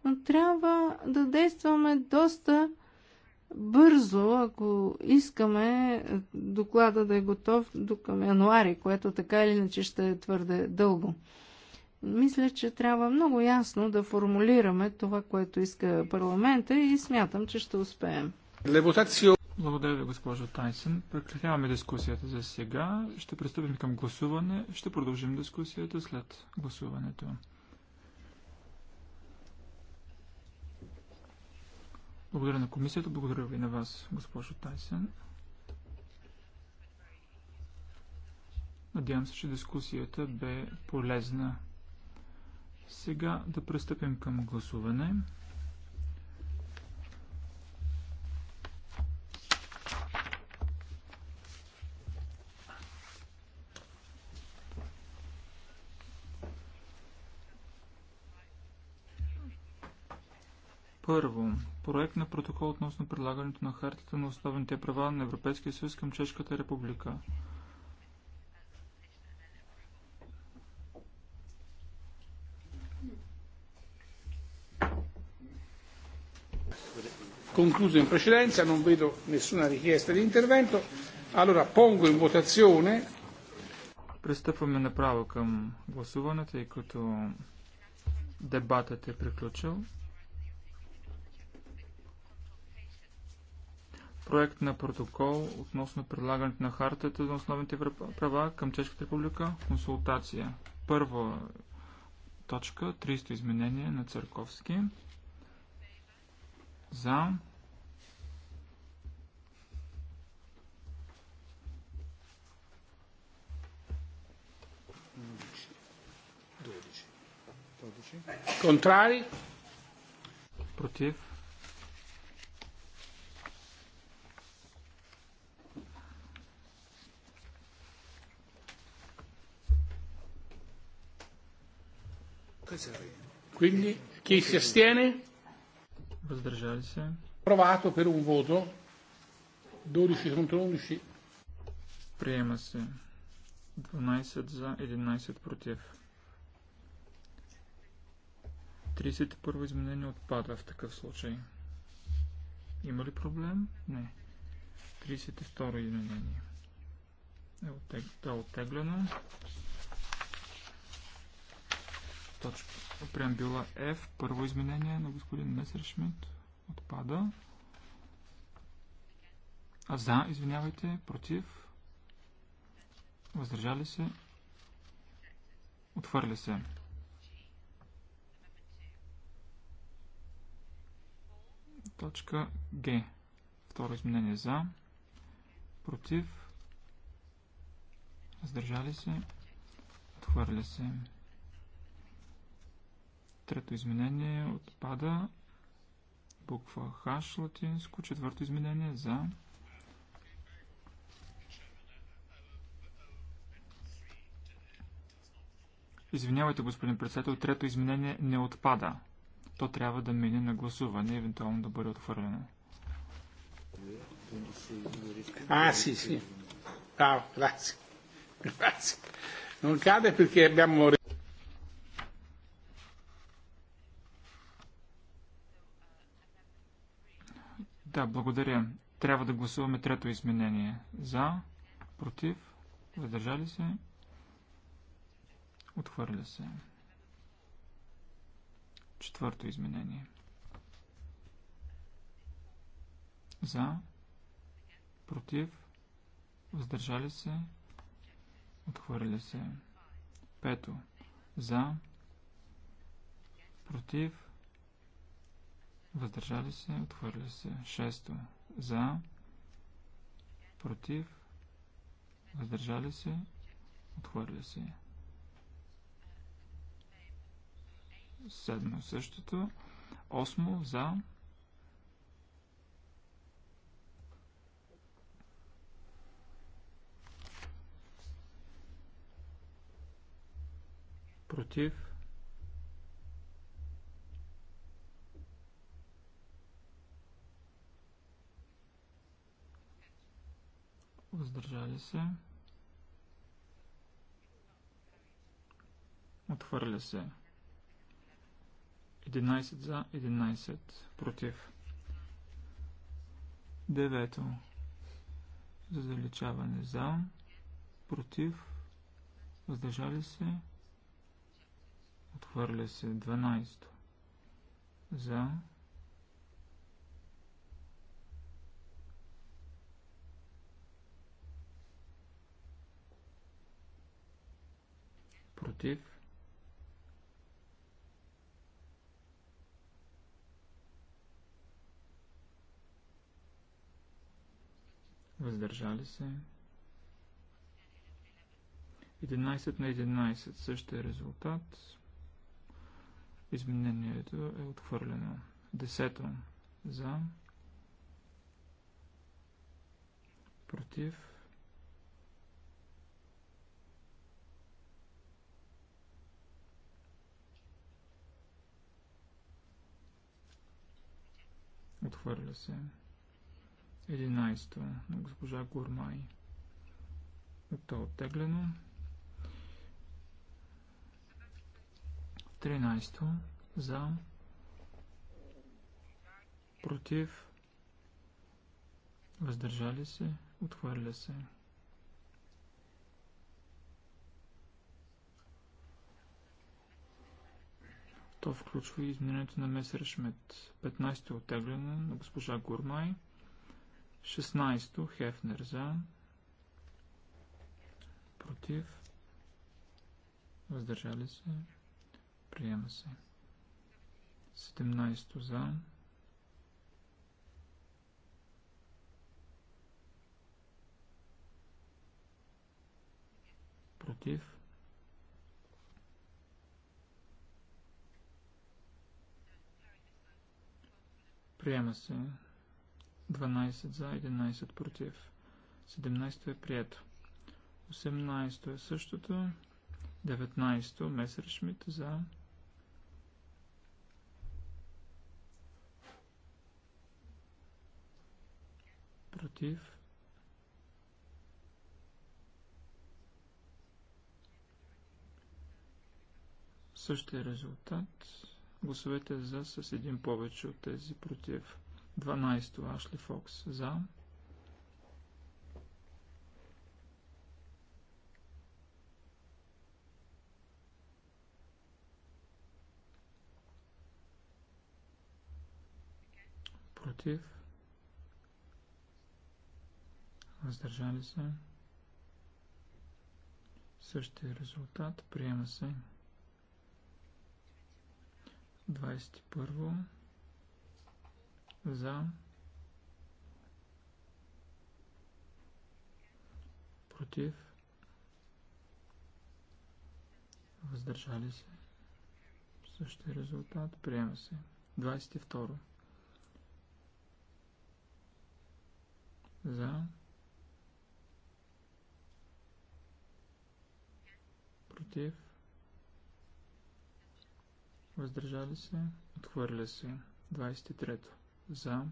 но трябва да действаме доста бързо, ако искаме доклада да е готов до към януари, което така или иначе ще е твърде дълго. Мисля, че трябва много ясно да формулираме това, което иска парламента и смятам, че ще успеем. Благодаря ви, госпожо Тайсън. Прекратяваме дискусията за сега. Ще пристъпим към гласуване. Ще продължим дискусията след гласуването. Благодаря на комисията, благодаря ви на вас, госпожо Тайсън. Надявам се, че дискусията бе полезна. Сега да пристъпим към гласуване. Първо, Проект на протокол относно прилагането на хартата на основните права на Европейския съюз към Чешката република. Concluso in precedenza, non vedo nessuna richiesta di intervento, allora pongo in votazione. Пристъпваме направо към гласуването, тъй като дебатът е приключил. проект на протокол относно прилагането на хартата на основните права към Чешката република. Консултация. Първа точка, 300 изменения на Църковски. За. Контрари. Против. Quindi chi si astiene? Въздържали се. Provato per un voto. 12 contro 11. Приема се. 12 за, 11 против. 31 изменение отпада в такъв случай. Има ли проблем? Не. 32 изменение. Е да, оттеглено. Точка. Преамбюла F. Първо изменение на господин Месершмит. Отпада. А за, извинявайте, против. Въздържали се. Отвърли се. Точка Г. Второ изменение за. Против. Въздържали се. Отхвърля се. Трето изменение отпада. Буква H латинско. Четвърто изменение за. Извинявайте, господин председател, трето изменение не отпада. То трябва да мине на гласуване, евентуално да бъде отхвърлено. А, си, си. Да, grazie. Grazie. Non cade perché abbiamo Да, благодаря. Трябва да гласуваме трето изменение. За, против, въздържали се, отхвърля се. Четвърто изменение. За, против, въздържали се, отхвърля се. Пето. За, против, въздържали се, отхвърли се. Шесто, за, против, въздържали се, отхвърли се. Седмо, същото. Осмо, за, против, въздържали се, отхвърля се. 11 за, 11 против. Девето. За заличаване за, против, въздържали се, отхвърля се. 12 за, против, въздържали се. 11 на 11 същия резултат. Изменението е отхвърлено. Десето за против Отхвърля се. 11 на госпожа Гурмай. То е оттеглено. 13 за. Против. Въздържали се. Отхвърля се. То включва и изменението на Месер Шмет. 15-то е оттегляне на госпожа Гурмай. 16-то Хефнер за. Против. Въздържали се. Приема се. 17-то за. Против. Приема се. 12 за, 11 против. 17 е прието. 18 е същото. 19 Месершмит за. Против. Същия резултат. Гласовете за с един повече от тези против. 12. то Ашли Фокс за. Против. Въздържали се. Същия резултат. Приема се. 21 за против въздържали се същия резултат приема се 22 за против въздържали се, отхвърля се. 23. За,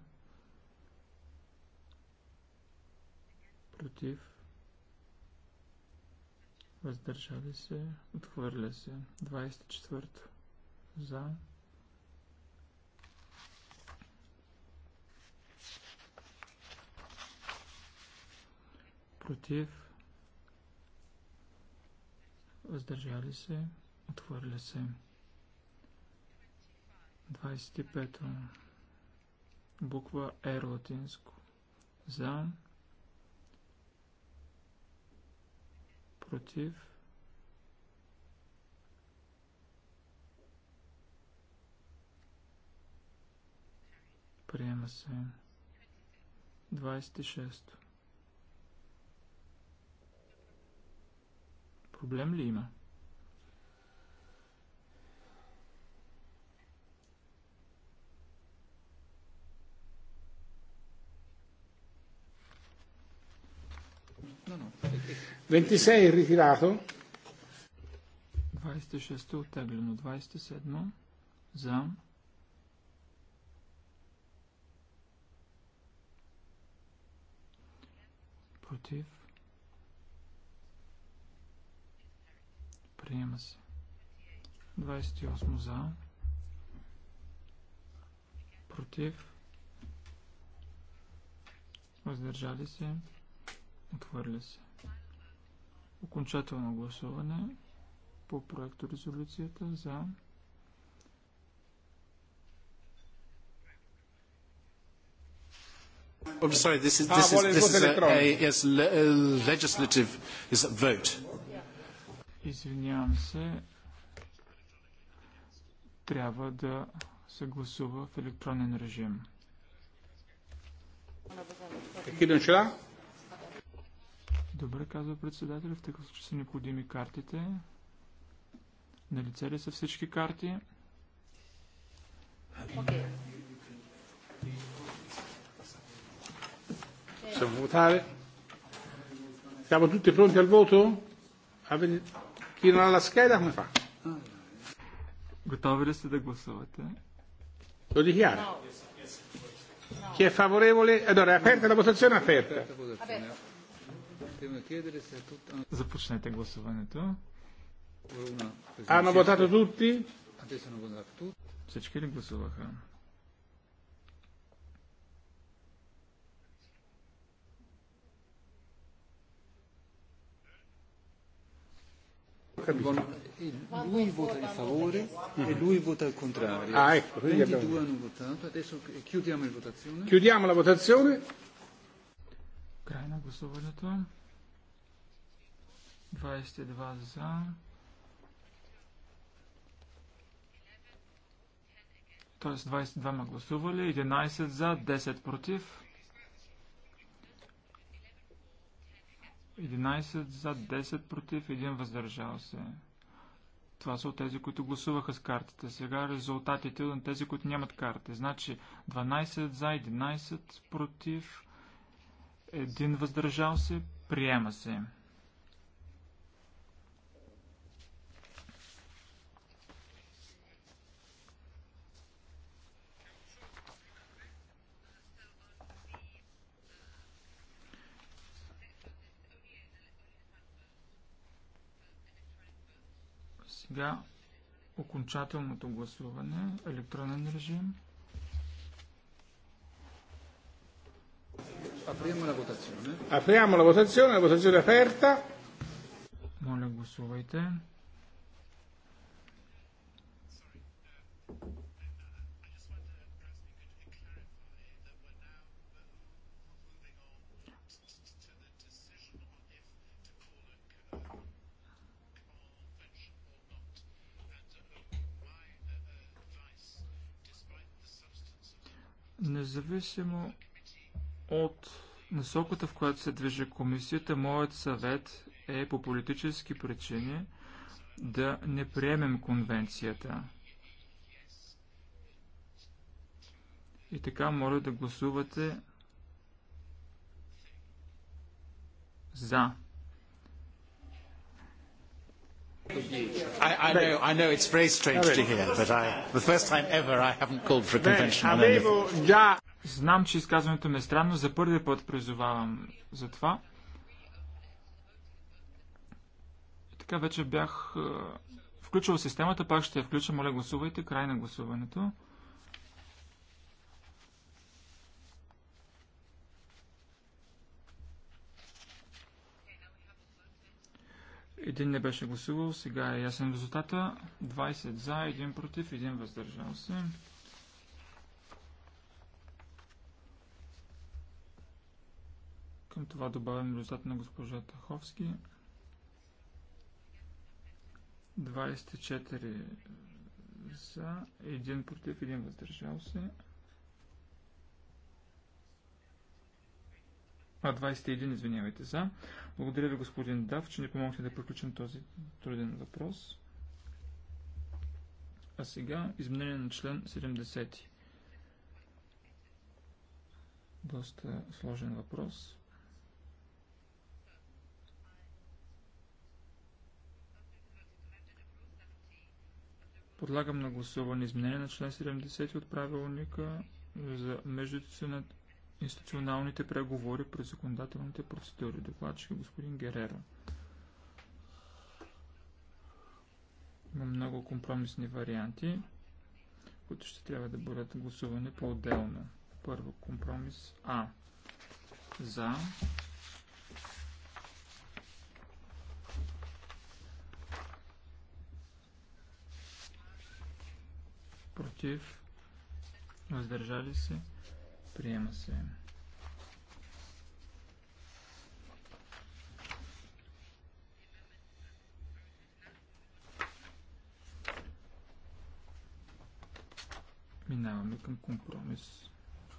против, въздържали се, отхвърля се. 24. За, против, въздържали се, отхвърля се. 25. Буква Е латинско. За. Против. Приема се. 26. Проблем ли има? 27. 26 ritirato. 26 е оттеглено. 27 за. Против. Приема се. 28 за. Против. Въздържали се. Отхвърля се. Окончателно гласуване по проекто резолюцията за I'm sorry, this is, this is, this is a, a yes, legislative is a vote. Извинявам се, трябва да се гласува в електронен режим. Chi Добре, казва председателя. В такъв случай са необходими картите. На лице ли са всички карти? Okay. Possiamo votare? Siamo tutti pronti al voto? Chi non ha la scheda come fa? Готови ли сте да гласувате? Lo dichiaro. Chi è favorevole? Allora, è aperta la votazione, è aperta. Започнете гласуването. Hanno votato tutti? Всички ли гласуваха? Lui vota in favore e lui vota il contrario. Ah, ecco, 22 abbiamo... hanno votato, adesso chiudiamo la votazione. Chiudiamo la votazione. Ucraina, questo votato. 22 за. Тоест 22 ма гласували, 11 за, 10 против. 11 за, 10 против, 1 въздържал се. Това са от тези, които гласуваха с картите. Сега резултатите на тези, които нямат карти. Значи 12 за, 11 против, 1 въздържал се, приема се. Сега окончателното гласуване, електронен режим. Apriamo la votazione. Apriamo la votazione, la votazione è aperta. Моля, гласувайте. Независимо от насоката, в която се движи комисията, моят съвет е по политически причини да не приемем конвенцията. И така моля да гласувате за. I, I, know, I know it's very strange to hear, but I, the first time ever I haven't called for a convention on Знам, че изказването ми е странно. За първи път призовавам за това. И така вече бях е, включил системата. Пак ще я включа. Моля, гласувайте. Край на гласуването. Един не беше гласувал, сега е ясен резултата. 20 за, 1 против, 1 въздържал се. Към това добавям резултата на госпожа Таховски. 24 за, 1 против, 1 въздържал се. А, 21, извинявайте, за. Благодаря ви, господин Дав, че ни помогнахте да приключим този труден въпрос. А сега изменение на член 70. Доста сложен въпрос. Подлагам на гласуване изменение на член 70 от правилника за междуинституционалната институционалните преговори през законодателните процедури. Докладчик е господин Гереро. Има много компромисни варианти, които ще трябва да бъдат гласувани по-отделно. Първо компромис А. За. Против. Въздържали се. Приема се. Минаваме към компромис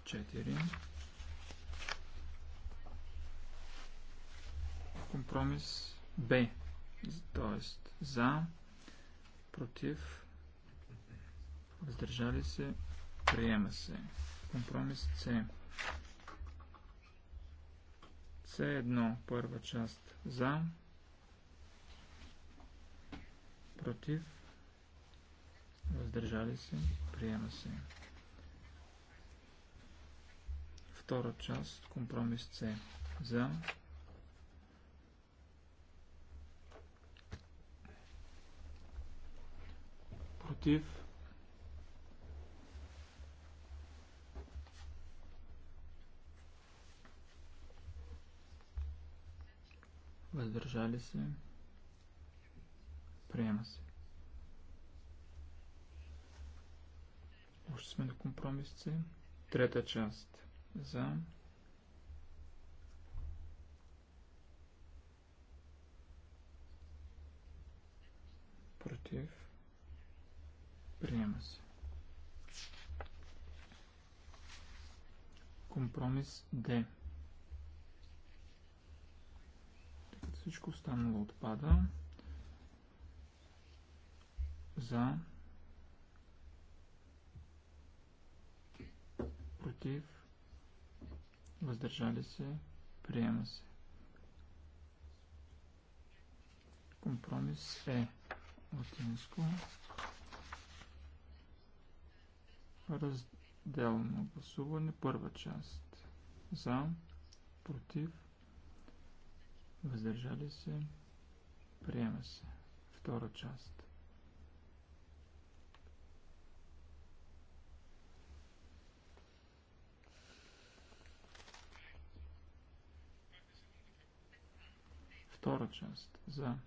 4. Компромис Б, т.е. за, против, въздържали се, приема се. Компромис С. С1, първа част за, против, въздържали се, приема се. Втора част, компромис С за, против, въздържали се. въздържали се, приема се. Още сме на компромисите. Трета част за против приема се. Компромис Д. Всичко останало отпада. За. Против. Въздържали се. Приема се. Компромис е латинско. Разделно гласуване. Първа част. За. Против Въздържали се. Приема се. Втора част. Втора част. За.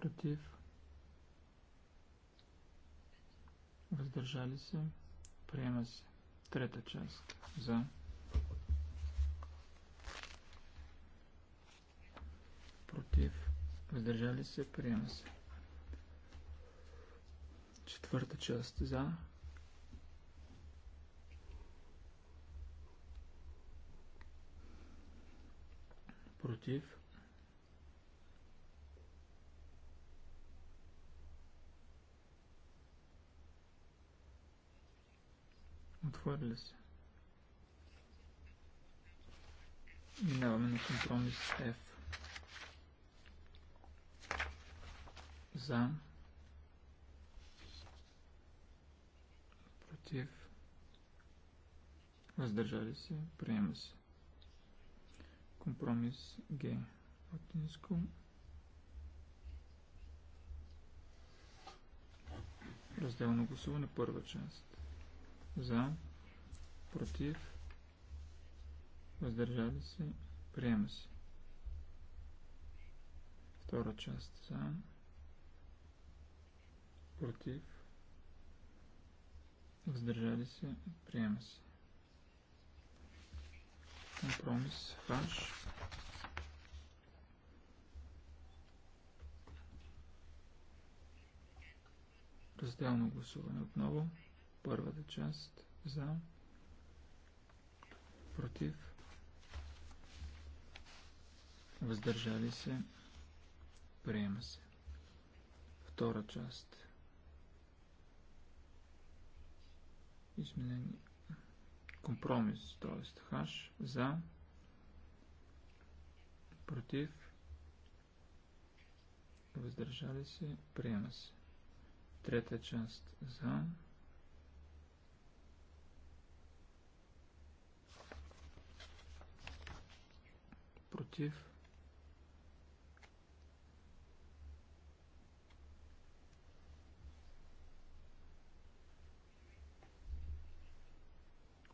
Против. Въздържали се. Приема се. Трета част за. Против. Въздържали се. Приема се. Четвърта част за. Против. Отхвърля се. Минаваме на компромис F. За. Против. Въздържали се. Приема се. Компромис Г. Латинско. Разделно гласуване. Първа част за, против, въздържали се, приема се. Втора част за, против, въздържали се, приема се. Компромис, фаш. Разделно гласуване отново. Първата част за, против, въздържали се, приема се. Втора част. Изменение. Компромис, т.е. хаш, за, против, въздържали се, приема се. Трета част за, против,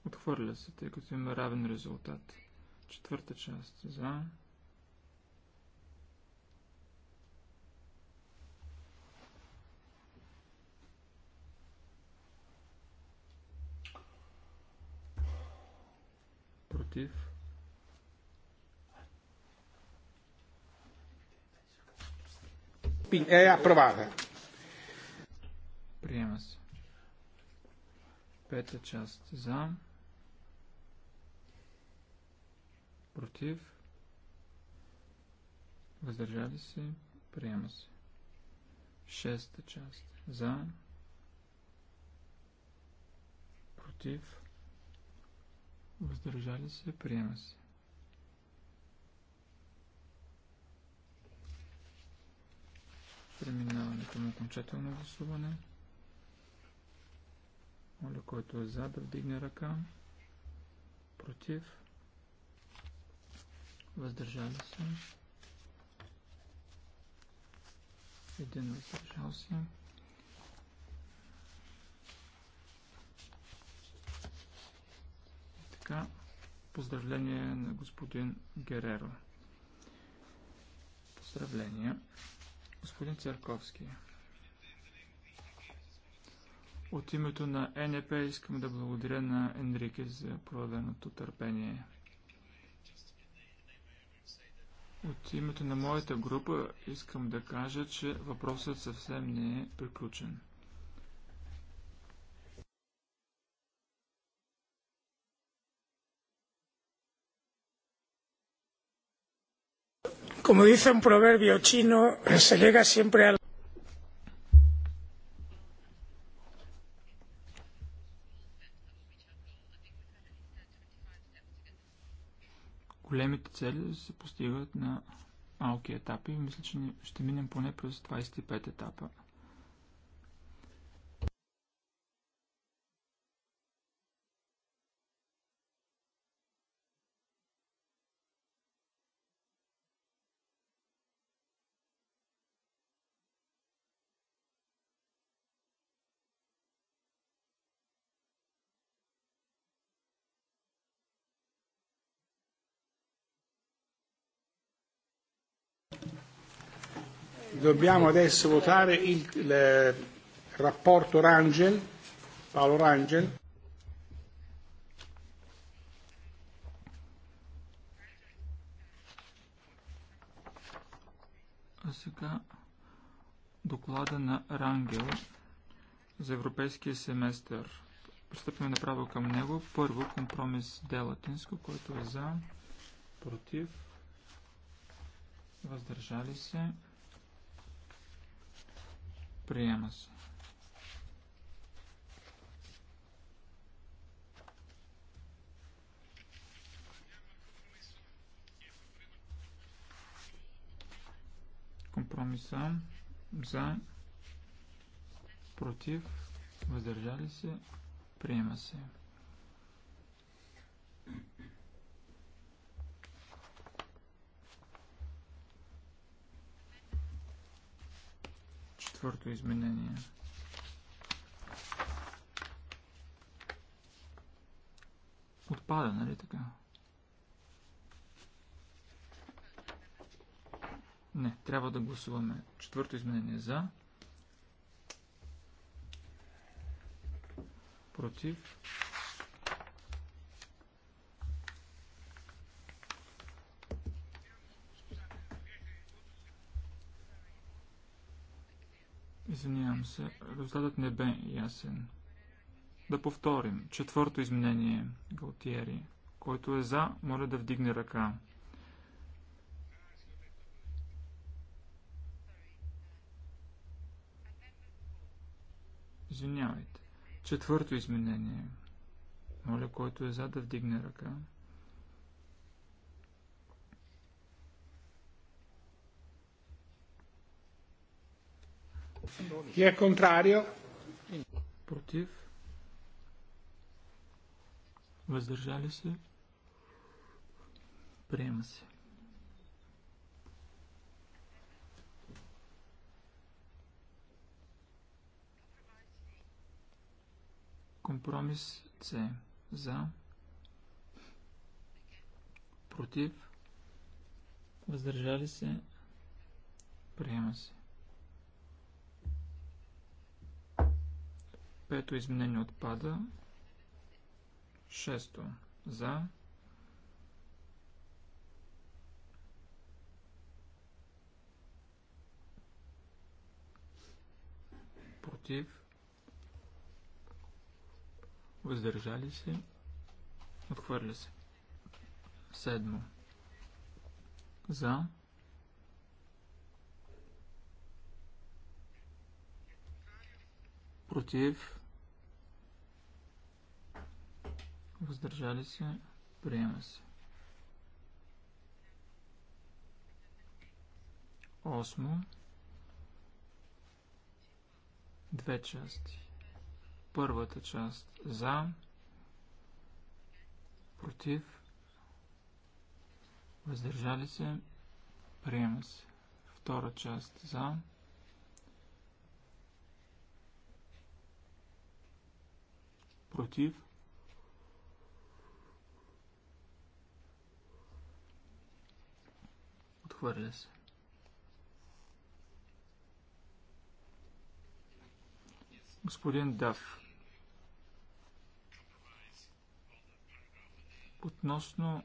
Отхвърля се, тъй като има равен резултат. Четвърта част за. Против. Е апровада. Приема се. Пета част за. Против. Въздържали се. Приема се. Шеста част за. Против. Въздържали се. Приема се. Преминаваме към окончателно гласуване. Моля, който е за да вдигне ръка. Против. Въздържали се. Един въздържал се. И така, поздравление на господин Гереро. Поздравление. Господин Церковски, от името на НП искам да благодаря на Енрике за проведеното търпение. От името на моята група искам да кажа, че въпросът съвсем не е приключен. Como dice un proverbio chino, se llega siempre al. Големите цели се постигат на малки етапи. Мисля, че ще минем поне през 25 етапа. Dobbiamo adesso votare il, il eh, rapporto Rangel, Paolo Rangel. А сега доклада на Рангел за европейския семестър. Пристъпваме направо към него. Първо компромис Д латинско, който е за, против, въздържали се, Приема се. Компромиса за против въздържали се приема се. четвърто изменение. Отпада, нали така? Не, трябва да гласуваме четвърто изменение за. Против. Извинявам се, резултатът не бе ясен. Да повторим. Четвърто изменение. Галтиери. Който е за, моля да вдигне ръка. Извинявайте. Четвърто изменение. Моля, който е за да вдигне ръка. Chi è contrario? Против. Въздържали се. Приема се. Компромис С. За. Против. Въздържали се. Приема се. Пето изменение отпада. Шесто. За. Против. Въздържали се. Отхвърля се. Седмо. За. Против. въздържали се, приема се. Осмо. Две части. Първата част за, против, въздържали се, приема се. Втора част за, против, Отхвърля се. Господин Дав. Относно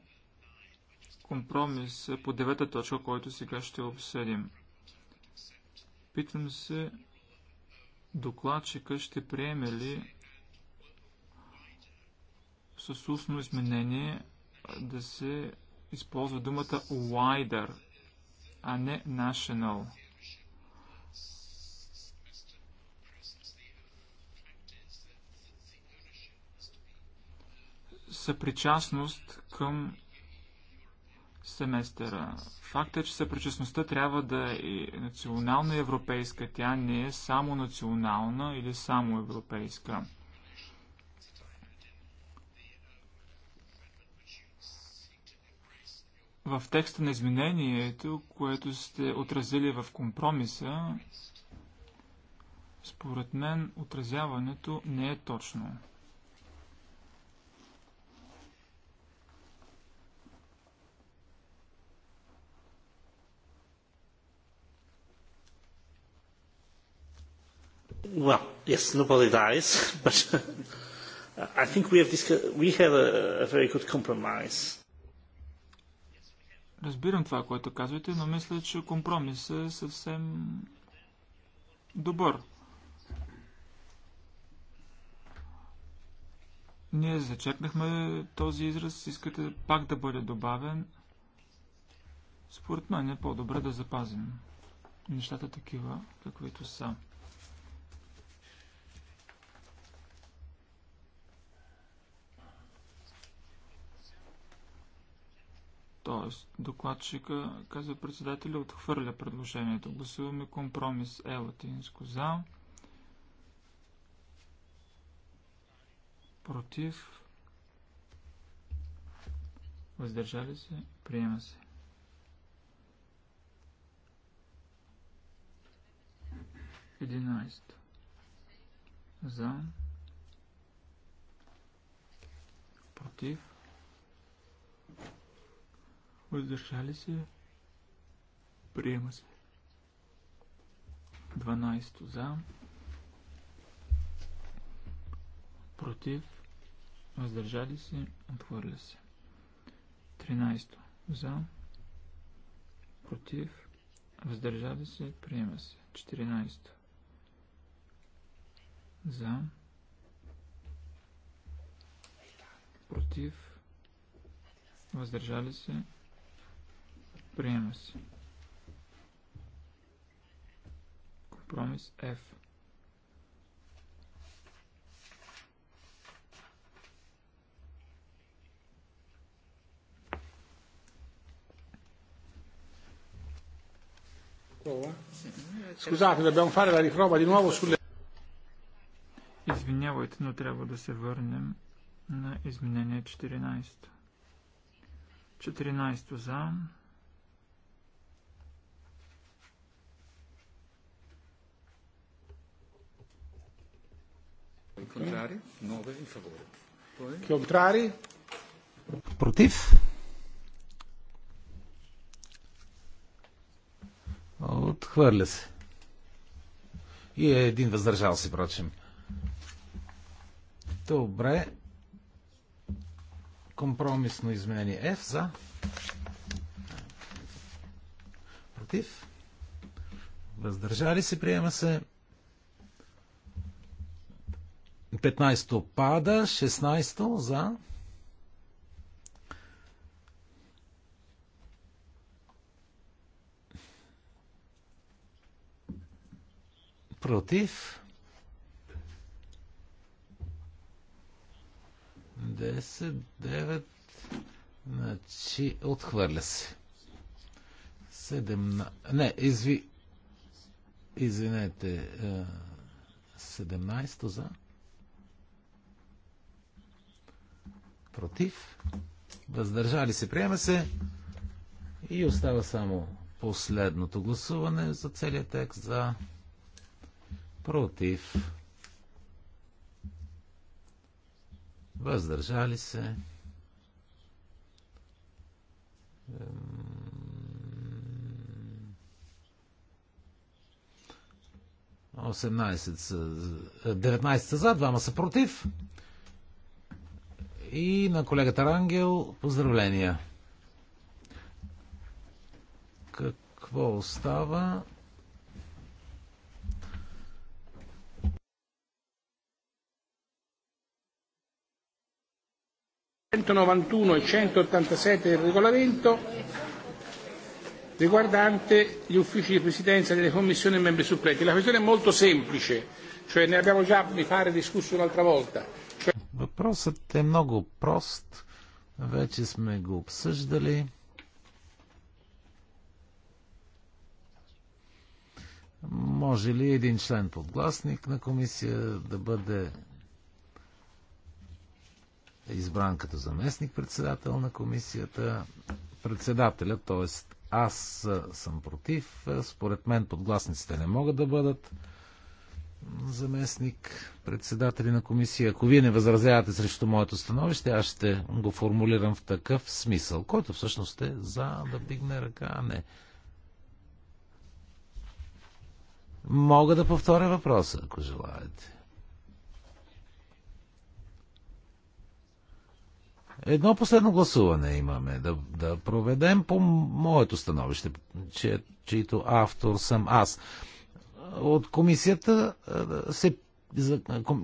компромис по девета точка, който сега ще обсъдим. Питам се, докладчика ще приеме ли с устно изменение да се използва думата wider а не national. съпричастност към семестъра. Факт е, че съпричастността трябва да е национална европейска. Тя не е само национална или само европейска. в текста на изменението, което сте отразили в компромиса, според мен отразяването не е точно. Well, yes, nobody dies, but uh, I think we have, we have a, a very good compromise. Разбирам това, което казвате, но мисля, че компромисът е съвсем добър. Ние зачекнахме този израз, искате пак да бъде добавен. Според мен е по-добре да запазим нещата такива, каквито са. Тоест, докладчика, казва председателя, отхвърля предложението. Гласуваме компромис Е латинско за. Против. Въздържали се. Приема се. Единайсто. За. Против. Въздържали се. Приема се. 12 за. Против. Въздържали се. Отхвърля се. 13 за. Против. Въздържали се. Приема се. 14 за. Против. Въздържали се. Приема се. Компромис F. Scusate, dobbiamo fare la riprova di nuovo sulle... Извинявайте, но трябва да се върнем на изменение 14. 14 за, Contrari? 9 in favore. Poi? Contrari? Против? Отхвърля се. И е един въздържал се, прочим. Добре. Компромисно изменение F за. Против. Въздържали се, приема се. 15-то пада, 16-то за. Против. 10, 9, значи отхвърля се. 17, не, изви, извинете, 17 за. против, въздържали се, приема се и остава само последното гласуване за целият текст за против, въздържали се. Осемнайсет са... 19 са за, двама са против и на колегата Рангел поздравления. Какво остава? centonovantuno e centottantasette del regolamento riguardante gli uffici di presidenza delle commissioni e membri suppletti. La questione è molto semplice, cioè ne abbiamo già, mi pare, discusso un'altra volta Въпросът е много прост. Вече сме го обсъждали. Може ли един член подгласник на комисия да бъде избран като заместник-председател на комисията? Председателя, т.е. аз съм против. Според мен подгласниците не могат да бъдат заместник председатели на комисия, ако вие не възразявате срещу моето становище, аз ще го формулирам в такъв смисъл, който всъщност е за да вдигне ръка, а не. Мога да повторя въпроса, ако желаете. Едно последно гласуване имаме да, да проведем по моето становище, че, чието автор съм аз от комисията е, се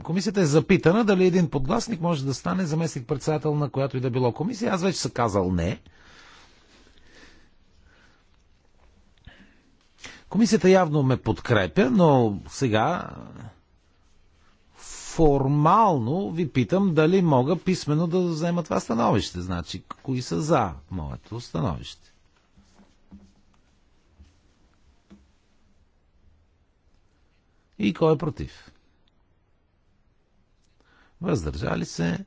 комисията е запитана дали един подгласник може да стане заместник председател на която и да било комисия. Аз вече са казал не. Комисията явно ме подкрепя, но сега формално ви питам дали мога писменно да взема това становище. Значи, кои са за моето становище? И кой е против? Въздържали се?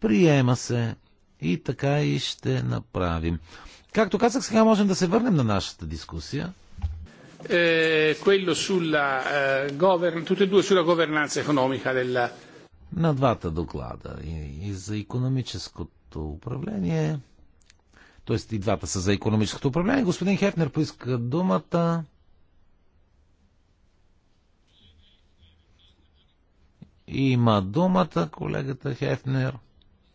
Приема се. И така и ще направим. Както казах, сега можем да се върнем на нашата дискусия. Е, quello sulla, eh, govern... tutte e due sulla governanza economica della... На двата доклада и, и за економическото управление, т.е. и двата са за економическото управление. Господин Хефнер поиска думата. Има думата колегата Хефнер.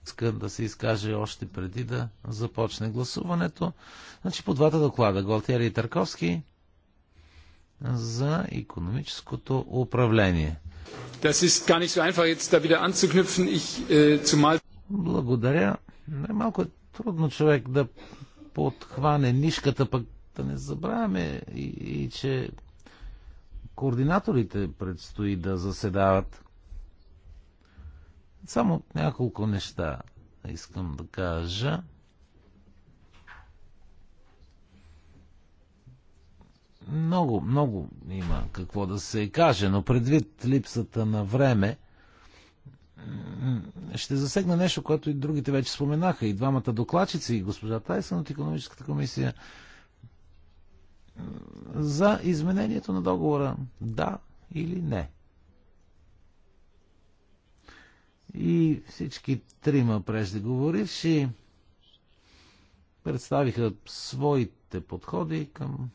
Искам да се изкаже още преди да започне гласуването. Значи по двата доклада, Голтери и Тарковски, за економическото управление. Das ist gar nicht so einfach, jetzt da wieder anzuknüpfen. Ich, äh, zumal... Благодаря. Най-малко е трудно човек да подхване нишката, пък да не забравяме и, и че координаторите предстои да заседават. Само няколко неща искам да кажа. Много, много има какво да се каже, но предвид липсата на време, ще засегна нещо, което и другите вече споменаха. И двамата докладчици, и госпожа Тайсън от економическата комисия за изменението на договора. Да или не? И всички трима преждеговоривши представиха своите подходи към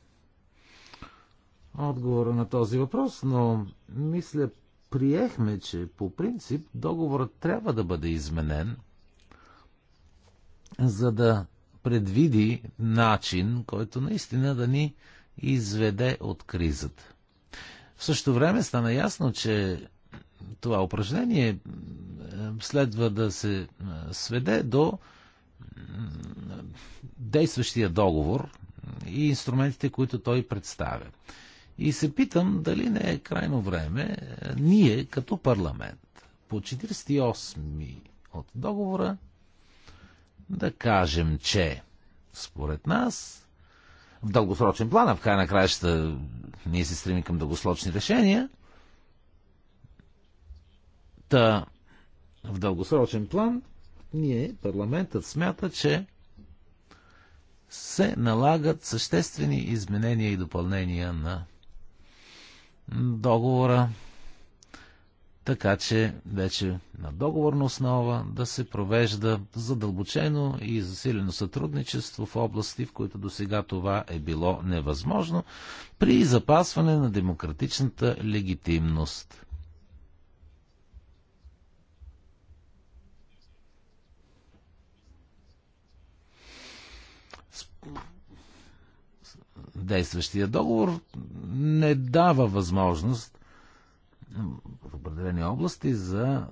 отговора на този въпрос, но мисля, приехме, че по принцип договорът трябва да бъде изменен, за да предвиди начин, който наистина да ни изведе от кризата. В същото време стана ясно, че това упражнение следва да се сведе до действащия договор и инструментите, които той представя. И се питам дали не е крайно време е, ние като парламент по 48 ми от договора да кажем, че според нас в дългосрочен план, а в край на краища ние се стремим към дългосрочни решения – Та, в дългосрочен план, ние, парламентът, смята, че се налагат съществени изменения и допълнения на договора, така че вече на договорна основа да се провежда задълбочено и засилено сътрудничество в области, в които до сега това е било невъзможно, при запасване на демократичната легитимност. действащия договор не дава възможност в определени области за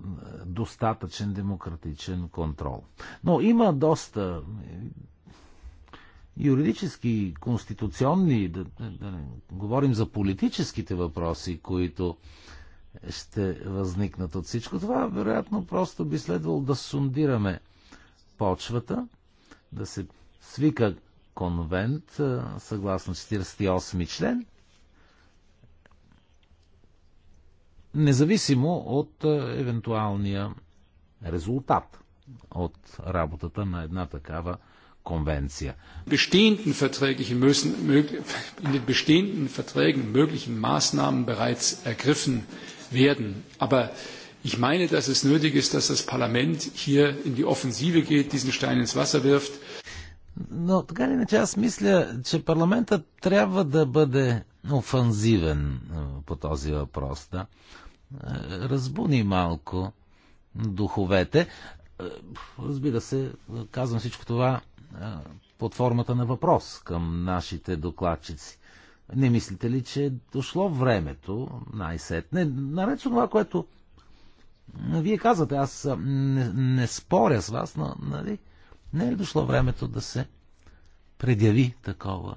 достатъчен демократичен контрол. Но има доста е, юридически, конституционни, да, да не говорим за политическите въпроси, които ще възникнат от всичко това, вероятно просто би следвало да сундираме почвата, да се свика конвент, съгласно 48 член, независимо от евентуалния резултат от работата на една такава конвенция. Bestehenden müssen, in den bestehenden Verträgen möglichen Maßnahmen bereits ergriffen werden. Aber ich meine, dass es nötig ist, dass das Parlament hier in die Offensive geht, diesen Stein ins Wasser wirft но така ли иначе аз мисля, че парламентът трябва да бъде офанзивен по този въпрос. Да? Е, разбуни малко духовете. Е, разбира се, казвам всичко това е, под формата на въпрос към нашите докладчици. Не мислите ли, че е дошло времето най-сетне? Наред това, което вие казвате, аз не, не споря с вас, но нали, не е дошло времето да се предяви такова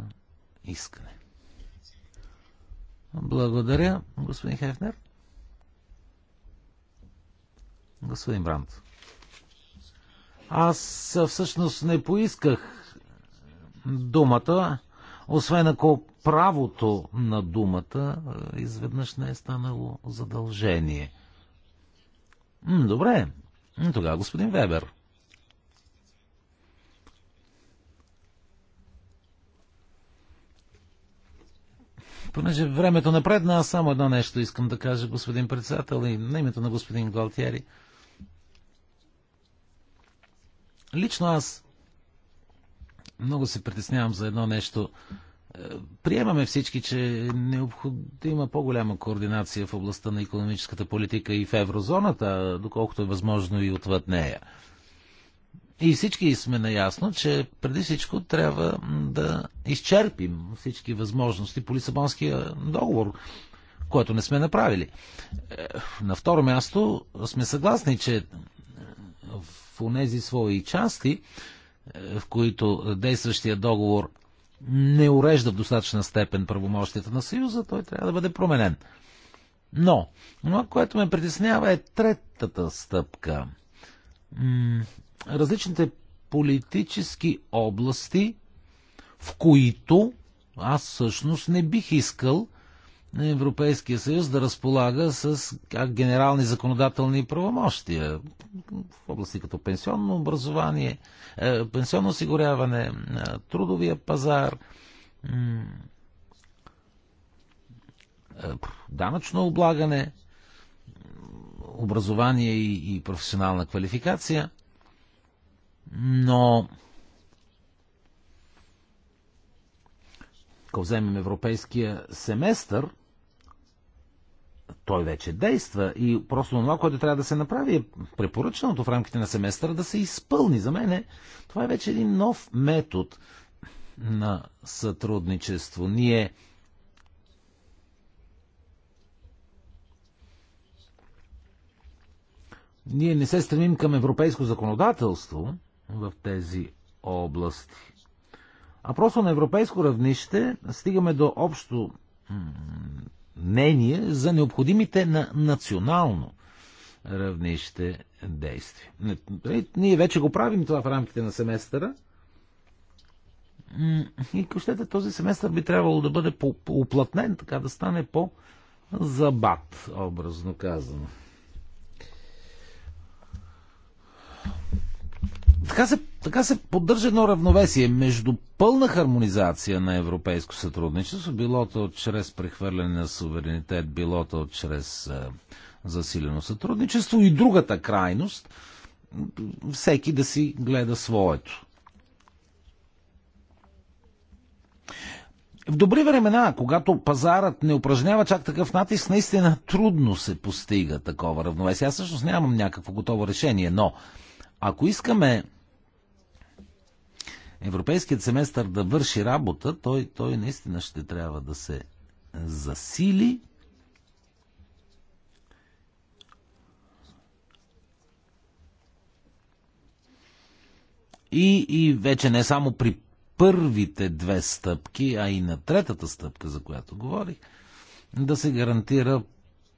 искане. Благодаря, господин Хефнер. Господин Брант. Аз всъщност не поисках думата, освен ако правото на думата изведнъж не е станало задължение. Добре, тогава господин Вебер. Понеже времето напредна, аз само едно нещо искам да кажа, господин председател, и на името на господин Галтиери. Лично аз много се притеснявам за едно нещо. Е, приемаме всички, че е необходима по-голяма координация в областта на економическата политика и в еврозоната, доколкото е възможно и отвъд нея. И всички сме наясно, че преди всичко трябва да изчерпим всички възможности по Лисабонския договор, което не сме направили. Е, на второ място сме съгласни, че е, в тези свои части, е, в които действащия договор не урежда в достатъчна степен правомощията на Съюза, той трябва да бъде променен. Но, но което ме притеснява е третата стъпка различните политически области, в които аз всъщност не бих искал Европейския съюз да разполага с генерални законодателни правомощия в области като пенсионно образование, е, пенсионно осигуряване, е, трудовия пазар, е, данъчно облагане, образование и професионална квалификация – но ако вземем европейския семестър, той вече действа и просто това, което трябва да се направи е препоръчаното в рамките на семестъра да се изпълни. За мен това е вече един нов метод на сътрудничество. Ние Ние не се стремим към европейско законодателство, в тези области. А просто на европейско равнище стигаме до общо мнение за необходимите на национално равнище действия. Нали, ние вече го правим това в рамките на семестъра. И кощете, този семестър би трябвало да бъде оплътнен, така да стане по-забат, образно казано. Така се, така се поддържа едно равновесие между пълна хармонизация на европейско сътрудничество, било то чрез прехвърляне на суверенитет, било то чрез е, засилено сътрудничество и другата крайност, всеки да си гледа своето. В добри времена, когато пазарът не упражнява чак такъв натиск, наистина трудно се постига такова равновесие. Аз всъщност нямам някакво готово решение, но ако искаме европейският семестър да върши работа, той, той наистина ще трябва да се засили. И, и вече не само при първите две стъпки, а и на третата стъпка, за която говорих, да се гарантира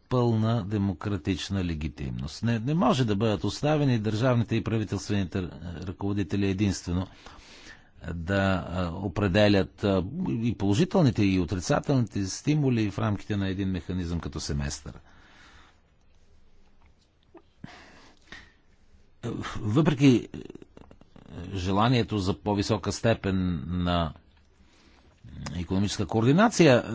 пълна демократична легитимност. Не, не може да бъдат оставени държавните и правителствените ръководители единствено да определят и положителните, и отрицателните стимули в рамките на един механизъм като семестър. Въпреки е, желанието за по-висока степен на е, економическа координация, е,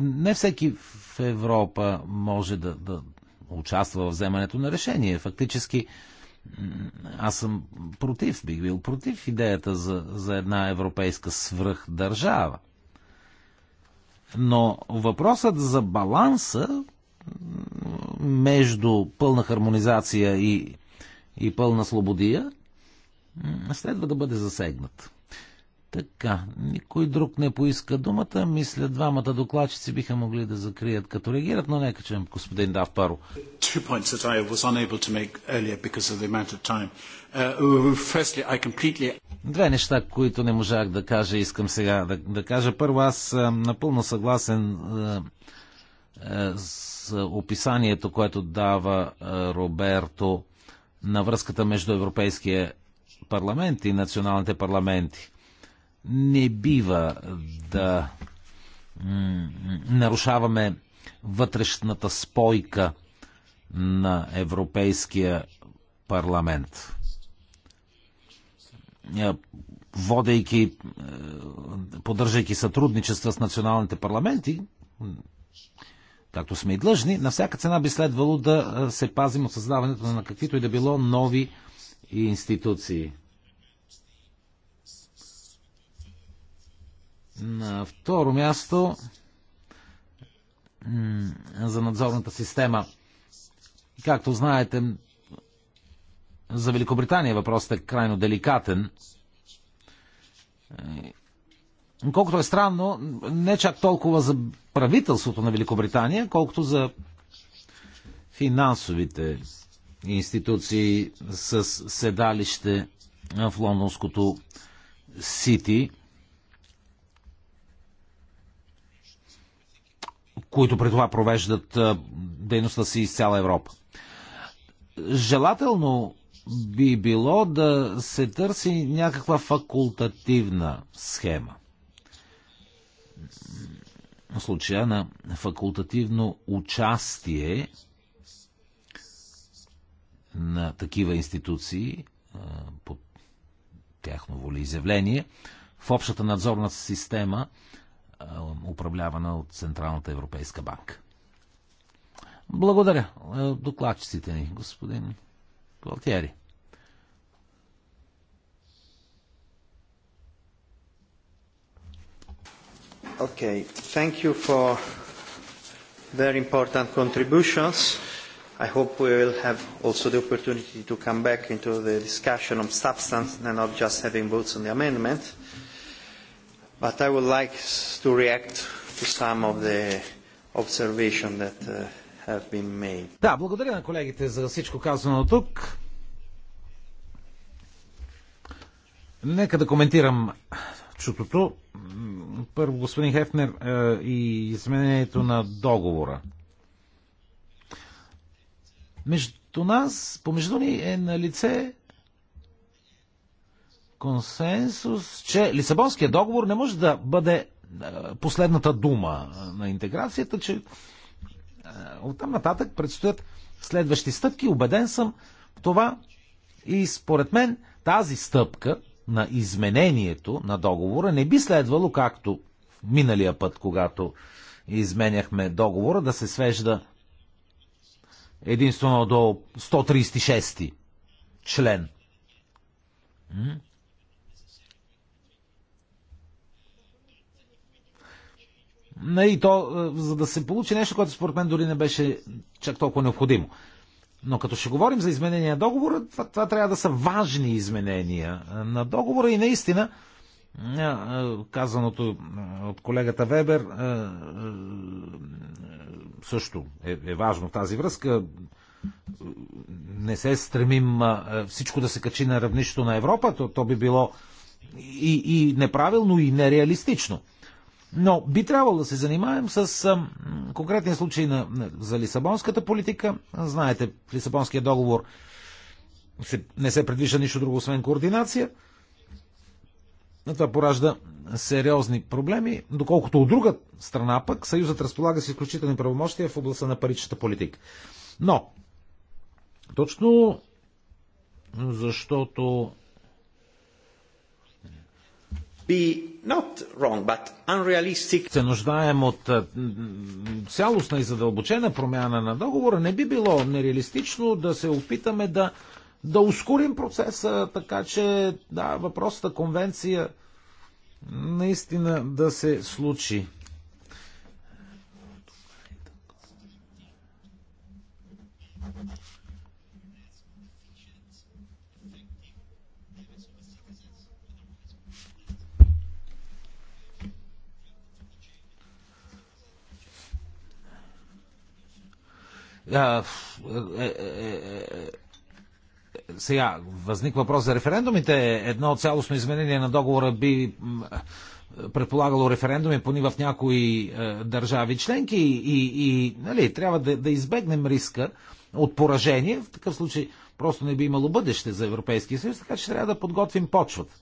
не всеки в Европа може да, да участва в вземането на решение. Фактически, аз съм против, бих бил против идеята за, за една европейска свръхдържава. Но въпросът за баланса между пълна хармонизация и, и пълна слободия следва да бъде засегнат. Така, никой друг не поиска думата. Мисля, двамата докладчици биха могли да закрият като реагират, но нека чуем господин Дав Паро. Two points that I was unable to make earlier because of the amount of time. Uh, firstly, I completely... Две неща, които не можах да кажа, искам сега да, да кажа. Първо, аз съм напълно съгласен с описанието, което дава Роберто на връзката между Европейския парламент и националните парламенти не бива да нарушаваме вътрешната спойка на Европейския парламент. Е, водейки, е, поддържайки сътрудничество с националните парламенти, както сме и длъжни, на всяка цена би следвало да е, се пазим от създаването на каквито и да било нови институции. На второ място за надзорната система. Както знаете, за Великобритания въпросът е крайно деликатен. Колкото е странно, не чак толкова за правителството на Великобритания, колкото за финансовите институции с седалище в лондонското Сити. които при това провеждат дейността си из цяла Европа. Желателно би било да се търси някаква факултативна схема. В случая на факултативно участие на такива институции по тяхно волеизявление в общата надзорна система – управлявана от Централната европейска банка. Благодаря. Докладчиците ни, господин Галтиери. Okay, thank you for very important contributions. I hope we will have also the opportunity to come back into the discussion of substance and not just having votes on the amendment but I would like to react to some of the observations that uh, have been made. Да, благодаря на колегите за всичко казано тук. Нека да коментирам чутото. Първо, господин Хефнер, е, и изменението на договора. Между нас, помежду ни е на лице консенсус, че Лисабонския договор не може да бъде е, последната дума на интеграцията, че е, оттам нататък предстоят следващи стъпки. Убеден съм в това и според мен тази стъпка на изменението на договора не би следвало, както миналия път, когато изменяхме договора, да се свежда единствено до 136 член. И то, е, за да се получи нещо, което според мен дори не беше чак толкова необходимо. Но като ще говорим за изменения на договора, това, това трябва да са важни изменения на договора и наистина е, е, казаното от колегата Вебер също е, е важно в тази връзка. Не се стремим всичко да се качи на равнището на Европа, то, то би било и, и неправилно, и нереалистично. Но би трябвало да се занимаем с конкретния случай на, за Лисабонската политика. Знаете, в Лисабонския договор се, не се предвижда нищо друго, освен координация. Това поражда сериозни проблеми, доколкото от друга страна пък Съюзът разполага с изключителни правомощия в областта на паричната политика. Но, точно защото се нуждаем от цялостна и задълбочена промяна на договора. Не би било нереалистично да се опитаме да, да ускорим процеса, така че да, въпросата конвенция наистина да се случи. А, е, е, е, е сега, възник въпрос за референдумите. Едно цялостно изменение на договора би предполагало референдуми пони в някои е, държави членки и, и нали, трябва да, да избегнем риска от поражение. В такъв случай просто не би имало бъдеще за Европейския съюз, така че трябва да подготвим почвата.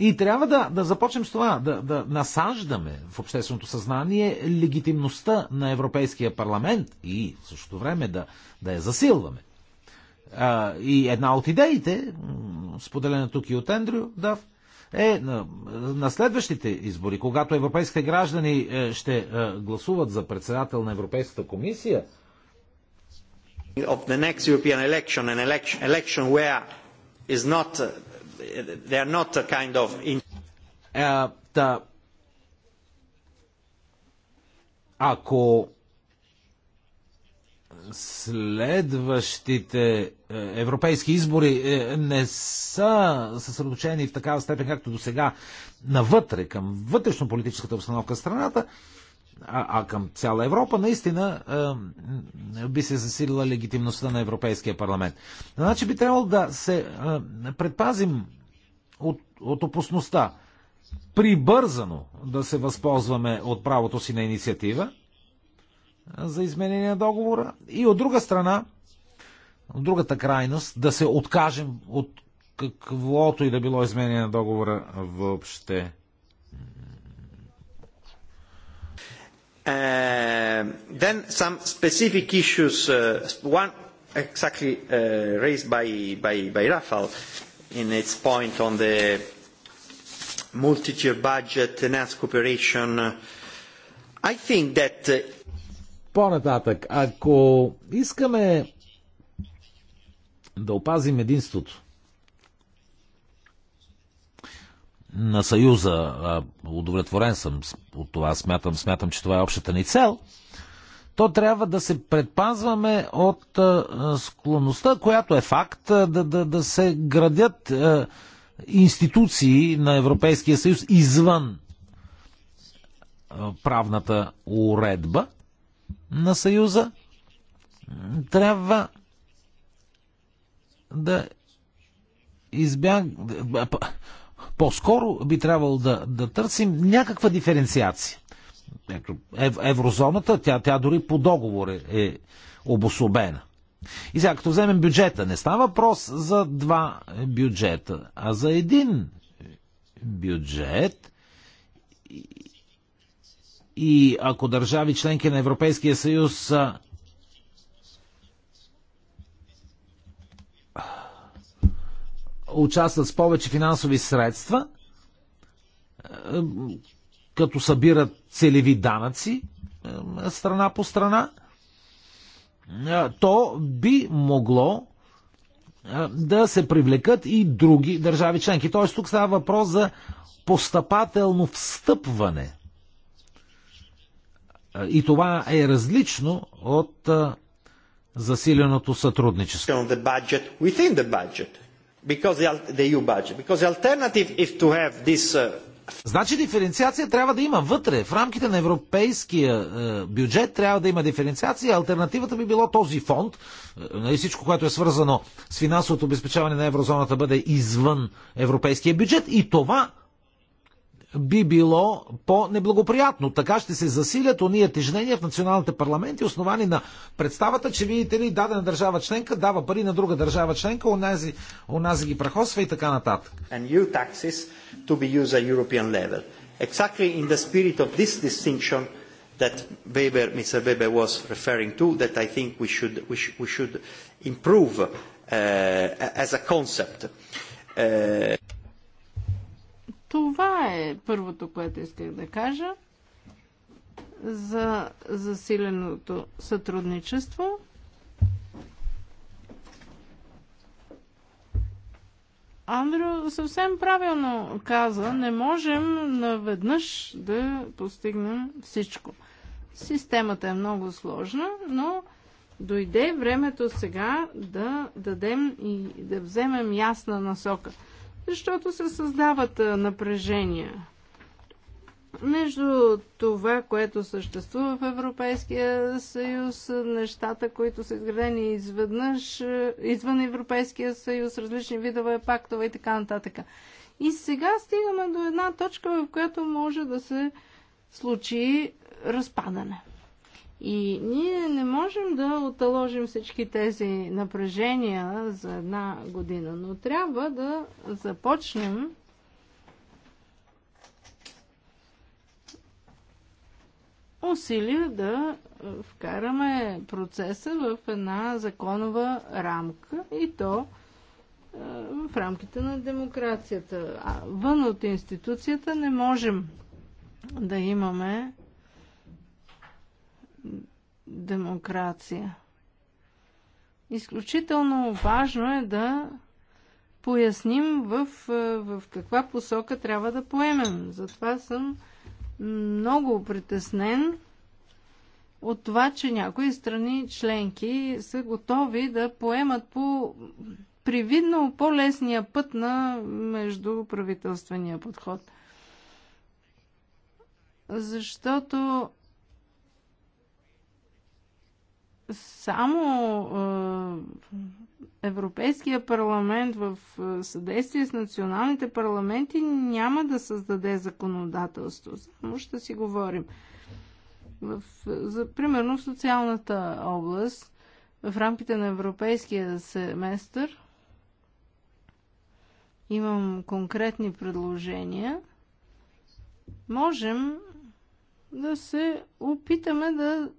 И трябва да, да започнем с това, да, да насаждаме в общественото съзнание легитимността на Европейския парламент и в същото време да, да я засилваме. А, и една от идеите, споделена тук и от Ендрю Дав, е на, на следващите избори, когато европейските граждани е, ще е, гласуват за председател на Европейската комисия. Of the next European election, an election, election where is not they are not a kind of... Е, а, ако следващите е, европейски избори е, не са съсредоточени в такава степен, както до сега, навътре, към вътрешно-политическата обстановка в страната, а, а към цяла Европа, наистина а, е, би се засилила легитимността на Европейския парламент. Значи би трябвало да се а, е, предпазим от, от опасността прибързано да се възползваме от правото си на инициатива е, за изменение на договора и от друга страна, от другата крайност, да се откажем от каквото и да било изменение на договора въобще. Then some specific issues, one exactly raised by Rafael in its point on the multi-tier budget, enhanced cooperation. I think that по-нататък, ако искаме да опазим единството на Съюза. Удовлетворен съм от това. Смятам, смятам, че това е общата ни цел. То трябва да се предпазваме от склонността, която е факт, да, да, да се градят институции на Европейския съюз извън правната уредба на съюза. Трябва да избяг... По-скоро би трябвало да, да търсим някаква диференциация. Ето, ев, еврозоната, тя, тя дори по договор е, е обособена. И сега, като вземем бюджета, не става въпрос за два бюджета, а за един бюджет. И, и ако държави членки на Европейския съюз участват с повече финансови средства, е, като събират целеви данъци е, страна по страна, е, то би могло да се привлекат и други държави членки. Т.е. тук става въпрос за постъпателно встъпване. И това е различно от засиленото сътрудничество because the, EU budget. Because the alternative is to have this uh, Значи диференциация трябва да има вътре. В рамките на европейския е, бюджет трябва да има диференциация. Альтернативата би било този фонд, е, нали, всичко, което е свързано с финансовото обезпечаване на еврозоната, бъде извън европейския бюджет. И това би било по-неблагоприятно. Така ще се засилят ония тежнения в националните парламенти, основани на представата, че видите ли, дадена държава членка дава пари на друга държава членка, унази онази ги прахосва и така нататък. Exactly in the spirit of this distinction that Weber, Mr. Weber was referring to, that I think we should, we should, we should improve uh, as a concept. Uh... Това е първото, което исках да кажа за засиленото сътрудничество. Андрю съвсем правилно каза, не можем наведнъж да постигнем всичко. Системата е много сложна, но дойде времето сега да дадем и да вземем ясна насока – защото се създават напрежения между това, което съществува в Европейския съюз, нещата, които са изградени изведнъж, извън Европейския съюз, различни видове пактове и така нататък. И сега стигаме до една точка, в която може да се случи разпадане. И ние не можем да оталожим всички тези напрежения за една година, но трябва да започнем усилия да вкараме процеса в една законова рамка и то е, в рамките на демокрацията. А вън от институцията не можем да имаме демокрация. Изключително важно е да поясним в, е, в каква посока трябва да поемем. Затова съм много притеснен от това, че някои страни членки са готови да поемат по привидно по-лесния път на междуправителствения подход. Защото само е, Европейския парламент в съдействие с националните парламенти няма да създаде законодателство. Само ще си говорим. В, за, примерно в социалната област, в рамките на европейския семестър, имам конкретни предложения. Можем да се опитаме да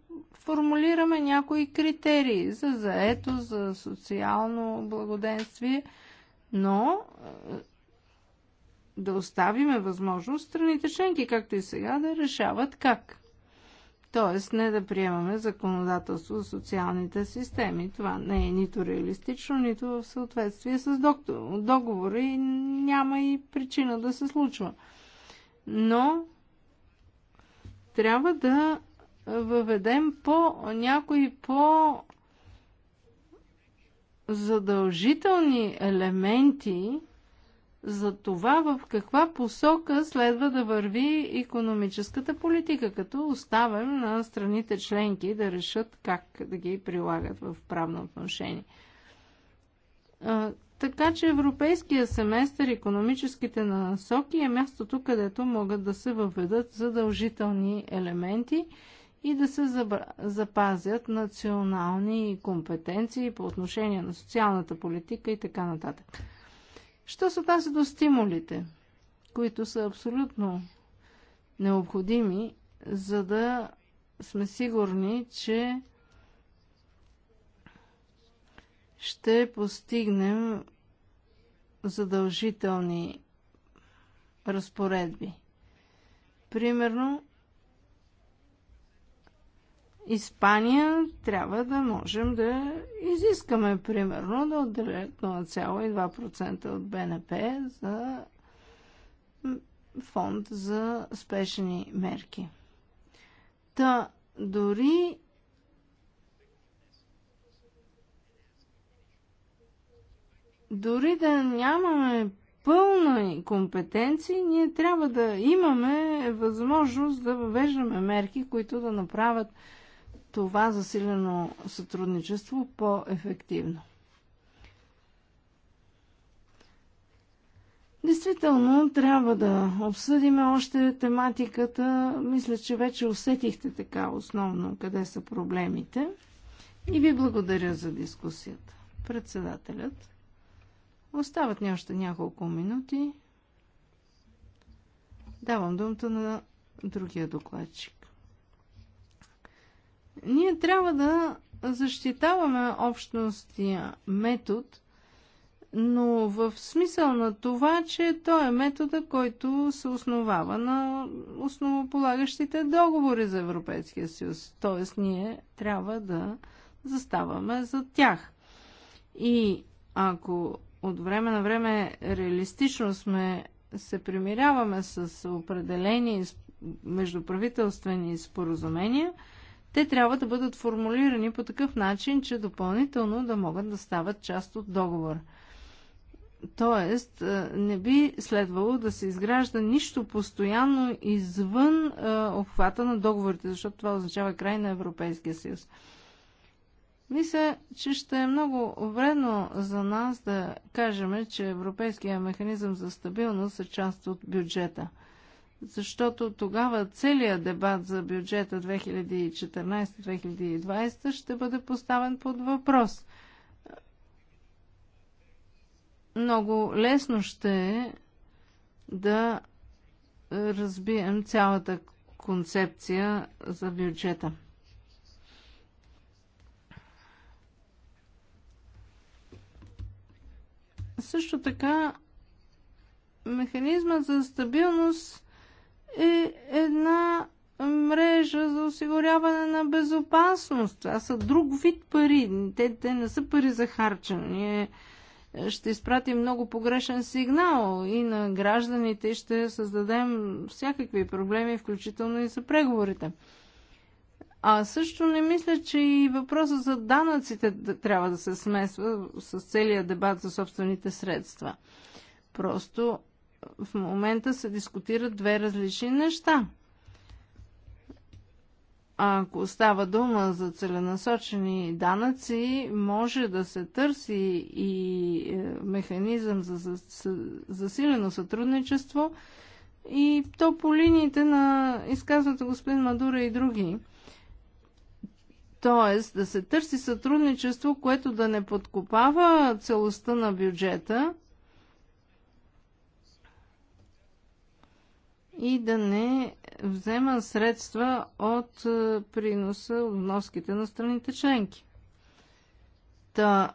формулираме някои критерии за заето, за социално благоденствие, но е, да оставиме възможност страните членки, както и сега, да решават как. Тоест, не да приемаме законодателство за социалните системи. Това не е нито реалистично, нито в съответствие с договора и няма и причина да се случва. Но трябва да въведем по някои по задължителни елементи за това в каква посока следва да върви економическата политика, като оставям на страните членки да решат как да ги прилагат в правно отношение. Така че европейския семестър, економическите насоки е мястото, където могат да се въведат задължителни елементи и да се запазят национални компетенции по отношение на социалната политика и така нататък. Що се отнася до стимулите, които са абсолютно необходими, за да сме сигурни, че ще постигнем задължителни разпоредби. Примерно, Испания трябва да можем да изискаме примерно да отделят 0,2% от БНП за фонд за спешни мерки. Та дори дори да нямаме пълна компетенции, ние трябва да имаме възможност да въвеждаме мерки, които да направят това засилено сътрудничество по-ефективно. Действително, трябва да обсъдим още тематиката. Мисля, че вече усетихте така основно къде са проблемите. И ви благодаря за дискусията. Председателят. Остават ни още няколко минути. Давам думата на другия докладчик. Ние трябва да защитаваме общностния метод, но в смисъл на това, че той е метода, който се основава на основополагащите договори за Европейския съюз. Т.е. ние трябва да заставаме за тях. И ако от време на време реалистично сме се примиряваме с определени междуправителствени споразумения, те трябва да бъдат формулирани по такъв начин, че допълнително да могат да стават част от договор. Тоест, е, не би следвало да се изгражда нищо постоянно извън е, обхвата на договорите, защото това означава край на Европейския съюз. Мисля, че ще е много вредно за нас да кажем, че Европейския механизъм за стабилност е част от бюджета – защото тогава целият дебат за бюджета 2014-2020 ще бъде поставен под въпрос. Много лесно ще е да разбием цялата концепция за бюджета. Също така, механизма за стабилност е една мрежа за осигуряване на безопасност. Това са друг вид пари. Те, те не са пари за харчане. Ние е, ще изпратим много погрешен сигнал и на гражданите ще създадем всякакви проблеми, включително и за преговорите. А също не мисля, че и въпроса за данъците трябва да се смесва с целият дебат за собствените средства. Просто в момента се дискутират две различни неща. Ако става дума за целенасочени данъци, може да се търси и е, механизъм за засилено сътрудничество и то по линиите на изказването господин Мадура и други. Тоест да се търси сътрудничество, което да не подкопава целостта на бюджета – и да не взема средства от е, приноса, от вноските на страните членки. Та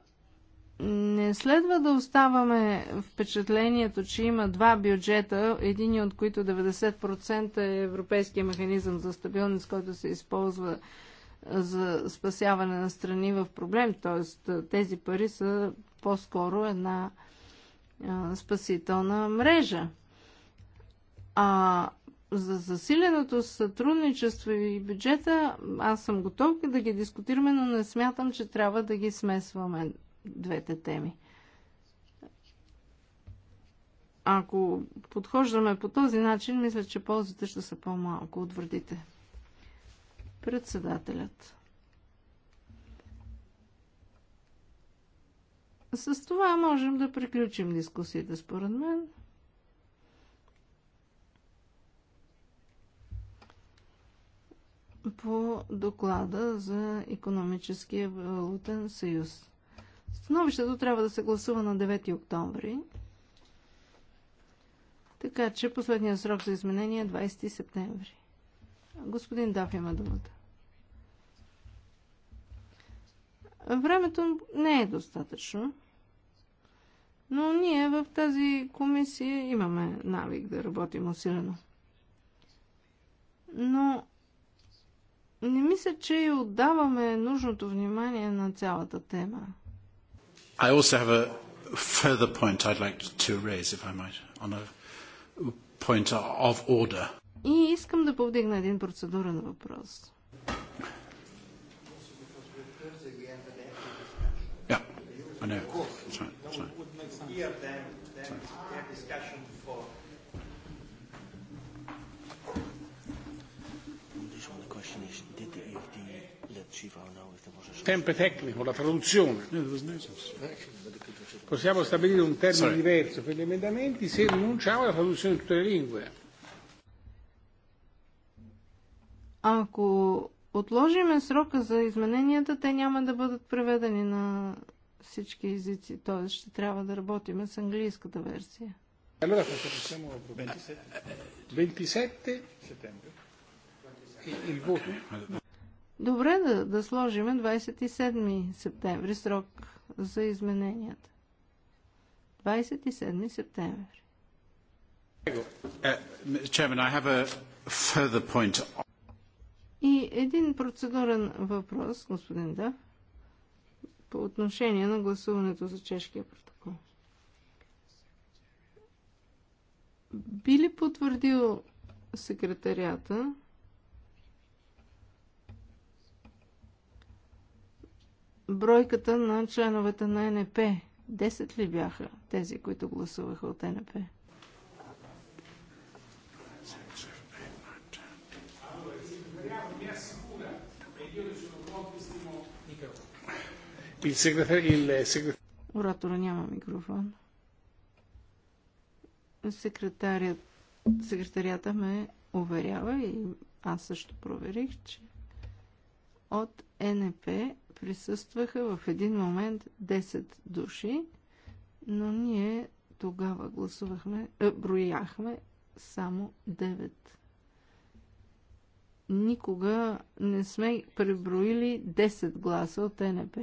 не следва да оставаме впечатлението, че има два бюджета, един от които 90% е Европейския механизъм за стабилност, който се използва е, за спасяване на страни в проблем. Т.е. тези пари са по-скоро една е, спасителна мрежа. А за засиленото сътрудничество и бюджета, аз съм готов да ги дискутираме, но не смятам, че трябва да ги смесваме двете теми. Ако подхождаме по този начин, мисля, че ползите ще са по-малко от вредите. Председателят. С това можем да приключим дискусията, според мен. по доклада за економическия валутен съюз. Становището трябва да се гласува на 9 октомври. Така че последният срок за изменение е 20 септември. Господин Даф има думата. Времето не е достатъчно, но ние в тази комисия имаме навик да работим усилено. Но не мисля, че и отдаваме нужното внимание на цялата тема. I also have a further point I'd like to raise, if I might, on a point of order. И искам да повдигна един процедурен въпрос. Yeah, I know. Sorry, sorry. Sorry. tempo tecnico, la traduzione. Possiamo stabilire un termine diverso per gli emendamenti se rinunciamo alla traduzione in tutte le lingue. Ако отложиме срока за измененията, те няма да бъдат преведени на всички езици, т.е. ще трябва да работим с английската версия. Allora cosa facciamo? 27 settembre. Il voto? Добре да, да сложим 27 септември срок за измененията. 27 септември. Uh, и един процедурен въпрос, господин Дав, по отношение на гласуването за чешкия протокол. Би ли потвърдил секретарията, бройката на членовете на НП. Десет ли бяха тези, които гласуваха от НП? Оратора няма микрофон. Секретарията ме уверява и аз също проверих, че от НП присъстваха в един момент 10 души, но ние тогава гласувахме, е, брояхме само 9. Никога не сме преброили 10 гласа от НП.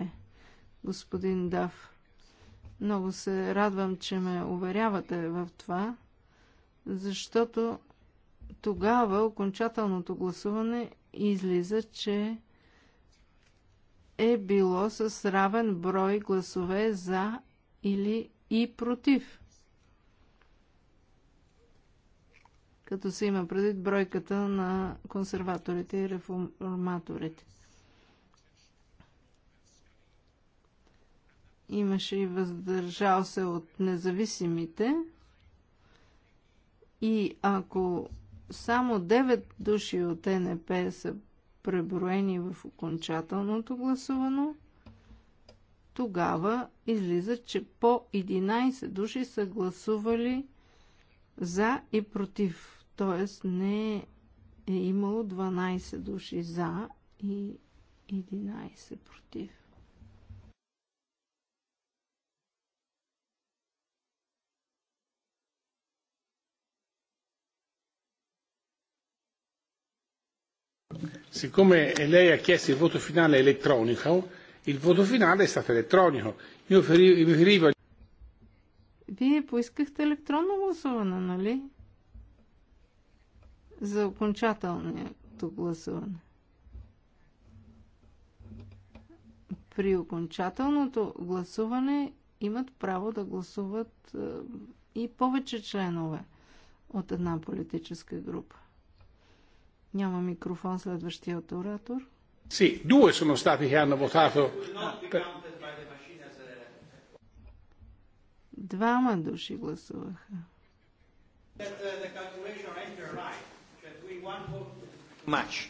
Господин Дав, много се радвам, че ме уверявате в това, защото тогава окончателното гласуване излиза, че е било с равен брой гласове за или и против. Като се има предвид бройката на консерваторите и реформаторите. Имаше и въздържал се от независимите. И ако само 9 души от НП са преброени в окончателното гласувано, тогава излиза, че по 11 души са гласували за и против. Тоест не е имало 12 души за и 11 против. siccome lei ha chiesto il voto finale elettronico, il voto finale è stato elettronico. Io riferivo. Вие поискахте електронно гласуване, нали? За окончателното гласуване. При окончателното гласуване имат право да гласуват е, и повече членове от една политическа група. Няма микрофон следващият оратор. Sì, due sono stati che hanno votato. Двама души гласуваха. Much.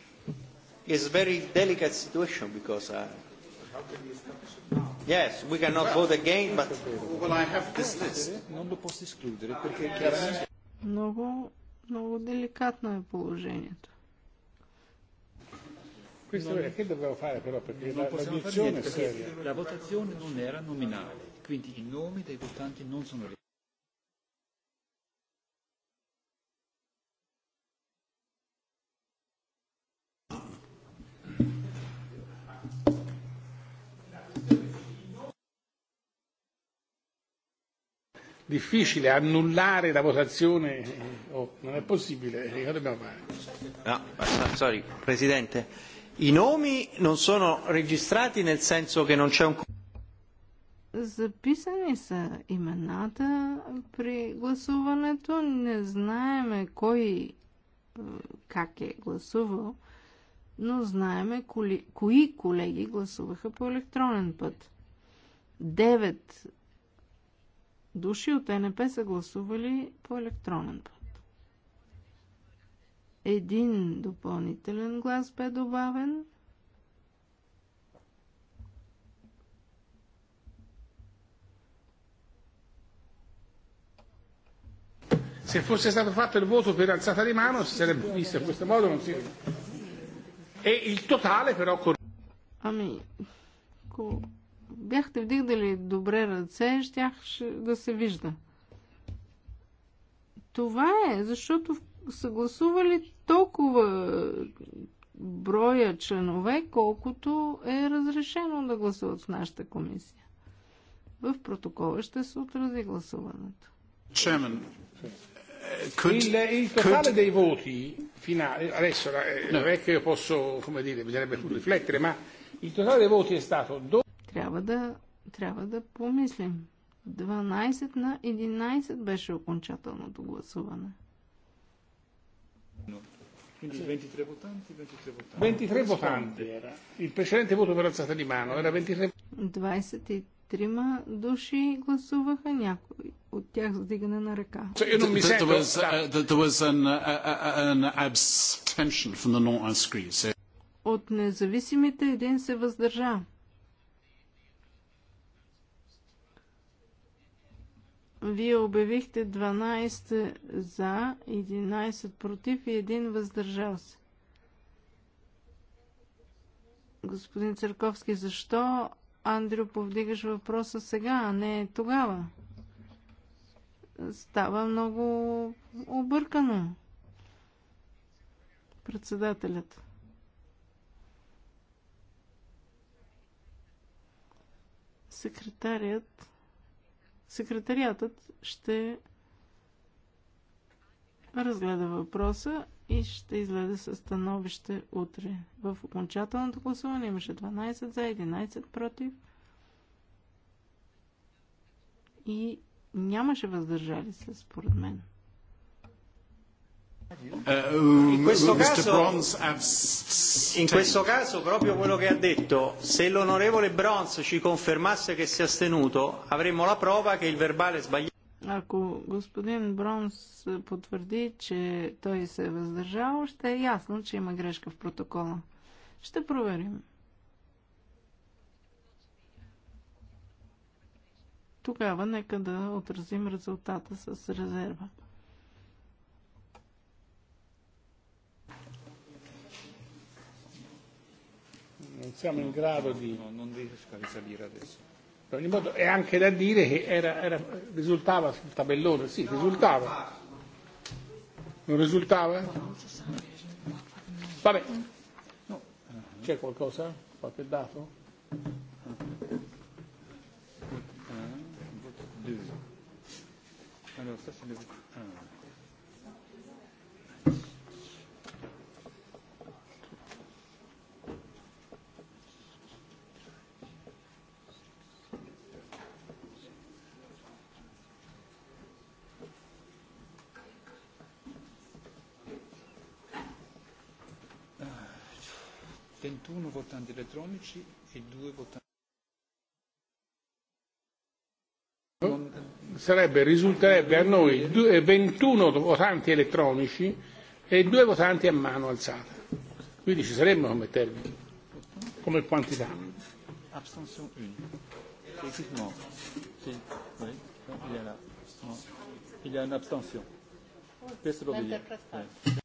It's very delicate situation because uh, Yes, we cannot vote again, but... Well, I have this list. Non lo posso escludere, perché... Много, много деликатно е положението. Questo non... che dovevo fare però? Perché non la, la fare niente, perché la votazione non era nominale, quindi i nomi dei votanti non sono difficile annullare la votazione, oh, non è possibile, che dobbiamo fare? No, sorry, Presidente I nomi non sono registrati nel senso che non c'è un... Записани са имената при гласуването. Не знаеме кой е, как е гласувал, но знаеме кои колеги гласуваха по електронен път. Девет души от НП са гласували по електронен път. Един допълнителен глас бе добавен. Se fosse stato fatto il voto per alzata di mano si sarebbe visto in questo modo non si... E il totale però... Ами, ако бяхте вдигнали добре ръце, щях да се вижда. Това е, защото са гласували толкова броя членове, колкото е разрешено да гласуват в нашата комисия. В протокола ще се отрази гласуването. Чемен, uh, could, il, totale dei voti finali, adesso eh, non è che io posso, come dire, bisognerebbe riflettere, ma il totale dei voti è stato... Трябва да, трябва да помислим. 12 на 11 беше окончателното гласуване. Quindi sì. 23 votanti, 23 votanti. 23 votanti era. Il precedente voto per alzata di mano era 23. 23 души гласуваха някой от тях с дигане на ръка. От независимите един се въздържа. Вие обявихте 12 за, 11 против и 1 въздържал се. Господин Църковски, защо, Андрю, повдигаш въпроса сега, а не тогава? Става много объркано. Председателят. Секретарият Секретариатът ще разгледа въпроса и ще излезе със становище утре. В окончателното гласуване имаше 12 за, 11 против и нямаше въздържали се, според мен. Eh, In questo, caso, proprio quello che ha detto, se l'onorevole Brons ci confermasse che si è astenuto, avremmo la prova che il verbale è sbagliato. Ако господин Бронс потвърди, че той се е въздържал, ще е ясно, че има грешка в протокола. Ще проверим. Тогава нека да отразим резултата с резерва. non siamo in grado di... No, non riesco a risalire adesso. In ogni modo è anche da dire che era, era, risultava sul tabellone, sì, risultava. Non risultava? Vabbè. C'è qualcosa? Qualche dato? Allora, ça votanti elettronici e due votanti. Sarebbe, risulterebbe a noi 21 votanti elettronici e due votanti a mano alzata. Quindi ci saremmo come termine, come quantità. Il y a, Questo lo vediamo.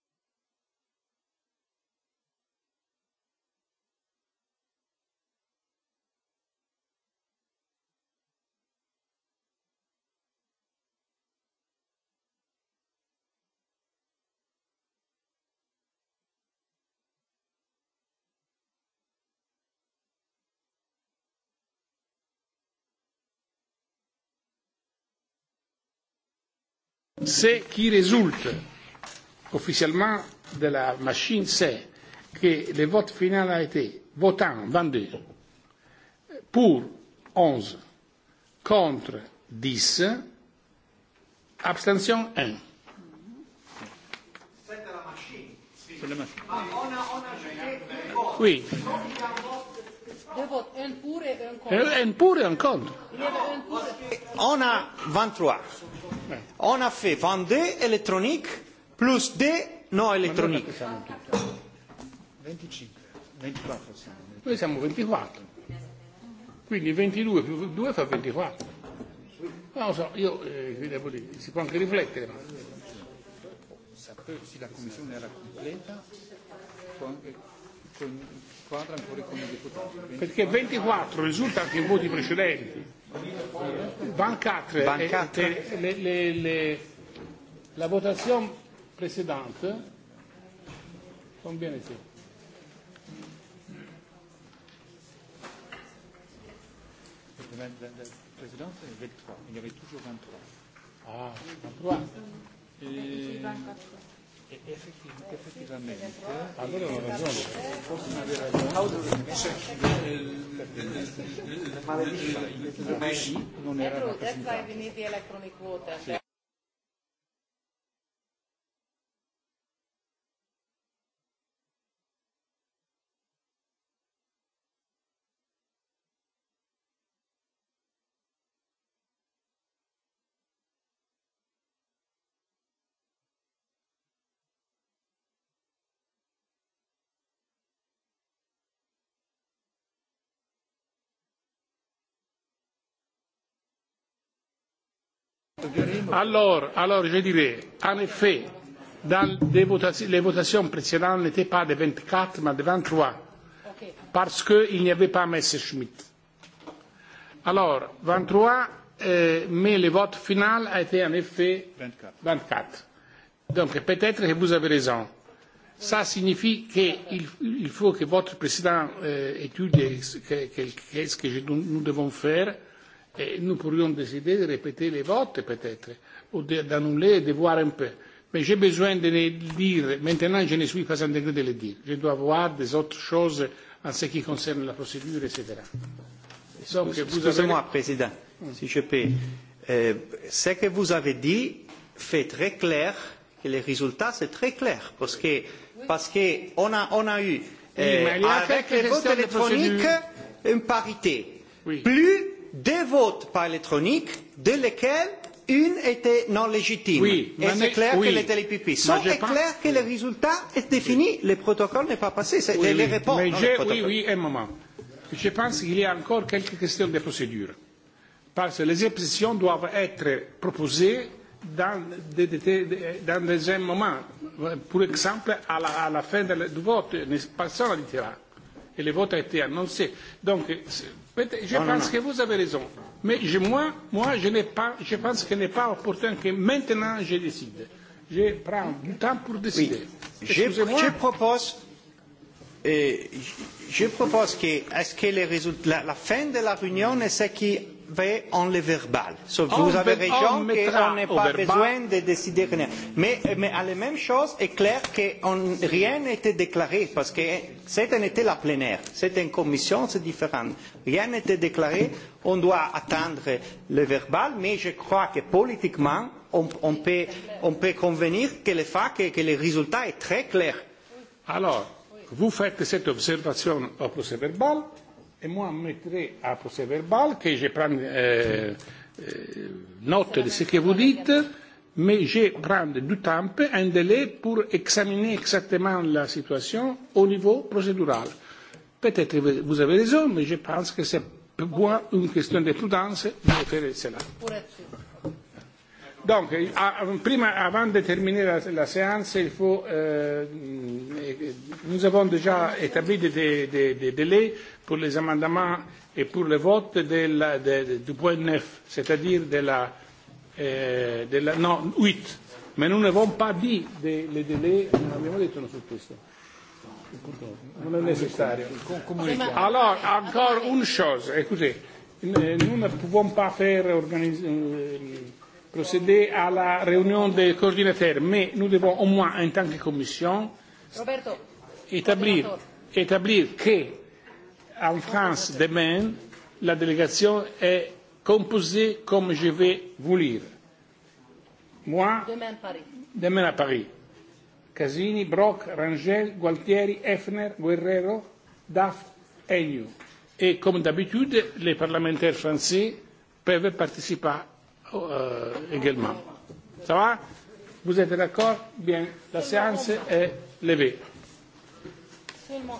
Ce qui résulte officiellement de la machine, c'est que le vote final a été votant 22 pour 11, contre 10, abstention 1. Oui de vote. Un pour et un contre. Un pour et un contre. Il On a 23. On a fait 22 électroniques plus de no électroniques. 25. 24 siamo. Noi siamo 24. Quindi 22 più 2 fa 24. Non lo so, io eh, devo dire, si può anche riflettere. Ma... Se la commissione era completa, può anche Perché 24 risulta anche in voti precedenti. Bancatre, 4, le, le, le, la votazione precedente conviene sì. il 23. Ah, 23 effettivamente allora hanno ragione possono avere ragione ma le non era rappresentata Alors, alors je dirais, en effet, dans les votations, les votations précédentes n'étaient pas de 24, mais de 23, parce qu'il n'y avait pas Messerschmitt. Alors, 23, euh, mais le vote final a été en effet 24. Donc peut-être que vous avez raison. Ça signifie qu'il faut que votre président euh, étudie qu'est-ce que nous devons faire Et nous pourrions décider de répéter les votes peut-être, ou d'annuler, de voir un peu. Mais j'ai besoin de les dire. Maintenant, je ne suis pas en degré de les dire. Je dois voir des autres choses en ce qui concerne la procédure, etc. Excusez-moi, Président, si je peux. Euh, ce que vous avez dit fait très clair que les résultats, c'est très clair. Parce qu'on parce que a, on a eu, euh, avec les votes électroniques, une parité. Plus deux votes par électronique, de lesquels une était non légitime. Oui, et c'est clair que était les pipis. Sauf est clair que le résultat est défini, le protocole n'est pas passé. C'est les réponses. oui, oui, un moment. Je pense qu'il y a encore quelques questions de procédure. Parce que les expressions doivent être proposées dans, dans un moment. Par exemple, à la, à la fin du vote, personne ne dira. Et le vote a été annoncé. Donc, Je pense que vous avez raison. Mais je, moi, moi je, n'ai pas, je pense qu'il n'est pas opportun que maintenant je décide. Je prends du temps pour décider. Oui. Je, propose. je propose que, est-ce que les résultats, la, la fin de la réunion est ce qui vais en le verbal. vous avez raison qu'on n'a pas besoin de décider rien. Mais, mais la même chose est clair que rien n'était déclaré parce que c'était la plénière, c'était une commission, c'est différent. Rien n'était déclaré, on doit attendre le verbal, mais je crois que politiquement, on, on, peut, on peut convenir que le fait que le résultat est très clair. Alors, vous faites cette observation au procès verbal Et moi, mettrai à procès verbal que je prends euh, euh, note de ce que vous dites, mais je prends du temps, un délai pour examiner exactement la situation au niveau procédural. Peut-être que vous avez raison, mais je pense que c'est pour moi une question de prudence de faire cela. Donc, prima, avant de terminer la, la séance, il faut, euh, nous avons déjà établi des, des, des, des délais pour les amendements et pour le vote de la, de, du point 9, c'est-à-dire de la, euh, de la, non, 8. Mais nous n'avons pas dit de, les délais, non abbiamo detto sur questo. Non è necessario. Allora, encore une chose, écoutez, nous ne pouvons pas faire organiser procéder à la réunion des coordinateurs, mais nous devons au moins, en tant que commission, établir, établir que, en France, demain, la délégation est composée comme je vais vous lire. Moi, demain à Paris. Demain à Paris. Casini, Brock, Rangel, Gualtieri, Effner, Guerrero, Daff, Agnew. Et comme d'habitude, les parlementaires français peuvent participer euh, également. Ça va Vous êtes d'accord Bien, la séance est levée. Seulement